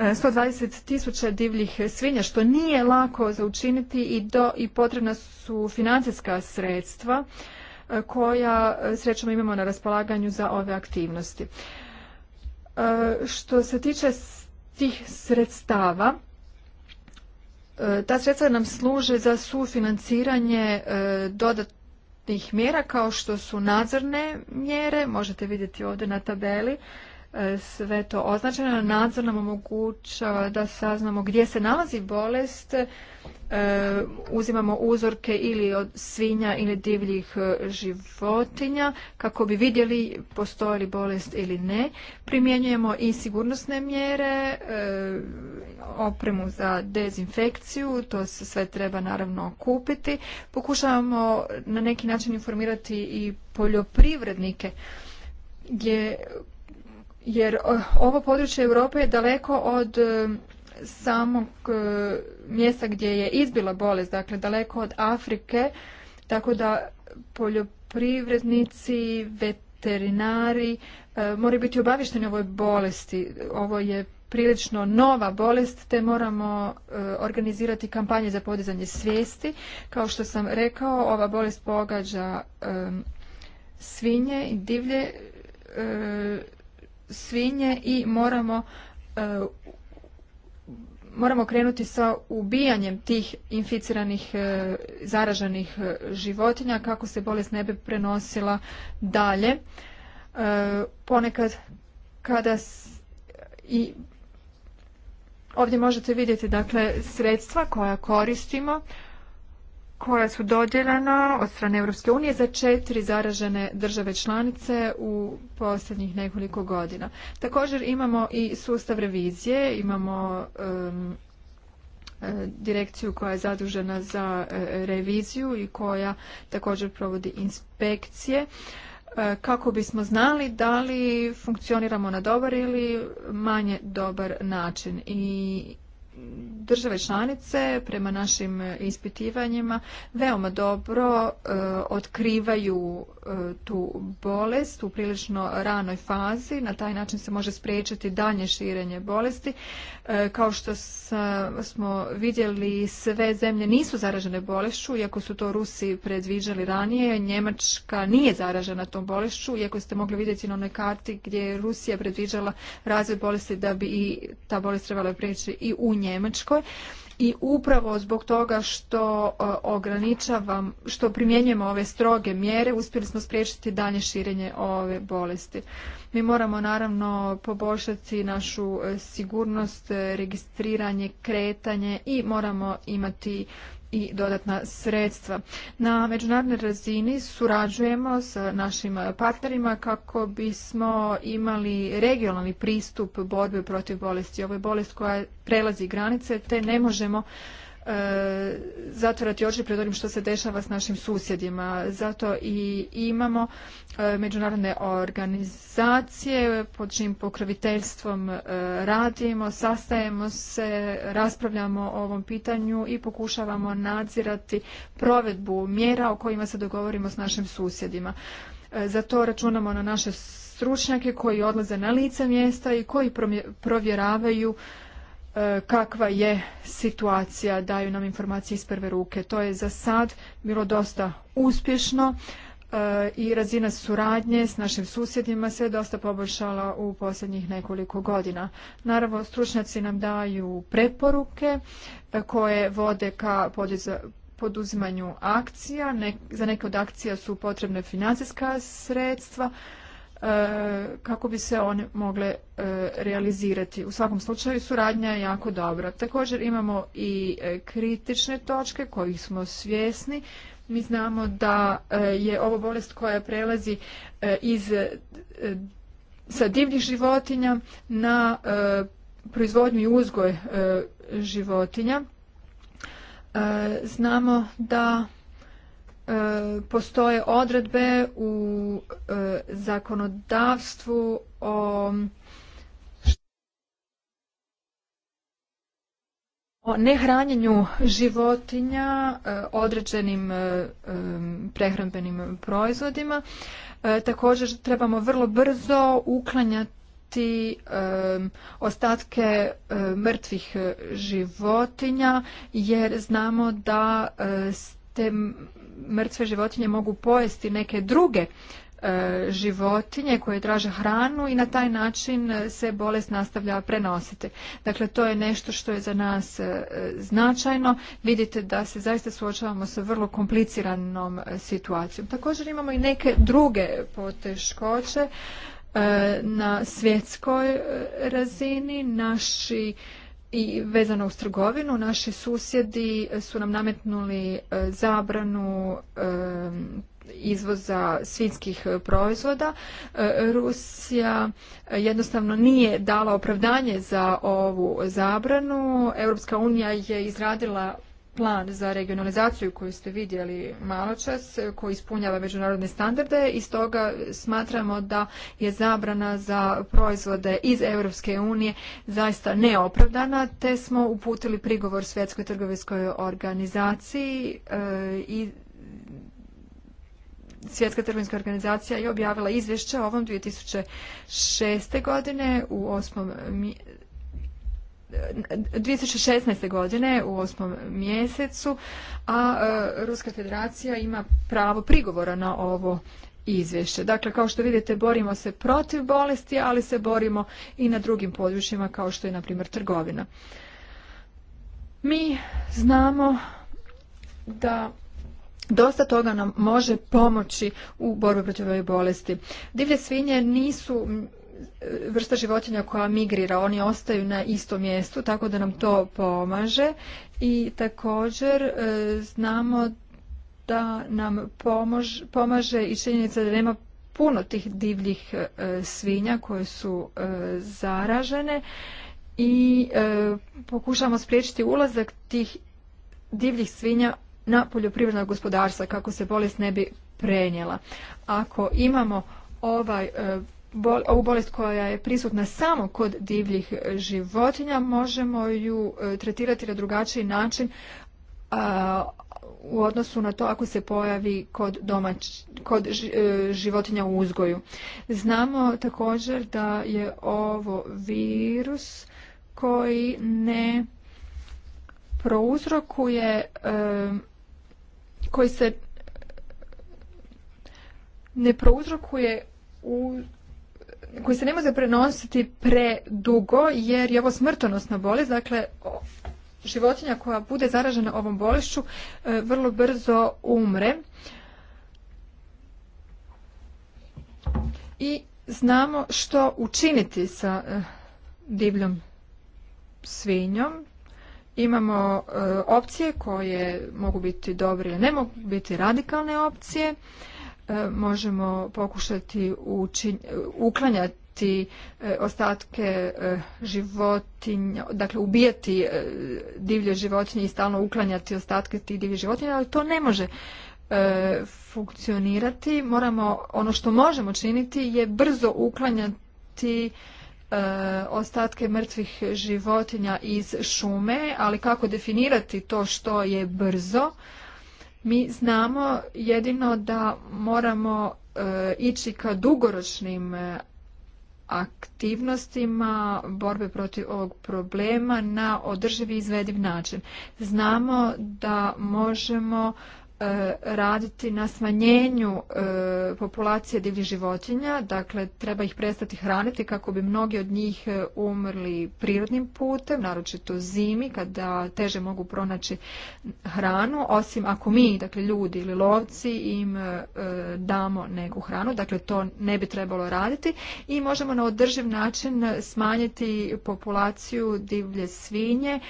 Speaker 2: 120 tisuća divljih svinja, što nije lako za učiniti i, do, i potrebna su financijska sredstva e, koja e, srećom imamo na raspolaganju za ove aktivnosti. E, što se tiče tih sredstava, ta sredstva nam služe za sufinanciranje dodatnih mjera kao što su nadzorne mjere, možete vidjeti ovdje na tabeli, E, sve to označeno. Nadzor nam omogućava da saznamo gdje se nalazi bolest. E, uzimamo uzorke ili od svinja ili divljih e, životinja kako bi vidjeli postoji li bolest ili ne. Primjenjujemo i sigurnosne mjere, opremu za dezinfekciju, to se sve treba naravno kupiti. Pokušavamo na neki način informirati i poljoprivrednike gdje jer ovo područje Europe je daleko od e, samog e, mjesta gdje je izbila bolest, dakle daleko od Afrike, tako da poljoprivrednici, veterinari e, moraju biti obavišteni ovoj bolesti. Ovo je prilično nova bolest, te moramo organizirati kampanje za podizanje svijesti. Kao što sam rekao, ova bolest pogađa svinje i divlje svinje i moramo e, moramo krenuti sa ubijanjem tih inficiranih e, zaraženih e, životinja kako se bolest ne bi prenosila dalje. ponekad kada i ovdje možete vidjeti dakle sredstva koja koristimo koja su dodjeljena od strane Europske unije za četiri zaražene države članice u posljednjih nekoliko godina. Također imamo i sustav revizije, imamo e, direkciju koja je zadužena za e, reviziju i koja također provodi inspekcije e, kako bismo znali da li funkcioniramo na dobar ili manje dobar način i države članice prema našim ispitivanjima veoma dobro e, otkrivaju e, tu bolest u prilično ranoj fazi. Na taj način se može spriječiti dalje širenje bolesti. E, kao što smo vidjeli, sve zemlje nisu zaražene bolešću, iako su to Rusi predviđali ranije. Njemačka nije zaražena tom bolešću, iako ste mogli vidjeti na onoj karti gdje je Rusija predviđala razvoj bolesti da bi i ta bolest trebala prijeći i u Njemačku Njemačkoj i upravo zbog toga što e, ograničavam, što primjenjujemo ove stroge mjere, uspjeli smo spriječiti dalje širenje ove bolesti. Mi moramo naravno poboljšati našu e, sigurnost, e, registriranje, kretanje i moramo imati i dodatna sredstva. Na međunarodnoj razini surađujemo sa našim partnerima kako bismo imali regionalni pristup borbe protiv bolesti. Ovo je bolest koja prelazi granice te ne možemo E, zatvorati oči pred onim što se dešava s našim susjedima. Zato i imamo e, međunarodne organizacije pod čim pokroviteljstvom e, radimo, sastajemo se, raspravljamo o ovom pitanju i pokušavamo nadzirati provedbu mjera o kojima se dogovorimo s našim susjedima. Za to računamo na naše stručnjake koji odlaze na lice mjesta i koji provjeravaju E, kakva je situacija, daju nam informacije iz prve ruke. To je za sad bilo dosta uspješno e, i razina suradnje s našim susjedima se dosta poboljšala u posljednjih nekoliko godina. Naravno, stručnjaci nam daju preporuke e, koje vode ka poduzimanju akcija. Za neke od akcija su potrebne financijska sredstva, E, kako bi se one mogle e, realizirati. U svakom slučaju suradnja je jako dobra. Također imamo i e, kritične točke kojih smo svjesni. Mi znamo da je ovo bolest koja prelazi iz sa divljih životinja na proizvodnju i uzgoj životinja. Znamo da E, postoje odredbe u e, zakonodavstvu o o nehranjenju životinja e, određenim prehrambenim proizvodima. Također trebamo vrlo brzo uklanjati ostatke mrtvih životinja jer znamo da te mrtve životinje mogu pojesti neke druge e, životinje koje traže hranu i na taj način se bolest nastavlja prenositi. Dakle, to je nešto što je za nas e, značajno. Vidite da se zaista suočavamo sa vrlo kompliciranom e, situacijom. Također imamo i neke druge poteškoće na svjetskoj razini. Naši i vezano uz trgovinu, naši susjedi e, su nam nametnuli e, zabranu e, izvoza svinskih proizvoda. Rusija jednostavno nije dala opravdanje za ovu zabranu. Europska unija je izradila plan za regionalizaciju koju ste vidjeli malo čas, koji ispunjava međunarodne standarde i stoga smatramo da je zabrana za proizvode iz Europske unije zaista neopravdana, te smo uputili prigovor Svjetskoj trgovinskoj organizaciji e, i Svjetska trgovinska organizacija je objavila izvješće o ovom 2006. godine u osmom 2016. godine u osmom mjesecu, a e, Ruska federacija ima pravo prigovora na ovo izvješće. Dakle, kao što vidite, borimo se protiv bolesti, ali se borimo i na drugim područjima kao što je, na primjer, trgovina. Mi znamo da dosta toga nam može pomoći u borbi protiv ove bolesti. Divlje svinje nisu vrsta životinja koja migrira, oni ostaju na istom mjestu, tako da nam to pomaže i također e, znamo da nam pomaže i činjenica da nema puno tih divljih e, svinja koje su e, zaražene i pokušamo spriječiti ulazak tih divljih svinja na poljoprivredna gospodarstva kako se bolest ne bi prenijela. Ako imamo ovaj bol, ovu bolest koja je prisutna samo kod divljih životinja, možemo ju e, tretirati na drugačiji način u odnosu na to ako se pojavi kod, domać, kod e, životinja u uzgoju. Znamo također da je ovo virus koji ne prouzrokuje e, koji se ne prouzrokuje u koji se ne može prenositi predugo jer je ovo smrtonosna bolest, dakle životinja koja bude zaražena ovom bolešću e, vrlo brzo umre. I znamo što učiniti sa e, divljom svinjom. Imamo e, opcije koje mogu biti dobre ili ne mogu biti radikalne opcije. E, možemo pokušati uklanjati e, ostatke e, životinja, dakle ubijati divlje životinje i stalno uklanjati ostatke tih divlje životinja, ali to ne može funkcionirati. Moramo, ono što možemo činiti je brzo uklanjati ostatke mrtvih životinja iz šume, ali kako definirati to što je brzo, mi znamo jedino da moramo e, ići ka dugoročnim e, aktivnostima borbe protiv ovog problema na održivi izvediv način. Znamo da možemo E, raditi na smanjenju e, populacije divljih životinja, dakle treba ih prestati hraniti kako bi mnogi od njih e, umrli prirodnim putem, naročito zimi kada teže mogu pronaći hranu, osim ako mi, dakle ljudi ili lovci im damo neku hranu, dakle to ne bi trebalo raditi i možemo na održiv način smanjiti populaciju divlje svinje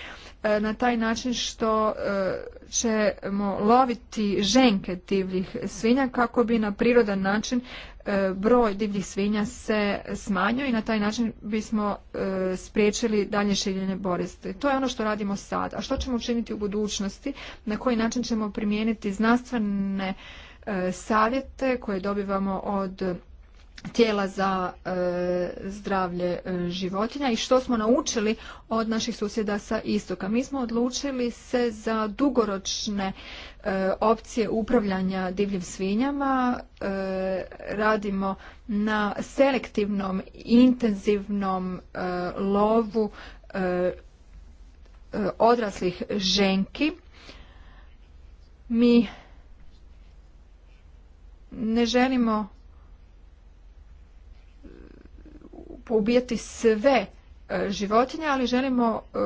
Speaker 2: E, na taj način što e, ćemo loviti ženke divljih svinja kako bi na prirodan način e, broj divljih svinja se smanjio i na taj način bismo spriječili dalje širjenje bolesti. To je ono što radimo sad. A što ćemo učiniti u budućnosti? Na koji način ćemo primijeniti znanstvene savjete koje dobivamo od tijela za e, zdravlje e, životinja i što smo naučili od naših susjeda sa istoka. Mi smo odlučili se za dugoročne e, opcije upravljanja divljim svinjama. radimo na selektivnom, intenzivnom lovu odraslih ženki. Mi ne želimo ubijati sve e, životinje, ali želimo e,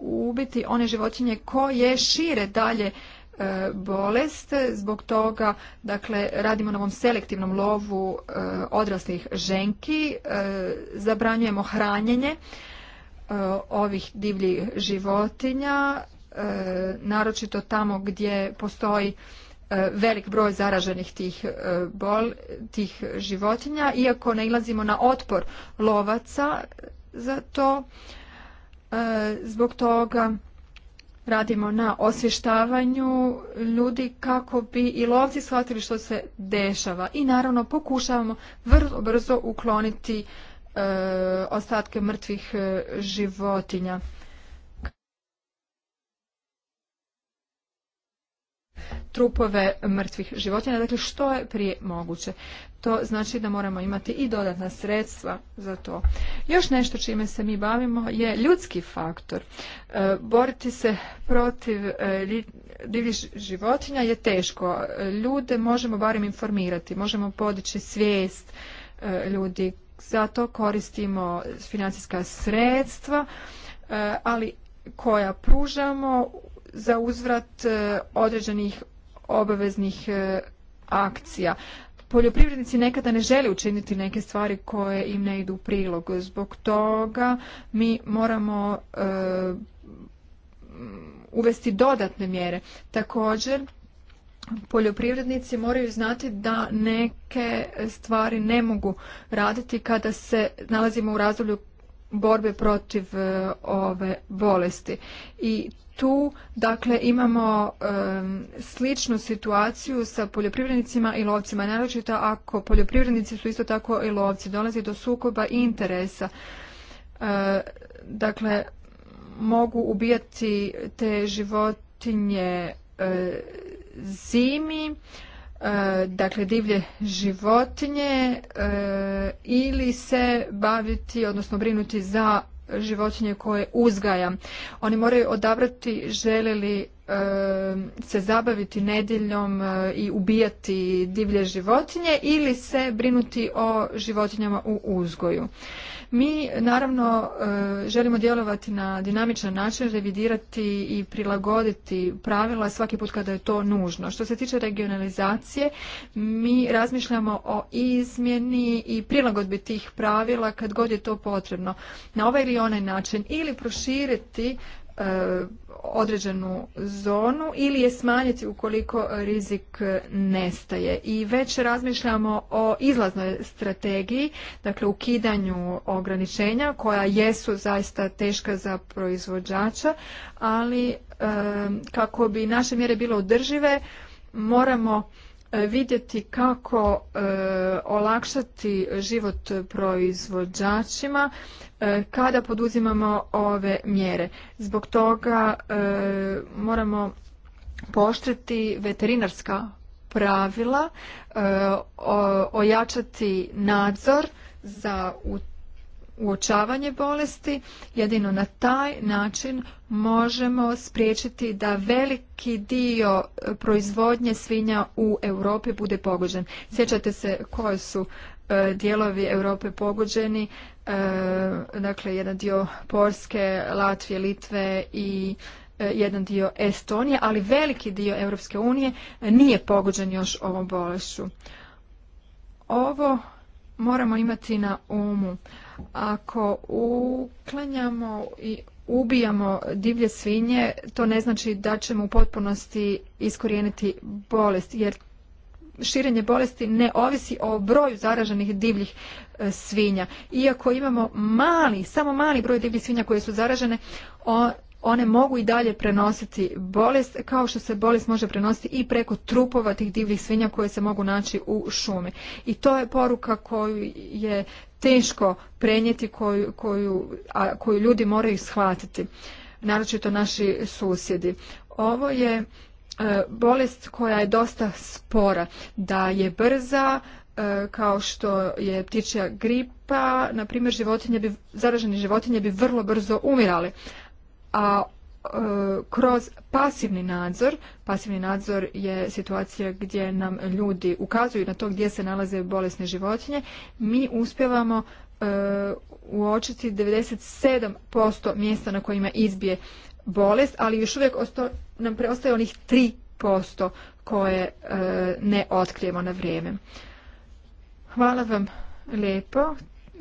Speaker 2: ubiti one životinje koje šire dalje e, bolest. Zbog toga dakle, radimo na ovom selektivnom lovu odraslih ženki, zabranjujemo hranjenje ovih divljih životinja, naročito tamo gdje postoji E, velik broj zaraženih tih, e, bol, tih životinja, iako nailazimo na otpor lovaca za to. E, zbog toga radimo na osvještavanju ljudi kako bi i lovci shvatili što se dešava. I naravno pokušavamo vrlo brzo ukloniti ostatke mrtvih životinja. trupove mrtvih životinja, dakle što je prije moguće. To znači da moramo imati i dodatna sredstva za to. Još nešto čime se mi bavimo je ljudski faktor. E, boriti se protiv e, divljih životinja je teško. Ljude možemo barem informirati, možemo podići svijest ljudi. E, ljudi. Zato koristimo financijska sredstva, ali koja pružamo za uzvrat e, određenih obaveznih e, akcija. Poljoprivrednici nekada ne žele učiniti neke stvari koje im ne idu u prilog. Zbog toga mi moramo e, uvesti dodatne mjere. Također, poljoprivrednici moraju znati da neke stvari ne mogu raditi kada se nalazimo u razdoblju borbe protiv e, ove bolesti. I tu dakle imamo e, sličnu situaciju sa poljoprivrednicima i lovcima, naročito ako poljoprivrednici su isto tako i lovci, dolazi do sukoba interesa. E, dakle, mogu ubijati te životinje zimi, E, dakle divlje životinje e, ili se baviti odnosno brinuti za životinje koje uzgaja. Oni moraju odabrati žele li e, se zabaviti nedjeljom i ubijati divlje životinje ili se brinuti o životinjama u uzgoju. Mi naravno e, želimo djelovati na dinamičan način, revidirati i prilagoditi pravila svaki put kada je to nužno. Što se tiče regionalizacije, mi razmišljamo o izmjeni i prilagodbi tih pravila kad god je to potrebno. Na ovaj ili onaj način ili proširiti E, određenu zonu ili je smanjiti ukoliko rizik nestaje. I već razmišljamo o izlaznoj strategiji, dakle ukidanju ograničenja koja jesu zaista teška za proizvođača, ali e, kako bi naše mjere bile održive moramo e, vidjeti kako olakšati život proizvođačima E, kada poduzimamo ove mjere. Zbog toga e, moramo poštriti veterinarska pravila, e, ojačati nadzor za uočavanje bolesti. Jedino na taj način možemo spriječiti da veliki dio proizvodnje svinja u Europi bude pogođen. Sjećate se koje su dijelovi Europe pogođeni E, dakle jedan dio Polske, Latvije, Litve i e, jedan dio Estonije, ali veliki dio Europske unije nije pogođen još ovom bolešću. Ovo moramo imati na umu. Ako uklanjamo i ubijamo divlje svinje, to ne znači da ćemo u potpunosti iskorijeniti bolest, jer širenje bolesti ne ovisi o broju zaraženih divljih E, svinja. Iako imamo mali, samo mali broj divljih svinja koje su zaražene, one mogu i dalje prenositi bolest, kao što se bolest može prenositi i preko trupova tih divljih svinja koje se mogu naći u šumi. I to je poruka koju je teško prenijeti, koju, koju, a, koju ljudi moraju shvatiti, naročito naši susjedi. Ovo je e, bolest koja je dosta spora, da je brza, E, kao što je ptičja gripa, na primjer životinje bi, zaražene životinje bi vrlo brzo umirali. A e, kroz pasivni nadzor, pasivni nadzor je situacija gdje nam ljudi ukazuju na to gdje se nalaze bolesne životinje, mi uspjevamo e, uočiti 97% mjesta na kojima izbije bolest, ali još uvijek nam preostaje onih 3% koje ne otkrijemo na vrijeme. Hvala vam lijepo.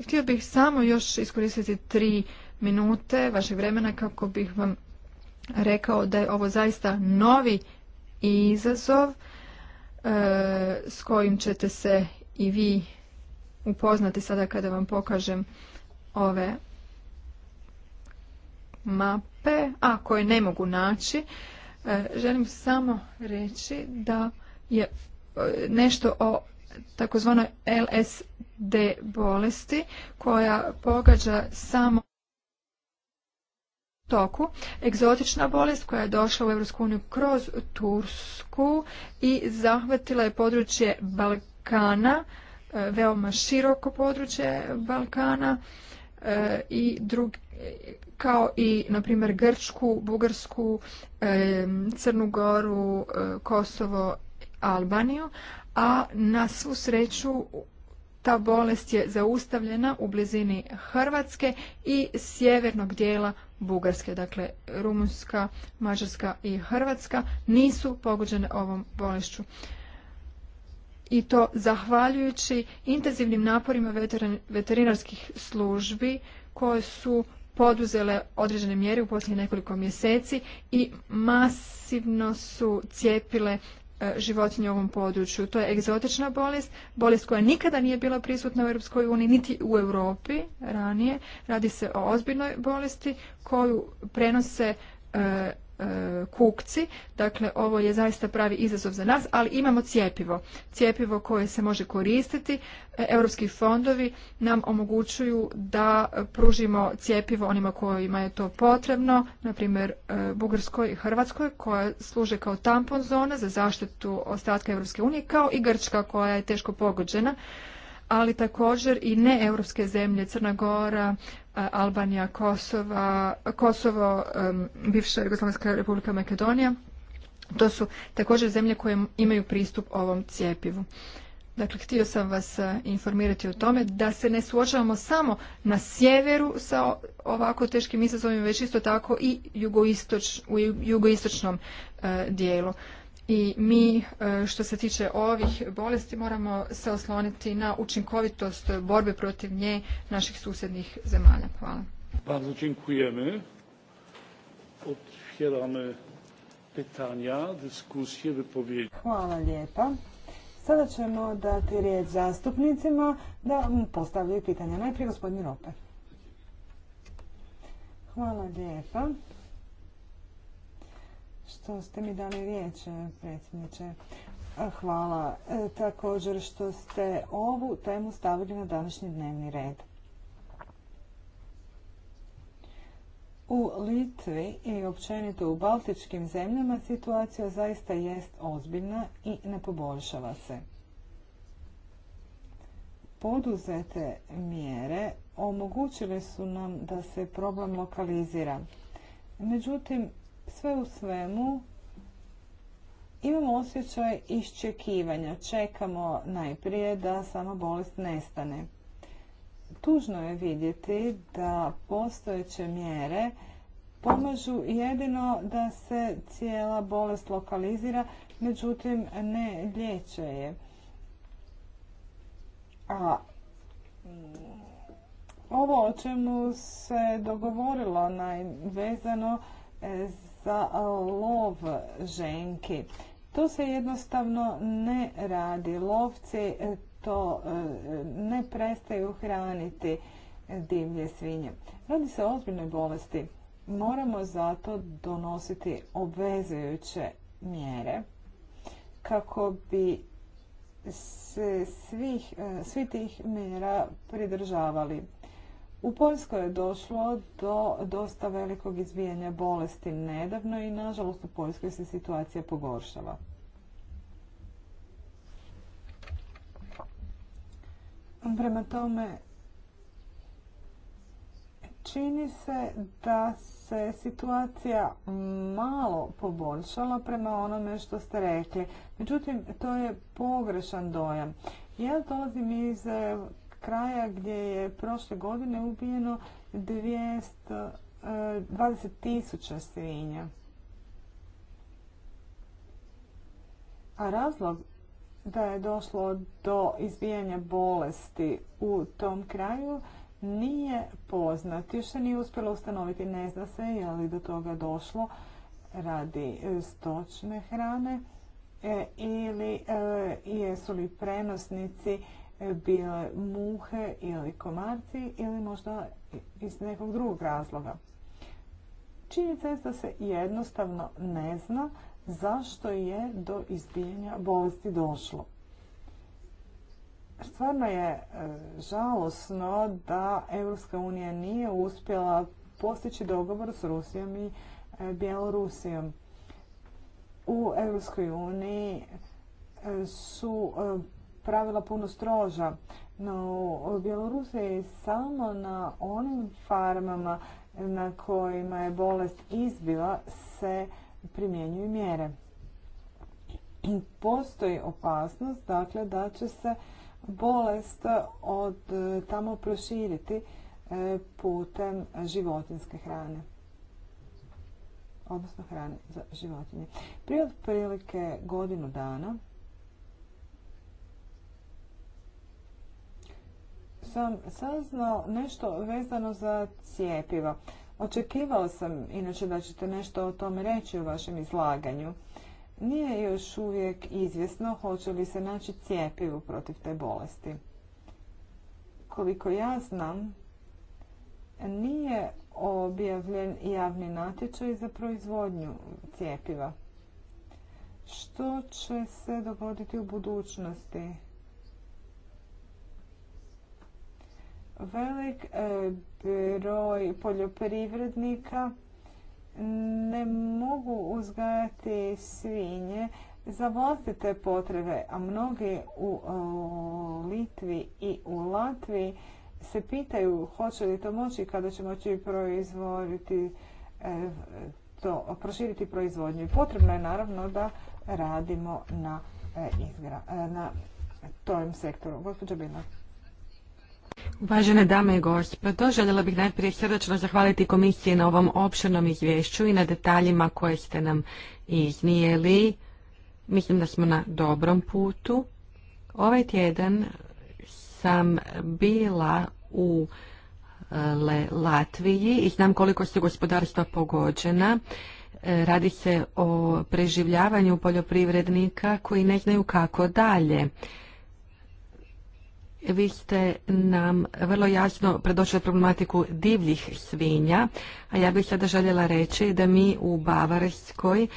Speaker 2: Htio bih samo još iskoristiti tri minute vašeg vremena kako bih vam rekao da je ovo zaista novi izazov e, s kojim ćete se i vi upoznati sada kada vam pokažem ove mape, a koje ne mogu naći. E, želim samo reći da je e, nešto o takozvanoj LSD bolesti koja pogađa samo toku. Egzotična bolest koja je došla u EU kroz Tursku i zahvatila je područje Balkana, e, veoma široko područje Balkana e, i drug, kao i na primjer Grčku, Bugarsku, e, Crnu Goru, Kosovo, Albaniju, a na svu sreću ta bolest je zaustavljena u blizini Hrvatske i sjevernog dijela Bugarske. Dakle, Rumunjska, Mađarska i Hrvatska nisu pogođene ovom bolešću. I to zahvaljujući intenzivnim naporima veterinarskih službi koje su poduzele određene mjere u posljednjih nekoliko mjeseci i masivno su cijepile E, životinje u ovom području. To je egzotična bolest, bolest koja nikada nije bila prisutna u Europskoj uniji, niti u Europi ranije. Radi se o ozbiljnoj bolesti koju prenose e, E, kukci. Dakle, ovo je zaista pravi izazov za nas, ali imamo cjepivo. Cjepivo koje se može koristiti. E, europski fondovi nam omogućuju da pružimo cjepivo onima kojima je to potrebno, na primjer e, Bugarskoj i Hrvatskoj, koja služe kao tampon zona za zaštitu ostatka Europske unije, kao i Grčka koja je teško pogođena ali također i europske zemlje, Crna Gora, Albanija, Kosova, Kosovo, bivša Jugoslavijska republika Makedonija. To su također zemlje koje imaju pristup ovom cijepivu. Dakle, htio sam vas e, informirati o tome da se ne suočavamo samo na sjeveru sa ovako teškim izazovima, već isto tako i u jugoistočnom e, dijelu i mi e, što se tiče ovih bolesti moramo se osloniti na učinkovitost borbe protiv nje naših susjednih zemalja. Hvala.
Speaker 1: Bardzo dziękujemy. Otwieramy pytania, dyskusje, wypowiedzi.
Speaker 4: Hvala lijepa. Sada ćemo dati riječ zastupnicima da postavljaju pitanja. Najprije gospodin Rope. Hvala lijepa što ste mi dali riječ, e, predsjedniče. E, hvala e, također što ste ovu temu stavili na današnji dnevni red. U Litvi i općenito u baltičkim zemljama situacija zaista jest ozbiljna i ne poboljšava se. Poduzete mjere omogućile su nam da se problem lokalizira. Međutim, sve u svemu, imamo osjećaj iščekivanja. Čekamo najprije da sama bolest nestane. Tužno je vidjeti da postojeće mjere pomažu jedino da se cijela bolest lokalizira, međutim ne liječe je. A mm, ovo o čemu se dogovorilo vezano e, za lov ženki. To se jednostavno ne radi. Lovci e, to e, ne prestaju hraniti divlje svinje. Radi se o ozbiljnoj bolesti. Moramo zato donositi obvezujuće mjere kako bi se svih, e, svi tih mjera pridržavali. U Poljskoj je došlo do dosta velikog izbijanja bolesti nedavno i nažalost u Poljskoj se situacija pogoršava. Prema tome, čini se da se situacija malo poboljšala prema onome što ste rekli. Međutim, to je pogrešan dojam. Ja dolazim iz kraja gdje je prošle godine ubijeno 20.000 20 e, tisuća svinja. A razlog da je došlo do izbijanja bolesti u tom kraju nije poznat. Još se nije uspjelo ustanoviti, ne zna se je li do toga došlo radi e, stočne hrane e, ili jesu li prenosnici bile muhe ili komarci ili možda iz nekog drugog razloga. Činjenica je da se jednostavno ne zna zašto je do izbijanja bolesti došlo. Stvarno je e, žalosno da EU unija nije uspjela postići dogovor s Rusijom i e, Bjelorusijom. U EU uniji e, su pravila puno stroža. No, Bjelorusija je samo na onim farmama na kojima je bolest izbila se primjenjuju mjere. Postoji opasnost dakle, da će se bolest od e, tamo proširiti e, putem životinske hrane odnosno hrane za životinje. Prije otprilike godinu dana sam saznao nešto vezano za cijepiva. Očekivao sam, inače da ćete nešto o tome reći u vašem izlaganju. Nije još uvijek izvjesno hoće li se naći cijepivo protiv te bolesti. Koliko ja znam, nije objavljen javni natječaj za proizvodnju cijepiva. Što će se dogoditi u budućnosti? Velik e, broj poljoprivrednika ne mogu uzgajati svinje za vlastite potrebe, a mnogi u e, Litvi i u Latviji se pitaju hoće li to moći kada će moći proizvoditi e, to, proširiti proizvodnju. Potrebno je naravno da radimo na, izgra, na tom sektoru. Gospođa
Speaker 3: Uvažene dame i gospodo, pa željela bih najprije srdačno zahvaliti komisiji na ovom opširnom izvješću i na detaljima koje ste nam iznijeli. Mislim da smo na dobrom putu. Ovaj tjedan sam bila u Latviji i znam koliko su gospodarstva pogođena. E, radi se o preživljavanju poljoprivrednika koji ne znaju kako dalje. Vi ste nam vrlo jasno predočili problematiku divljih svinja, a ja bih sada željela reći da mi u Bavarskoj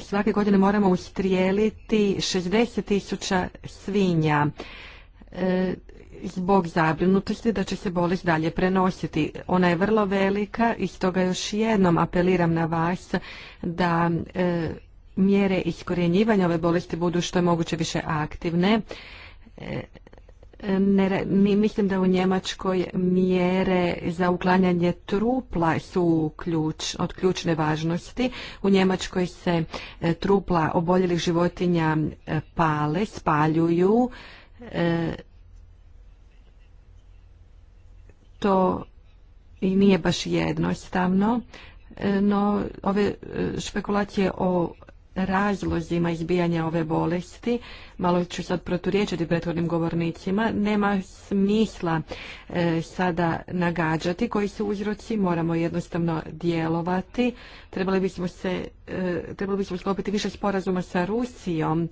Speaker 3: svake godine moramo ustrijeliti 60 tisuća svinja e, zbog zabrinutosti da će se bolest dalje prenositi. Ona je vrlo velika i stoga još jednom apeliram na vas da e, mjere iskorjenjivanja ove bolesti budu što je moguće više aktivne. E, mislim da u Njemačkoj mjere za uklanjanje trupla su od ključne važnosti. U Njemačkoj se e, trupla oboljelih životinja e, pale, spaljuju. E, to i nije baš jednostavno, no ove špekulacije o razlozima izbijanja ove bolesti. Malo ću sad proturječiti prethodnim govornicima. Nema smisla e, sada nagađati koji su uzroci. Moramo jednostavno djelovati. Trebali bismo, se, e, bismo sklopiti više sporazuma sa Rusijom.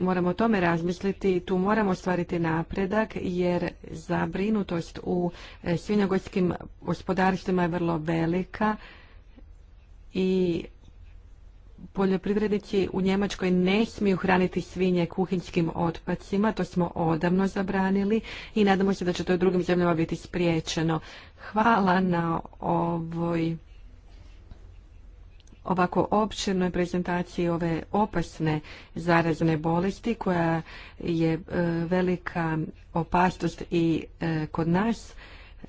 Speaker 3: Moramo o tome razmisliti. Tu moramo ostvariti napredak jer zabrinutost u e, svinjogojskim gospodarstvima je vrlo velika i poljoprivrednici u Njemačkoj ne smiju hraniti svinje kuhinskim otpacima, to smo odavno zabranili i nadamo se da će to u drugim zemljama biti spriječeno. Hvala na ovoj ovako općenoj prezentaciji ove opasne zarazne bolesti koja je e, velika opasnost i e, kod nas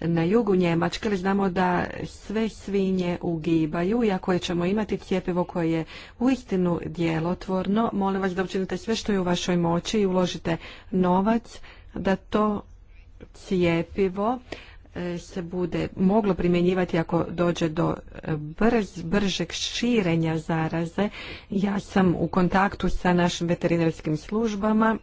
Speaker 3: na jugu Njemačke, ali znamo da sve svinje ugibaju i ako ćemo imati cjepivo koje je istinu djelotvorno, molim vas da učinite sve što je u vašoj moći i uložite novac da to cijepivo e, se bude moglo primjenjivati ako dođe do e, brz, bržeg širenja zaraze. Ja sam u kontaktu sa našim veterinarskim službama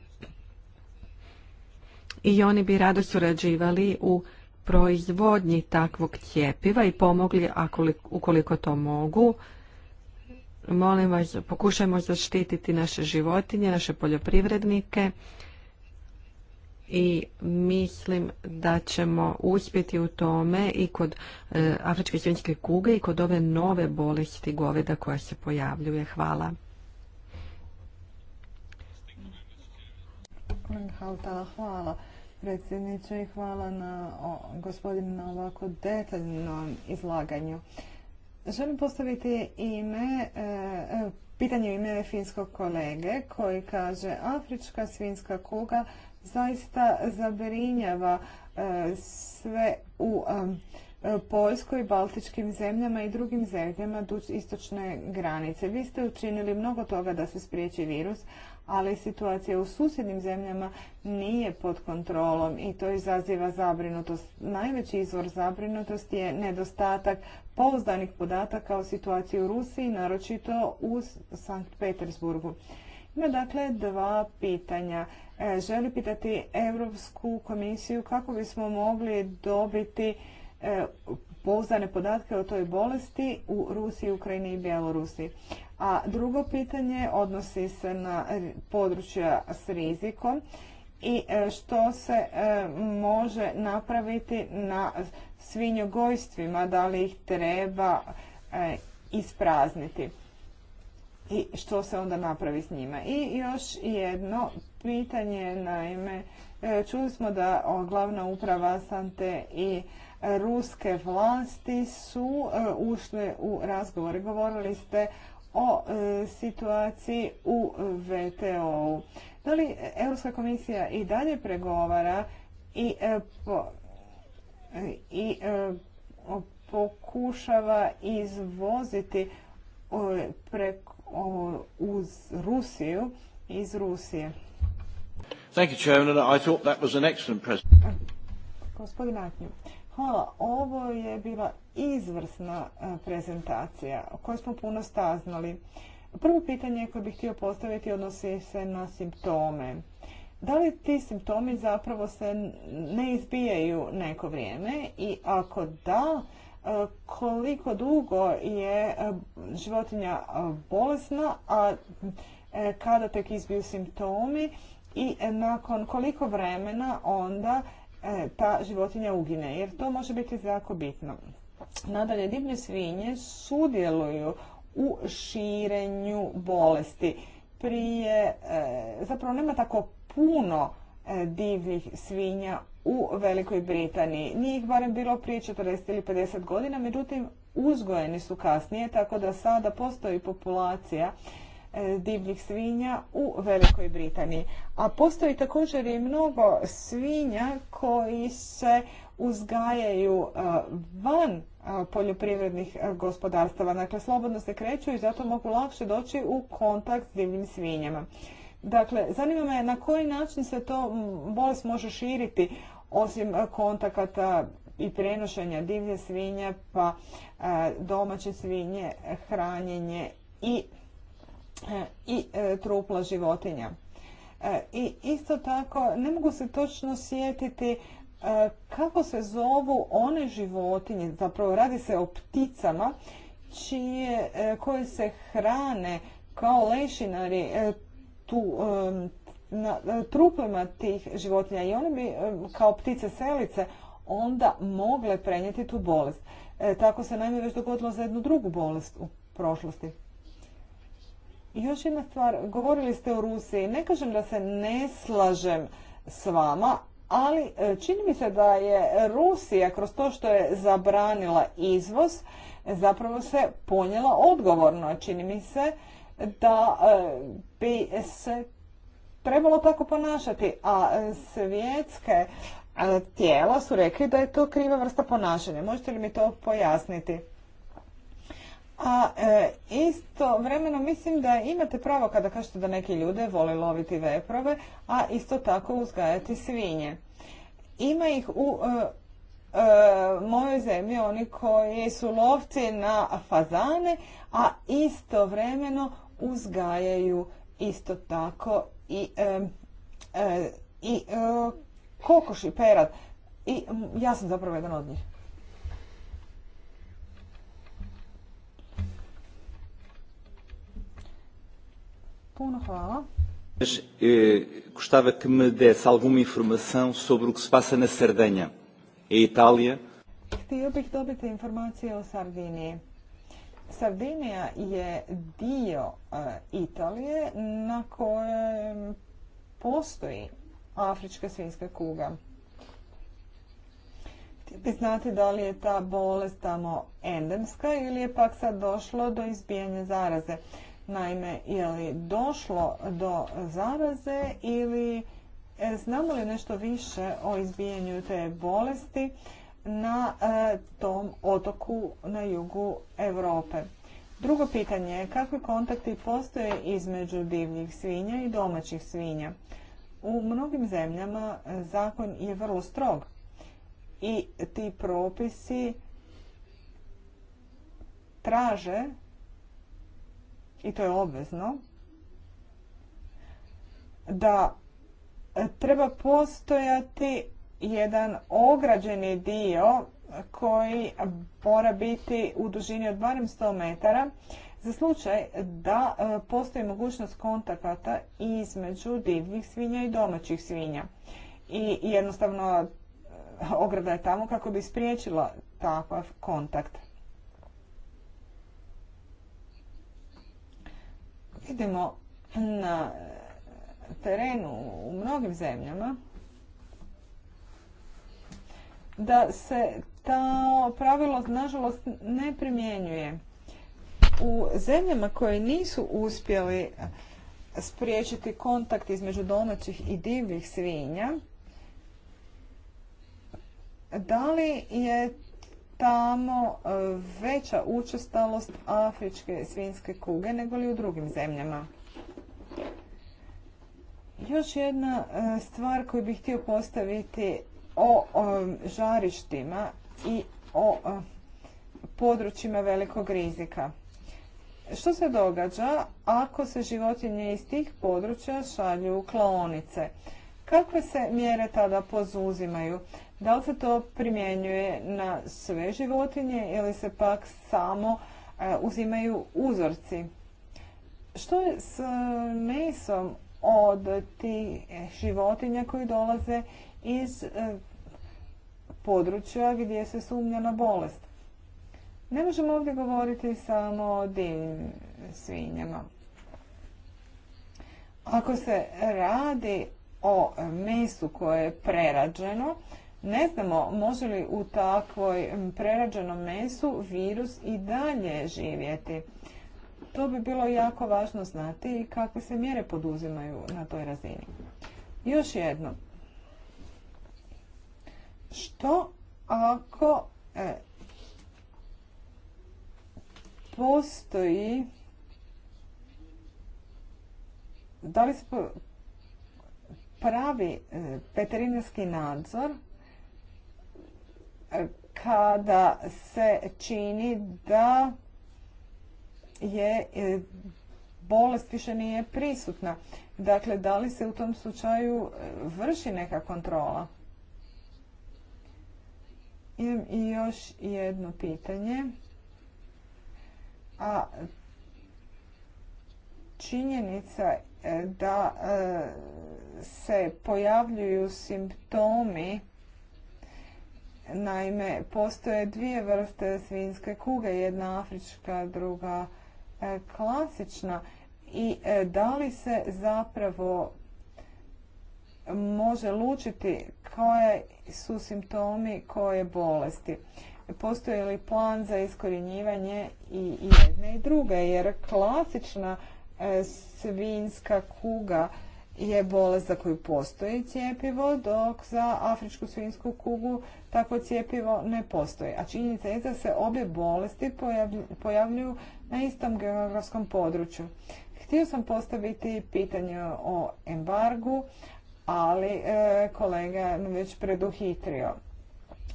Speaker 3: i oni bi rado surađivali u proizvodnji takvog cijepiva i pomogli ukoliko to mogu. Molim vas, pokušajmo zaštititi naše životinje, naše poljoprivrednike i mislim da ćemo uspjeti u tome i kod e, afričke svinjske kuge i kod ove nove bolesti goveda koja se pojavljuje. Hvala.
Speaker 4: Hvala predsjedniče i hvala na gospodinu na ovako detaljnom izlaganju. Želim postaviti ime, e, e, pitanje ime finskog kolege koji kaže Afrička svinska kuga zaista zabrinjava e, sve u Poljskoj, Baltičkim zemljama i drugim zemljama duž istočne granice. Vi ste učinili mnogo toga da se spriječi virus, ali situacija u susjednim zemljama nije pod kontrolom i to izaziva zabrinutost. Najveći izvor zabrinutosti je nedostatak pouzdanih podataka o situaciji u Rusiji, naročito u Sankt Petersburgu. Ima dakle dva pitanja. E, želi pitati Europsku komisiju kako bismo mogli dobiti e, pouzdane podatke o toj bolesti u Rusiji, Ukrajini i Bjelorusiji. A drugo pitanje odnosi se na područja s rizikom i e, što se e, može napraviti na svinjogojstvima, da li ih treba e, isprazniti i što se onda napravi s njima. I još jedno pitanje, naime, čuli smo da glavna uprava Sante i ruske vlasti su e, ušle u razgovor. Govorili ste o e, situaciji u VTO-u. Da li Europska komisija i dalje pregovara i, e, pokušava izvoziti uz Rusiju iz Rusije.
Speaker 1: Thank you, Chairman.
Speaker 4: Gospodin Hvala, ovo je bila izvrsna e, prezentacija o kojoj smo puno staznali. Prvo pitanje koje bih htio postaviti odnosi se na simptome. Da li ti simptomi zapravo se ne izbijaju neko vrijeme i ako da, e, koliko dugo je e, životinja bolesna, a kada tek izbiju simptomi i nakon koliko vremena onda E, ta životinja ugine, jer to može biti jako bitno. Nadalje, divlje svinje sudjeluju u širenju bolesti. Prije, e, zapravo nema tako puno e, divljih svinja u Velikoj Britaniji. Nije ih barem bilo prije 40 ili 50 godina, međutim uzgojeni su kasnije, tako da sada postoji populacija E, divljih svinja u Velikoj Britaniji. A postoji također i mnogo svinja koji se uzgajaju e, van e, poljoprivrednih gospodarstava. Dakle, slobodno se kreću i zato mogu lakše doći u kontakt s divljim svinjama. Dakle, zanima me na koji način se to bolest može širiti osim kontakata i prenošenja divlje svinje pa domaće svinje, hranjenje i E, i e, trupla životinja. E, I isto tako ne mogu se točno sjetiti kako se zovu one životinje, zapravo radi se o pticama čije, koje se hrane kao lešinari tu, na truplima tih životinja i one bi kao ptice selice onda mogle prenijeti tu bolest. Tako se naime već dogodilo za jednu drugu bolest u prošlosti. Još jedna stvar, govorili ste o Rusiji. Ne kažem da se ne slažem s vama, ali e, čini mi se da je Rusija kroz to što je zabranila izvoz zapravo se ponijela odgovorno. Čini mi se da e, bi se trebalo tako ponašati, a svjetske e, tijela su rekli da je to kriva vrsta ponašanja. Možete li mi to pojasniti? A e, isto vremeno mislim da imate pravo kada kažete da neki ljude vole loviti veprove, a isto tako uzgajati svinje. Ima ih u e, e, mojoj zemlji oni koji su lovci na fazane, a istovremeno uzgajaju isto tako i, e, e, i e, kokoši perad. I ja sam zapravo jedan od njih. Puno hvala.
Speaker 1: eh, gostava que me alguma sobre o que se passa na Itália.
Speaker 4: Htio bih dobiti informacije o Sardiniji. Sardinija je dio eh, Italije na kojem postoji afrička svinska kuga. Htio bih znati da li je ta bolest tamo endemska ili je pak sad došlo do izbijanja zaraze. Naime, je li došlo do zaraze ili e, znamo li nešto više o izbijanju te bolesti na e, tom otoku na jugu Europe? Drugo pitanje je kakvi kontakti postoje između divljih svinja i domaćih svinja. U mnogim zemljama e, zakon je vrlo strog i ti propisi traže i to je obvezno, da e, treba postojati jedan ograđeni dio koji mora biti u dužini od barem 100 metara za slučaj da e, postoji mogućnost kontakata između divljih svinja i domaćih svinja. I jednostavno e, ograda je tamo kako bi spriječila takav kontakt. vidimo na terenu u mnogim zemljama da se to pravilo nažalost ne primjenjuje. U zemljama koje nisu uspjeli spriječiti kontakt između domaćih i divljih svinja, da li je tamo e, veća učestalost afričke svinske kuge nego li u drugim zemljama. Još jedna e, stvar koju bih htio postaviti o, žarištima i o, e, područjima velikog rizika. Što se događa ako se životinje iz tih područja šalju u klaonice? Kakve se mjere tada pozuzimaju? Da li se to primjenjuje na sve životinje ili se pak samo e, uzimaju uzorci? Što je s e, mesom od tih životinja koji dolaze iz e, područja gdje se sumnja na bolest? Ne možemo ovdje govoriti samo o divnim svinjama. Ako se radi o mesu koje je prerađeno, ne znamo može li u takvoj prerađenom mesu virus i dalje živjeti. To bi bilo jako važno znati i kakve se mjere poduzimaju na toj razini. Još jedno. Što ako e, postoji da li se pravi e, veterinarski nadzor kada se čini da je e, bolest više nije prisutna. Dakle, da li se u tom slučaju e, vrši neka kontrola? Imam i još jedno pitanje. A činjenica da e, se pojavljuju simptomi Naime, postoje dvije vrste svinjske kuge, jedna afrička, druga e, klasična. I e, da li se zapravo može lučiti koje su simptomi koje bolesti? Postoji li plan za iskorjenjivanje i jedne i druge? Jer klasična e, svinska kuga je bolest za koju postoji cijepivo, dok za afričku svinjsku kugu takvo cijepivo ne postoji. A činjenica je da se obje bolesti pojavljuju na istom geografskom području. Htio sam postaviti pitanje o embargu, ali e, kolega me već preduhitrio.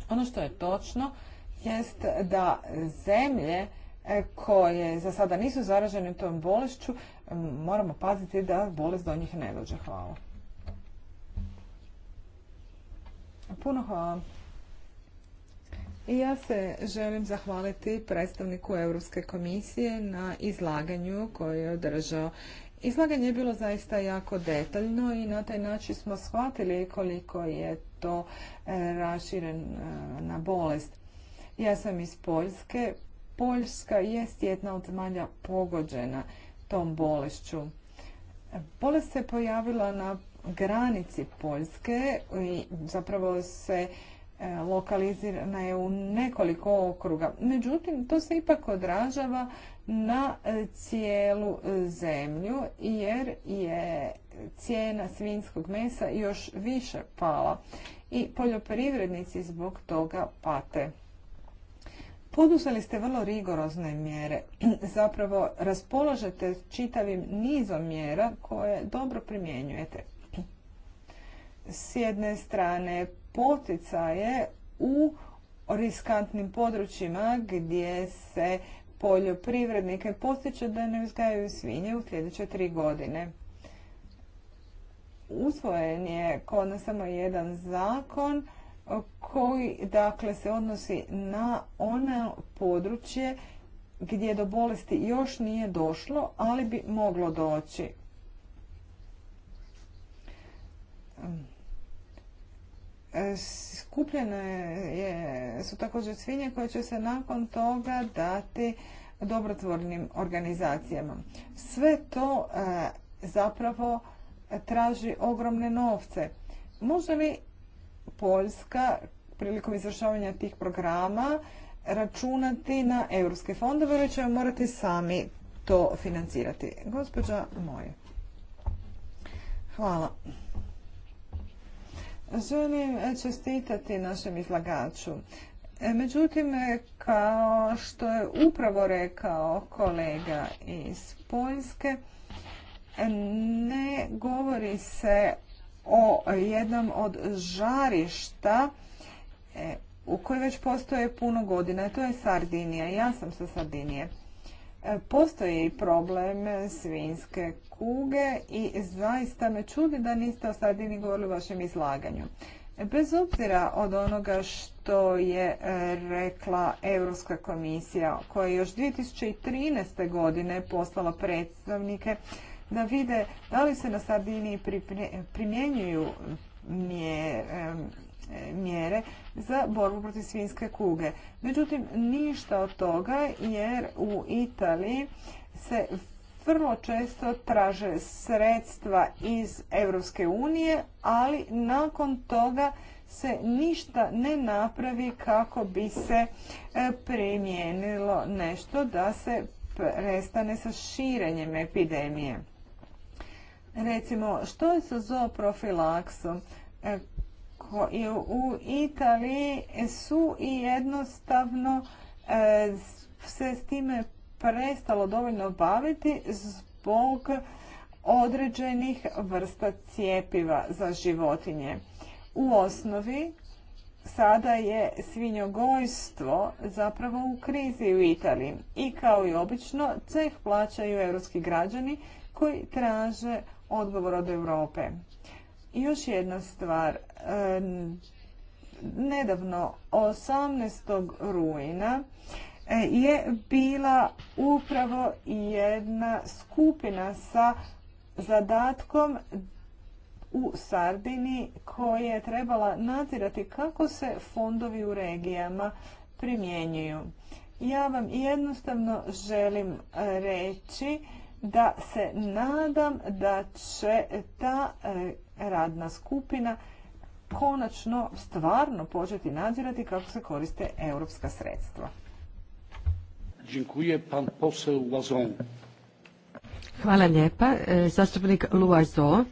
Speaker 4: Ono što je točno jest da zemlje e, koje za sada nisu zaražene tom bolešću moramo paziti da bolest do njih ne dođe. Hvala. Puno hvala. I ja se želim zahvaliti predstavniku Europske komisije na izlaganju koje je održao. Izlaganje je bilo zaista jako detaljno i na taj način smo shvatili koliko je to e, raširen e, na bolest. Ja sam iz Poljske. Poljska jest jedna od zemalja pogođena tom bolešću. Bolest se pojavila na granici Poljske i zapravo se e, lokalizirana je u nekoliko okruga. Međutim, to se ipak odražava na e, cijelu zemlju jer je cijena svinjskog mesa još više pala i poljoprivrednici zbog toga pate. Poduzeli ste vrlo rigorozne mjere. Zapravo raspolažete čitavim nizom mjera koje dobro primjenjujete. S jedne strane poticaje u riskantnim područjima gdje se poljoprivrednike postiče da ne uzgajaju svinje u sljedeće tri godine. Usvojen je kod nas samo jedan zakon koji dakle se odnosi na ono područje gdje do bolesti još nije došlo, ali bi moglo doći. Skupljene je, su također svinje koje će se nakon toga dati dobrotvornim organizacijama. Sve to e, zapravo traži ogromne novce. Može li Poljska prilikom izvršavanja tih programa računati na europske fondove ili ćemo morati sami to financirati. Gospođa moja. Hvala. Želim čestitati našem izlagaču. E, međutim, kao što je upravo rekao kolega iz Poljske, ne govori se o jednom od žarišta e, u kojoj već postoje puno godina. To je Sardinija. Ja sam sa Sardinije. E, Postoji problem svinske kuge i zaista me čudi da niste o Sardini govorili u vašem izlaganju. E, bez obzira od onoga što je rekla Europska komisija koja je još 2013. godine poslala predstavnike da vide da li se na Sardiniji primjenjuju mjere, za borbu protiv svinske kuge. Međutim, ništa od toga jer u Italiji se vrlo često traže sredstva iz Europske unije, ali nakon toga se ništa ne napravi kako bi se e, primijenilo nešto da se prestane sa širenjem epidemije. Recimo, što je sa zooprofilaksom? E, u Italiji su i jednostavno e, se s time prestalo dovoljno baviti zbog određenih vrsta cijepiva za životinje. U osnovi sada je svinjogojstvo zapravo u krizi u Italiji i kao i obično ceh plaćaju europski građani koji traže odgovor od Europe. još jedna stvar. Nedavno, 18. rujna, e, je bila upravo jedna skupina sa zadatkom u Sardini koja je trebala nadzirati kako se fondovi u regijama primjenjuju. Ja vam jednostavno želim e, reći da se nadam da će ta e, radna skupina konačno stvarno početi nadzirati kako se koriste europska sredstva.
Speaker 1: Dziękuję pan poseł
Speaker 3: Hvala lijepa. E, zastupnik Luazo.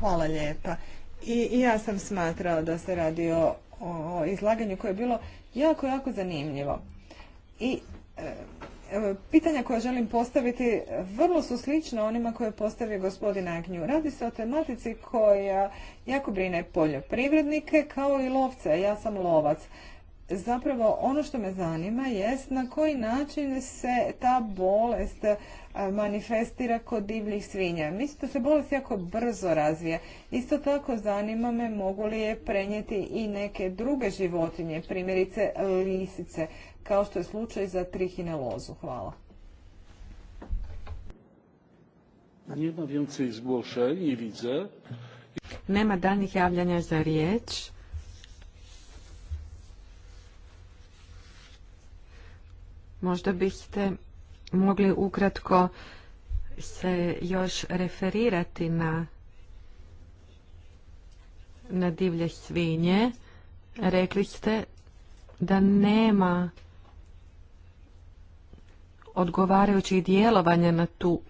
Speaker 4: Hvala lijepa. I ja sam smatrao da se radi o, izlaganju koje je bilo jako, jako zanimljivo. I e, E, pitanja koja želim postaviti vrlo su slična onima koje je postavio gospodin Agnju. Radi se o tematici koja jako brine poljoprivrednike kao i lovce. Ja sam lovac. Zapravo ono što me zanima jest na koji način se ta bolest e, manifestira kod divljih svinja. Mislim da se bolest jako brzo razvija. Isto tako zanima me mogu li je prenijeti i neke druge životinje, primjerice lisice kao što je slučaj za
Speaker 3: trihinelozu. Hvala. Nema daljnjih javljanja za riječ. Možda biste mogli ukratko se još referirati na na divlje svinje. Rekli ste da nema odgovarajućih djelovanja na tu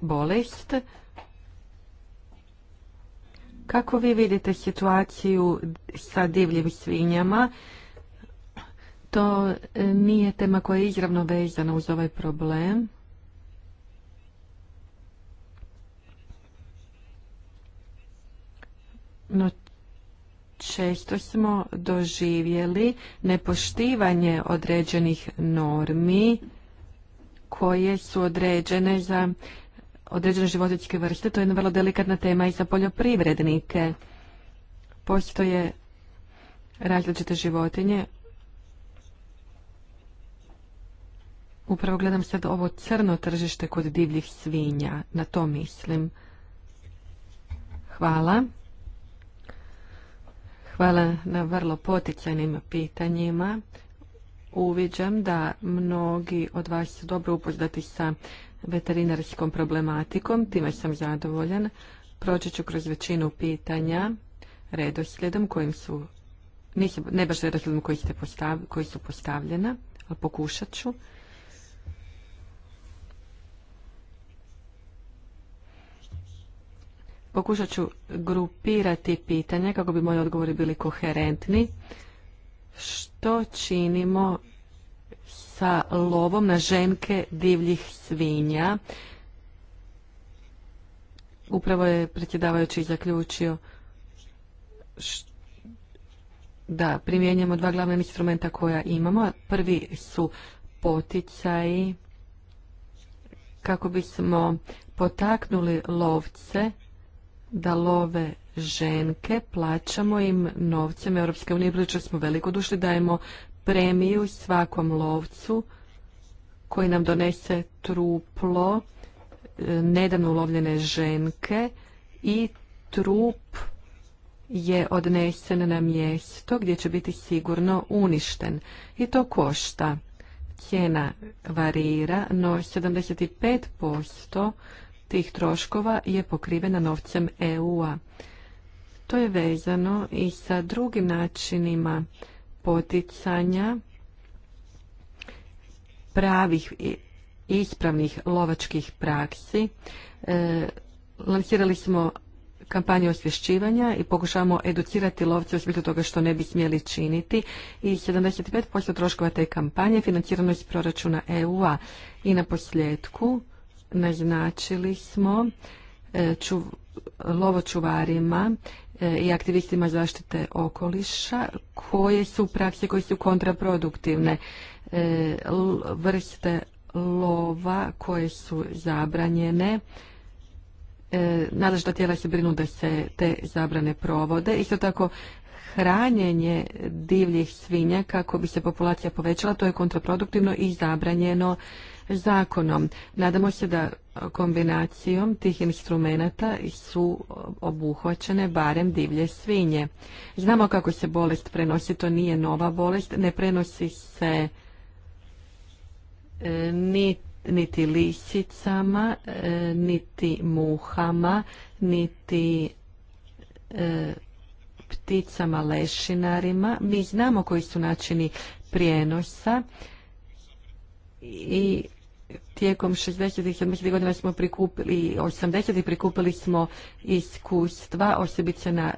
Speaker 3: bolest. Kako vi vidite situaciju sa divljim svinjama? To e, nije tema koja je izravno vezana uz ovaj problem. No, često smo doživjeli nepoštivanje određenih normi koje su određene za određene životinjske vrste. To je jedna vrlo delikatna tema i za poljoprivrednike. Postoje različite životinje. Upravo gledam sad ovo crno tržište kod divljih svinja. Na to mislim. Hvala. Hvala na vrlo poticajnim pitanjima uviđam da mnogi od vas su dobro upoznati sa veterinarskom problematikom, time sam zadovoljan. Proći ću kroz većinu pitanja redoslijedom kojim su, ne baš redoslijedom koji, koji su postavljena, ali pokušat ću. Pokušat ću grupirati pitanja kako bi moji odgovori bili koherentni što činimo sa lovom na ženke divljih svinja. Upravo je predsjedavajući zaključio da primjenjamo dva glavna instrumenta koja imamo. Prvi su poticaji kako bismo potaknuli lovce da love ženke, plaćamo im novcem Europske unije, budući smo dušli, dajemo premiju svakom lovcu koji nam donese truplo e, nedavno ulovljene ženke i trup je odnesen na mjesto gdje će biti sigurno uništen. I to košta. Cijena varira, no 75% tih troškova je pokrivena novcem EU-a. To je vezano i sa drugim načinima poticanja pravih i ispravnih lovačkih praksi. E, lansirali smo kampanju osvješćivanja i pokušavamo educirati lovce u smislu toga što ne bi smjeli činiti i 75% troškova te kampanje financirano iz proračuna EU-a. I na posljedku naznačili smo e, lovočuvarima E, i aktivistima zaštite okoliša koje su prakse koje su kontraproduktivne e, vrste lova koje su zabranjene e, nadležna tijela se brinu da se te zabrane provode isto tako hranjenje divljih svinja kako bi se populacija povećala to je kontraproduktivno i zabranjeno zakonom. Nadamo se da kombinacijom tih instrumenata su obuhvaćene barem divlje svinje. Znamo kako se bolest prenosi, to nije nova bolest, ne prenosi se e, niti lisicama, e, niti muhama, niti e, pticama lešinarima. Mi znamo koji su načini prijenosa i tijekom 60. i 70. godina smo prikupili, 80. prikupili smo iskustva, posebice na,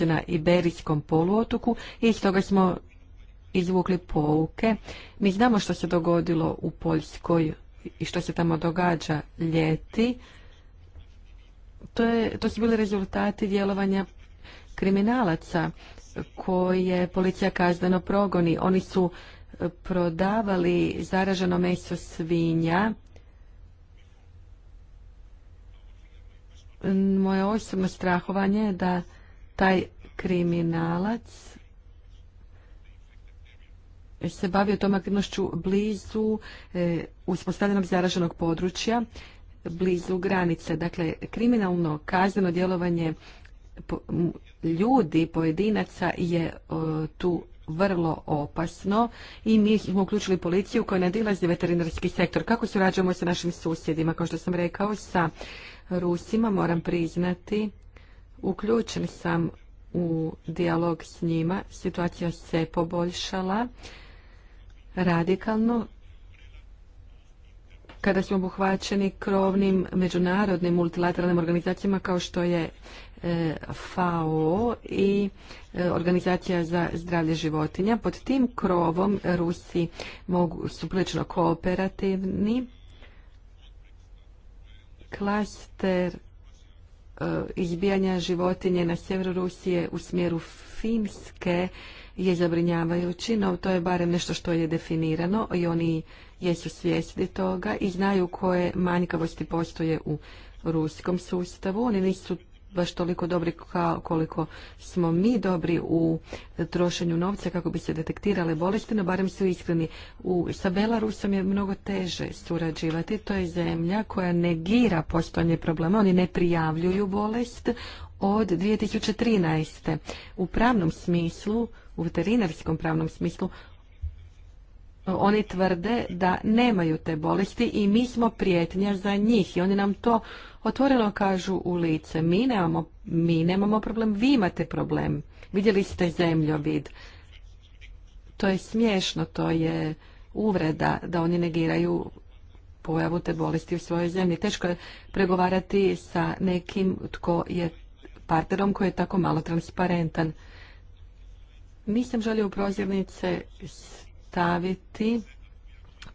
Speaker 3: na Iberijskom poluotoku i iz toga smo izvukli pouke. Mi znamo što se dogodilo u Poljskoj i što se tamo događa ljeti. To, to su bili rezultati djelovanja kriminalaca koje policija kazneno progoni. Oni su prodavali zaraženo meso svinja. Moje osobno strahovanje je da taj kriminalac se bavio tom aktivnošću blizu e, uspostavljenog zaraženog područja, blizu granice. Dakle, kriminalno kazneno djelovanje ljudi, pojedinaca je tu vrlo opasno i mi smo uključili policiju koja nadilazi veterinarski sektor. Kako surađujemo sa našim susjedima? Kao što sam rekao, sa Rusima moram priznati, uključen sam u dijalog s njima. Situacija se poboljšala radikalno kada smo obuhvaćeni krovnim međunarodnim multilateralnim organizacijama kao što je e, FAO i e, Organizacija za zdravlje životinja. Pod tim krovom Rusi mogu, su prilično kooperativni. Klaster e, izbijanja životinje na sjeveru Rusije u smjeru Finske je zabrinjavajući, no to je barem nešto što je definirano i oni jesu svjesni toga i znaju koje manjkavosti postoje u ruskom sustavu. Oni nisu baš toliko dobri kao koliko smo mi dobri u trošenju novca kako bi se detektirale bolesti, no barem su iskreni. U, sa Belarusom je mnogo teže surađivati. To je zemlja koja negira postojanje problema. Oni ne prijavljuju bolest od 2013. U pravnom smislu, u veterinarskom pravnom smislu, oni tvrde da nemaju te bolesti i mi smo prijetnja za njih i oni nam to otvoreno kažu u lice. Mi nemamo, mi nemamo problem, vi imate problem. Vidjeli ste zemljovid. To je smiješno, to je uvreda da oni negiraju pojavu te bolesti u svojoj zemlji. Teško je pregovarati sa nekim tko je partnerom koji je tako malo transparentan. Nisam želio u prozirnice staviti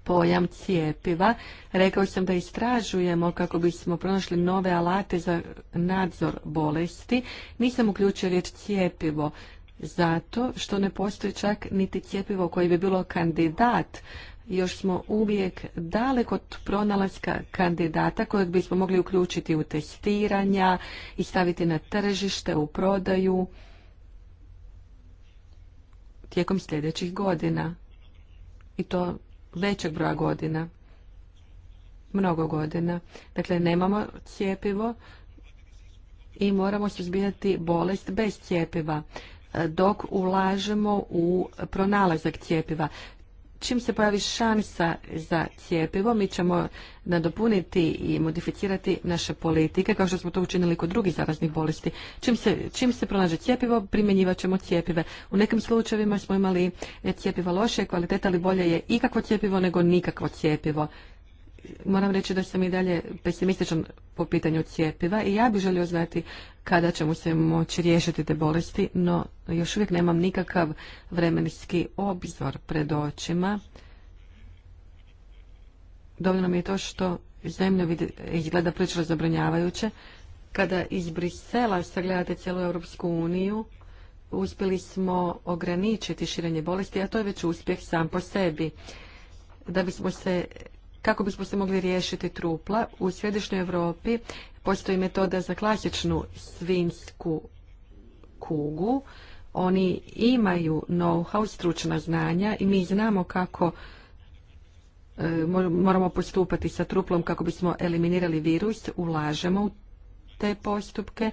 Speaker 3: pojam cijepiva. Rekao sam da istražujemo kako bismo pronašli nove alate za nadzor bolesti. Nisam uključio riječ cijepivo zato što ne postoji čak niti cijepivo koji bi bilo kandidat. Još smo uvijek daleko od pronalaska kandidata kojeg bismo mogli uključiti u testiranja i staviti na tržište, u prodaju tijekom sljedećih godina i to većeg broja godina, mnogo godina. Dakle, nemamo cijepivo i moramo suzbijati bolest bez cijepiva dok ulažemo u pronalazak cijepiva čim se pojavi šansa za cijepivo, mi ćemo nadopuniti i modificirati naše politike, kao što smo to učinili kod drugih zaraznih bolesti. Čim se, čim se pronađe cijepivo, primjenjivat ćemo cijepive. U nekim slučajevima smo imali cijepiva loše kvaliteta, ali bolje je ikakvo cijepivo nego nikakvo cijepivo moram reći da sam i dalje pesimističan po pitanju cijepiva i ja bih želio znati kada ćemo se moći riješiti te bolesti, no još uvijek nemam nikakav vremenski obzor pred očima. Dovoljno mi je to što zemlja izgleda prilično zabrinjavajuće. Kada iz Brisela sagledate cijelu Europsku uniju, uspjeli smo ograničiti širenje bolesti, a to je već uspjeh sam po sebi. Da bismo se kako bismo se mogli riješiti trupla. U središnjoj Europi postoji metoda za klasičnu svinsku kugu. Oni imaju know-how, stručna znanja i mi znamo kako e, moramo postupati sa truplom kako bismo eliminirali virus, ulažemo u te postupke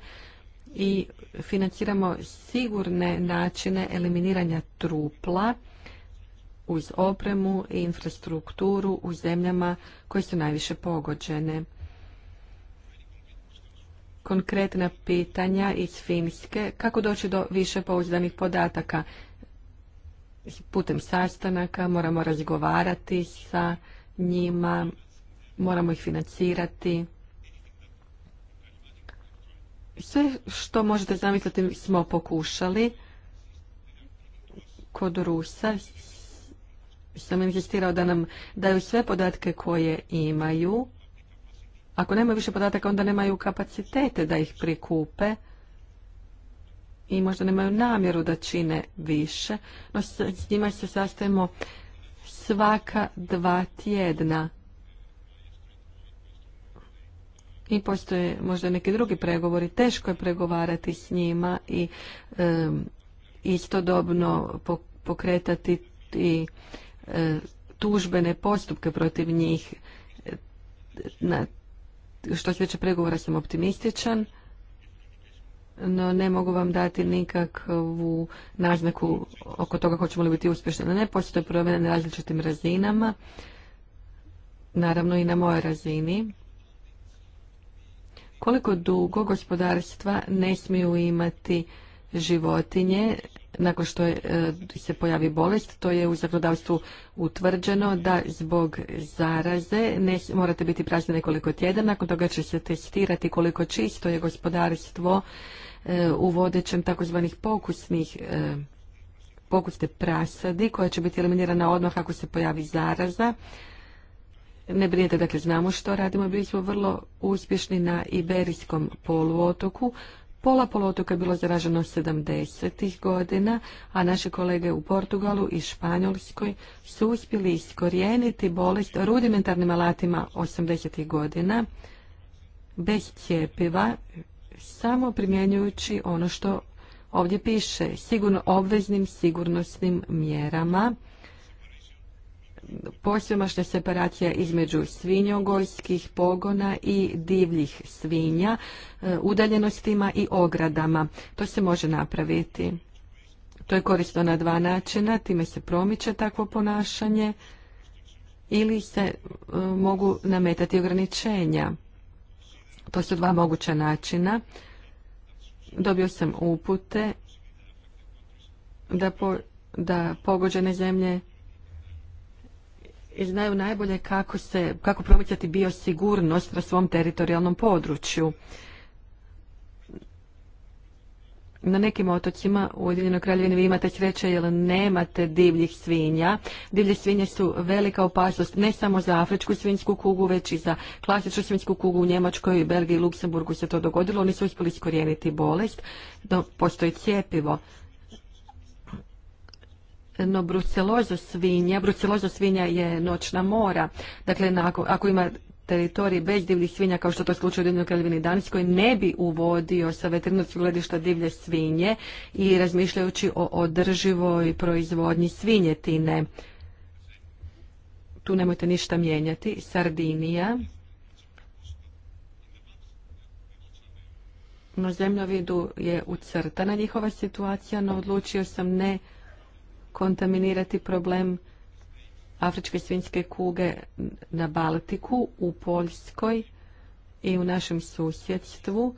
Speaker 3: i financiramo sigurne načine eliminiranja trupla uz opremu i infrastrukturu u zemljama koje su najviše pogođene. Konkretna pitanja iz Finske. Kako doći do više pouzdanih podataka? Putem sastanaka moramo razgovarati sa njima, moramo ih financirati. Sve što možete zamisliti smo pokušali kod Rusa sam inzistirao da nam daju sve podatke koje imaju. Ako nemaju više podataka, onda nemaju kapacitete da ih prikupe i možda nemaju namjeru da čine više. No, s njima se sastajemo svaka dva tjedna. I postoje možda neki drugi pregovori. Teško je pregovarati s njima i istodobno pokretati i E, tužbene postupke protiv njih. E, na, što se tiče pregovora sam optimističan, no ne mogu vam dati nikakvu naznaku oko toga hoćemo li biti uspješni. Ne postoje promjene na različitim razinama, naravno i na mojoj razini. Koliko dugo gospodarstva ne smiju imati životinje nakon što e, se pojavi bolest, to je u zakonodavstvu utvrđeno da zbog zaraze ne, morate biti prazni nekoliko tjedana, nakon toga će se testirati koliko čisto je gospodarstvo e, u vodećem takozvanih pokusnih e, prasadi koja će biti eliminirana odmah ako se pojavi zaraza. Ne brinite, dakle, znamo što radimo. Bili smo vrlo uspješni na Iberijskom poluotoku. Pola polotoka je bilo zaraženo 70. godina, a naše kolege u Portugalu i Španjolskoj su uspjeli iskorijeniti bolest rudimentarnim alatima 80. godina, bez cijepiva, samo primjenjujući ono što ovdje piše, sigurno obveznim sigurnosnim mjerama posvemašna separacija između svinjogojskih pogona i divljih svinja, e, udaljenostima i ogradama. To se može napraviti. To je korisno na dva načina, time se promiče takvo ponašanje ili se e, mogu nametati ograničenja. To su dva moguća načina. Dobio sam upute da pogođene zemlje i znaju najbolje kako, se, kako promicati biosigurnost na svom teritorijalnom području. Na nekim otocima u Ujedinjenoj kraljevini vi imate sreće jer nemate divljih svinja. Divlje svinje su velika opasnost ne samo za afričku svinjsku kugu, već i za klasičnu svinjsku kugu u Njemačkoj, Belgiji i Luksemburgu se to dogodilo. Oni su uspjeli iskorijeniti bolest, no postoji cijepivo no bruceloza svinja, bruceloza svinja je noćna mora. Dakle, ako, ima teritorij bez divljih svinja, kao što to slučaj u Divnoj Kraljevini Danskoj, ne bi uvodio sa veterinarskog gledišta divlje svinje i razmišljajući o održivoj proizvodnji svinjetine. Tu nemojte ništa mijenjati. Sardinija. Na zemljovidu je ucrtana njihova situacija, no odlučio sam ne kontaminirati problem afričke svinjske kuge na Baltiku, u Poljskoj i u našem susjedstvu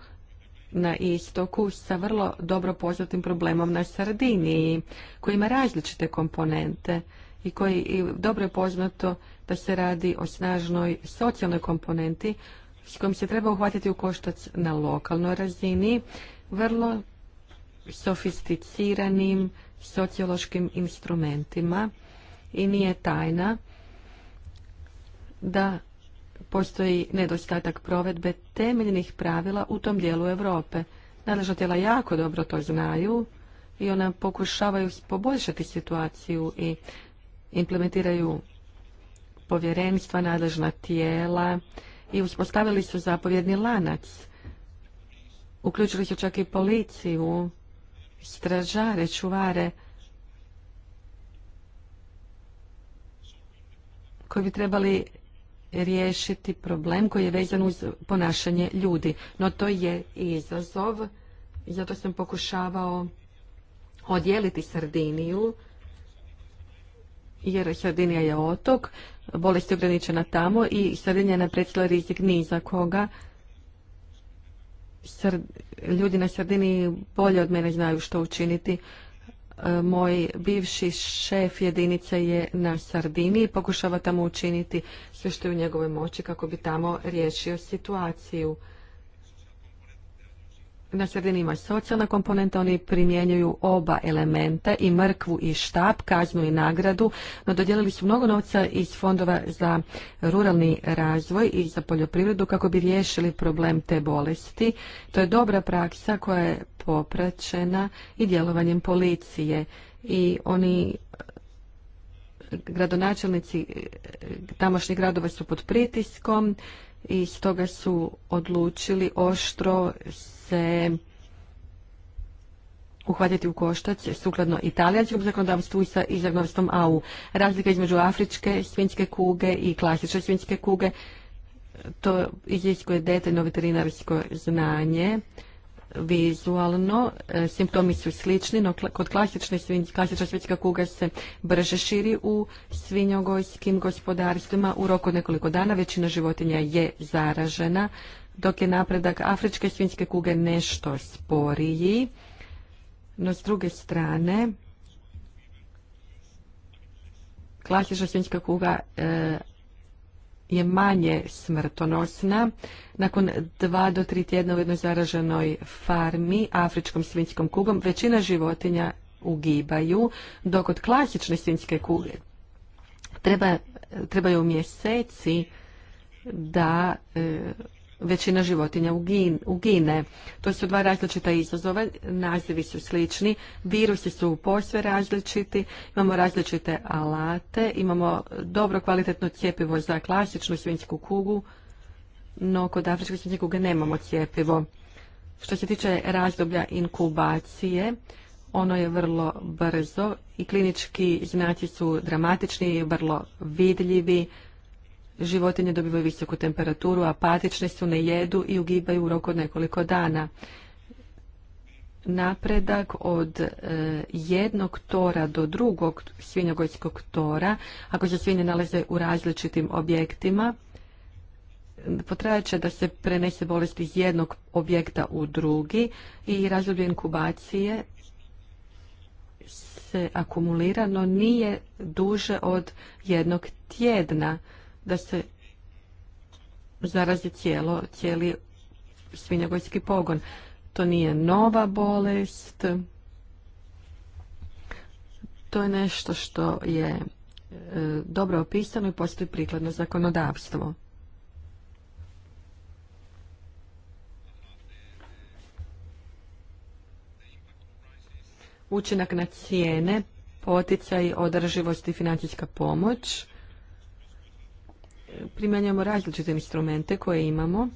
Speaker 3: na istoku sa vrlo dobro poznatim problemom na Sardiniji koji ima različite komponente i koji i dobro je poznato da se radi o snažnoj socijalnoj komponenti s kojom se treba uhvatiti u koštac na lokalnoj razini vrlo sofisticiranim sociološkim instrumentima i nije tajna da postoji nedostatak provedbe temeljnih pravila u tom dijelu Europe. Nadležna tijela jako dobro to znaju i ona pokušavaju poboljšati situaciju i implementiraju povjerenstva, nadležna tijela i uspostavili su zapovjedni lanac. Uključili su čak i policiju stražare, čuvare koji bi trebali riješiti problem koji je vezan uz ponašanje ljudi. No to je izazov, zato sam pokušavao odjeliti Sardiniju, jer Sardinija je otok, bolest je ograničena tamo i Sardinija ne predstavlja rizik ni za koga, ljudi na sredini bolje od mene znaju što učiniti. E, moj bivši šef jedinice je na Sardini i pokušava tamo učiniti sve što je u njegovoj moći kako bi tamo riješio situaciju na sredini ima socijalna komponenta, oni primjenjuju oba elementa i mrkvu i štap, kaznu i nagradu, no dodijelili su mnogo novca iz fondova za ruralni razvoj i za poljoprivredu kako bi riješili problem te bolesti. To je dobra praksa koja je popraćena i djelovanjem policije i oni gradonačelnici tamošnjih gradova su pod pritiskom i stoga su odlučili oštro se uhvatiti u koštac sukladno italijanskom zakonodavstvu i sa izagnostom AU. Razlika između afričke svinjske kuge i klasične svinjske kuge to iziskuje detaljno veterinarsko znanje vizualno. E, simptomi su slični, no kod klasične svinjske, klasična svinjska kuga se brže širi u svinjogojskim gospodarstvima. U roku od nekoliko dana većina životinja je zaražena dok je napredak afričke svinjske kuge nešto sporiji. No s druge strane, klasična svinjska kuga e, je manje smrtonosna. Nakon dva do tri tjedna u jednoj zaraženoj farmi, afričkom svinjskom kugom, većina životinja ugibaju, dok od klasične svinjske kuge treba, trebaju mjeseci da e, većina životinja ugine. To su dva različita izazova, nazivi su slični, virusi su posve različiti, imamo različite alate, imamo dobro kvalitetno cjepivo za klasičnu svinjsku kugu, no kod afričke svinjske kuge nemamo cjepivo. Što se tiče razdoblja inkubacije, ono je vrlo brzo i klinički znaci su dramatični i vrlo vidljivi životinje dobivaju visoku temperaturu, apatične su, ne jedu i ugibaju u roku od nekoliko dana. Napredak od e, jednog tora do drugog svinjogojskog tora, ako se svinje nalaze u različitim objektima, potrajeće da se prenese bolest iz jednog objekta u drugi i razdoblje inkubacije se akumulirano nije duže od jednog tjedna da se zarazi cijelo, cijeli svinjogojski pogon. To nije nova bolest, to je nešto što je e, dobro opisano i postoji prikladno zakonodavstvo. Učinak na cijene, poticaj, održivost i financijska pomoć – primjenjujemo različite instrumente koje imamo.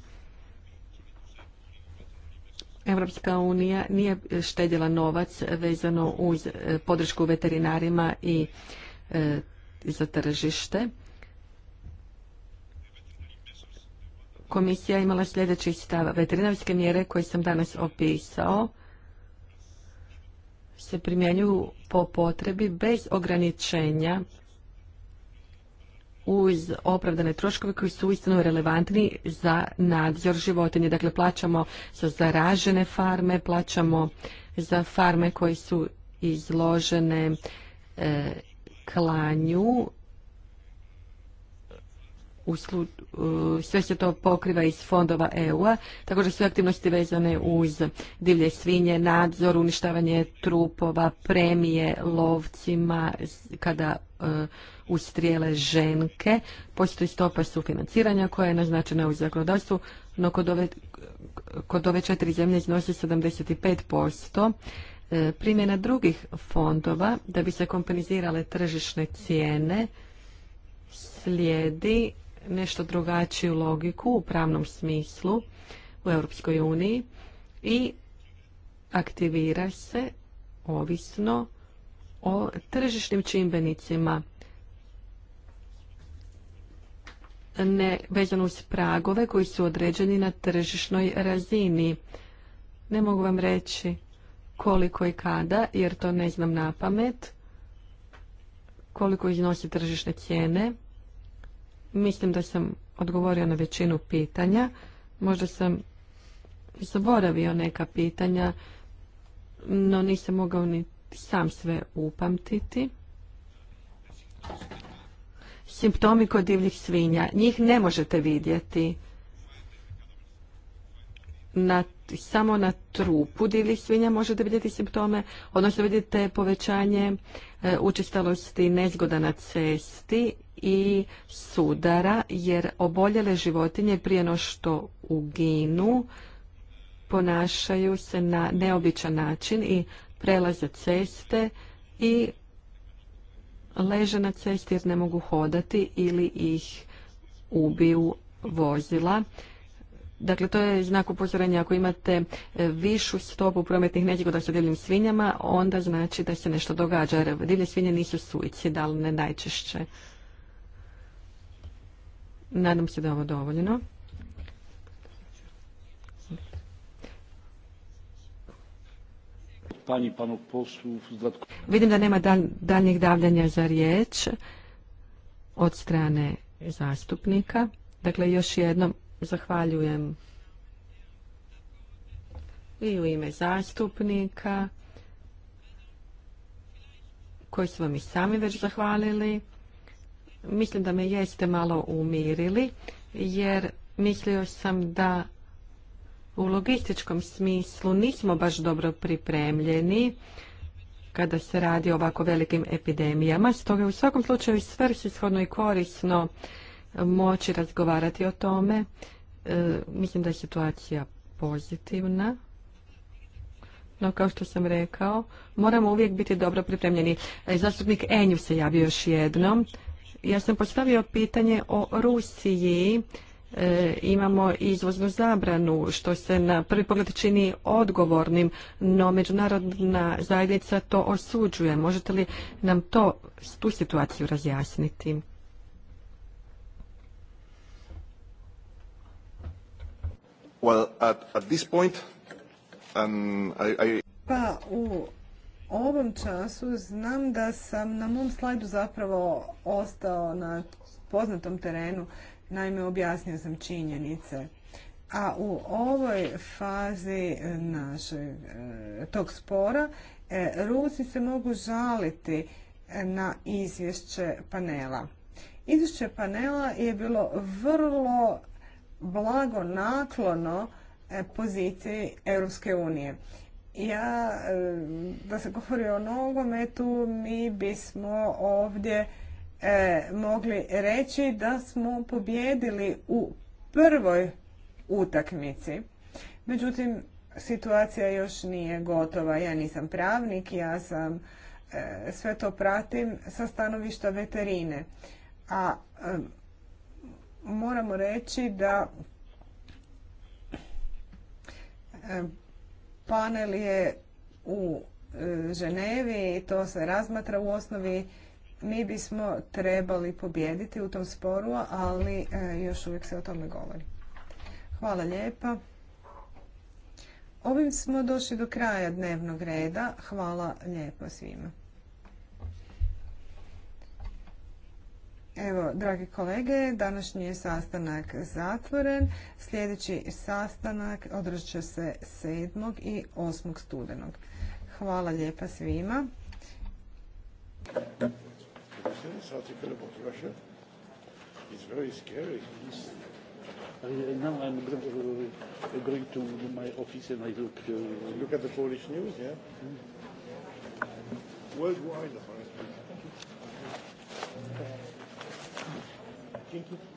Speaker 3: Evropska unija nije štedjela novac vezano uz e, podršku veterinarima i e, za tržište. Komisija imala sljedeći stav. Veterinarske mjere koje sam danas opisao se primjenjuju po potrebi bez ograničenja uz opravdane troškove koji su uistinu relevantni za nadzor životinje. Dakle, plaćamo za zaražene farme, plaćamo za farme koje su izložene e, klanju. sve se to pokriva iz fondova EU-a. Također su aktivnosti vezane uz divlje svinje, nadzor, uništavanje trupova, premije lovcima kada e, strijele ženke. Postoji stopa sufinanciranja koja je naznačena u zakonodavstvu, no kod ove, kod ove četiri zemlje iznosi 75%. E, primjena drugih fondova da bi se kompenzirale tržišne cijene slijedi nešto drugačiju logiku u pravnom smislu u Europskoj uniji i aktivira se ovisno o tržišnim čimbenicima ne, vezano uz pragove koji su određeni na tržišnoj razini. Ne mogu vam reći koliko i kada, jer to ne znam na pamet, koliko iznosi tržišne cijene. Mislim da sam odgovorio na većinu pitanja. Možda sam zaboravio neka pitanja, no nisam mogao ni sam sve upamtiti simptomi kod divljih svinja. Njih ne možete vidjeti na, samo na trupu divljih svinja možete vidjeti simptome, odnosno vidite povećanje e, učestalosti nezgoda na cesti i sudara, jer oboljele životinje prije no što uginu ponašaju se na neobičan način i prelaze ceste i leže na cesti jer ne mogu hodati ili ih ubiju vozila. Dakle, to je znak upozorenja. Ako imate višu stopu prometnih nezgoda sa divljim svinjama, onda znači da se nešto događa. Jer divlje svinje nisu suicidalne najčešće. Nadam se da je ovo dovoljno.
Speaker 1: pani posłów. Vidim
Speaker 3: da nema daljnjih davljanja za riječ od strane zastupnika. Dakle, još jednom zahvaljujem i u ime zastupnika koji su vam i sami već zahvalili. Mislim da me jeste malo umirili jer mislio sam da u logističkom smislu nismo baš dobro pripremljeni kada se radi o ovako velikim epidemijama. Stoga je u svakom slučaju svrsishodno i korisno moći razgovarati o tome. E, mislim da je situacija pozitivna. No, kao što sam rekao, moramo uvijek biti dobro pripremljeni. E, zastupnik Enju se javio još jednom. Ja sam postavio pitanje o Rusiji E, imamo izvoznu zabranu što se na prvi pogled čini odgovornim, no međunarodna zajednica to osuđuje. Možete li nam to, tu situaciju razjasniti?
Speaker 5: Well, at, at this point, um, I...
Speaker 4: Pa u ovom času znam da sam na mom slajdu zapravo ostao na poznatom terenu Naime, objasnio sam činjenice. A u ovoj fazi e, našeg e, tog spora e, Rusi se mogu žaliti na izvješće panela. Izvješće panela je bilo vrlo blago naklono poziciji Europske unije. Ja, da se govori o nogometu, mi bismo ovdje e, mogli reći da smo pobjedili u prvoj utakmici. Međutim, situacija još nije gotova. Ja nisam pravnik, ja sam e, sve to pratim sa stanovišta veterine. A e, moramo reći da e, panel je u Ženevi i to se razmatra u osnovi mi bismo trebali pobijediti u tom sporu, ali e, još uvijek se o tome govori. Hvala lijepa. Ovim smo došli do kraja dnevnog reda. Hvala lijepo svima. Evo, dragi kolege, današnji je sastanak zatvoren. Sljedeći sastanak održat će se 7. i 8. studenog. Hvala lijepa svima
Speaker 1: this article about Russia It's very scary. Yes. I, uh, now I'm going to my office and I look. Uh, look at the Polish news, yeah?
Speaker 5: Mm. Worldwide, apparently. Thank you. Thank you.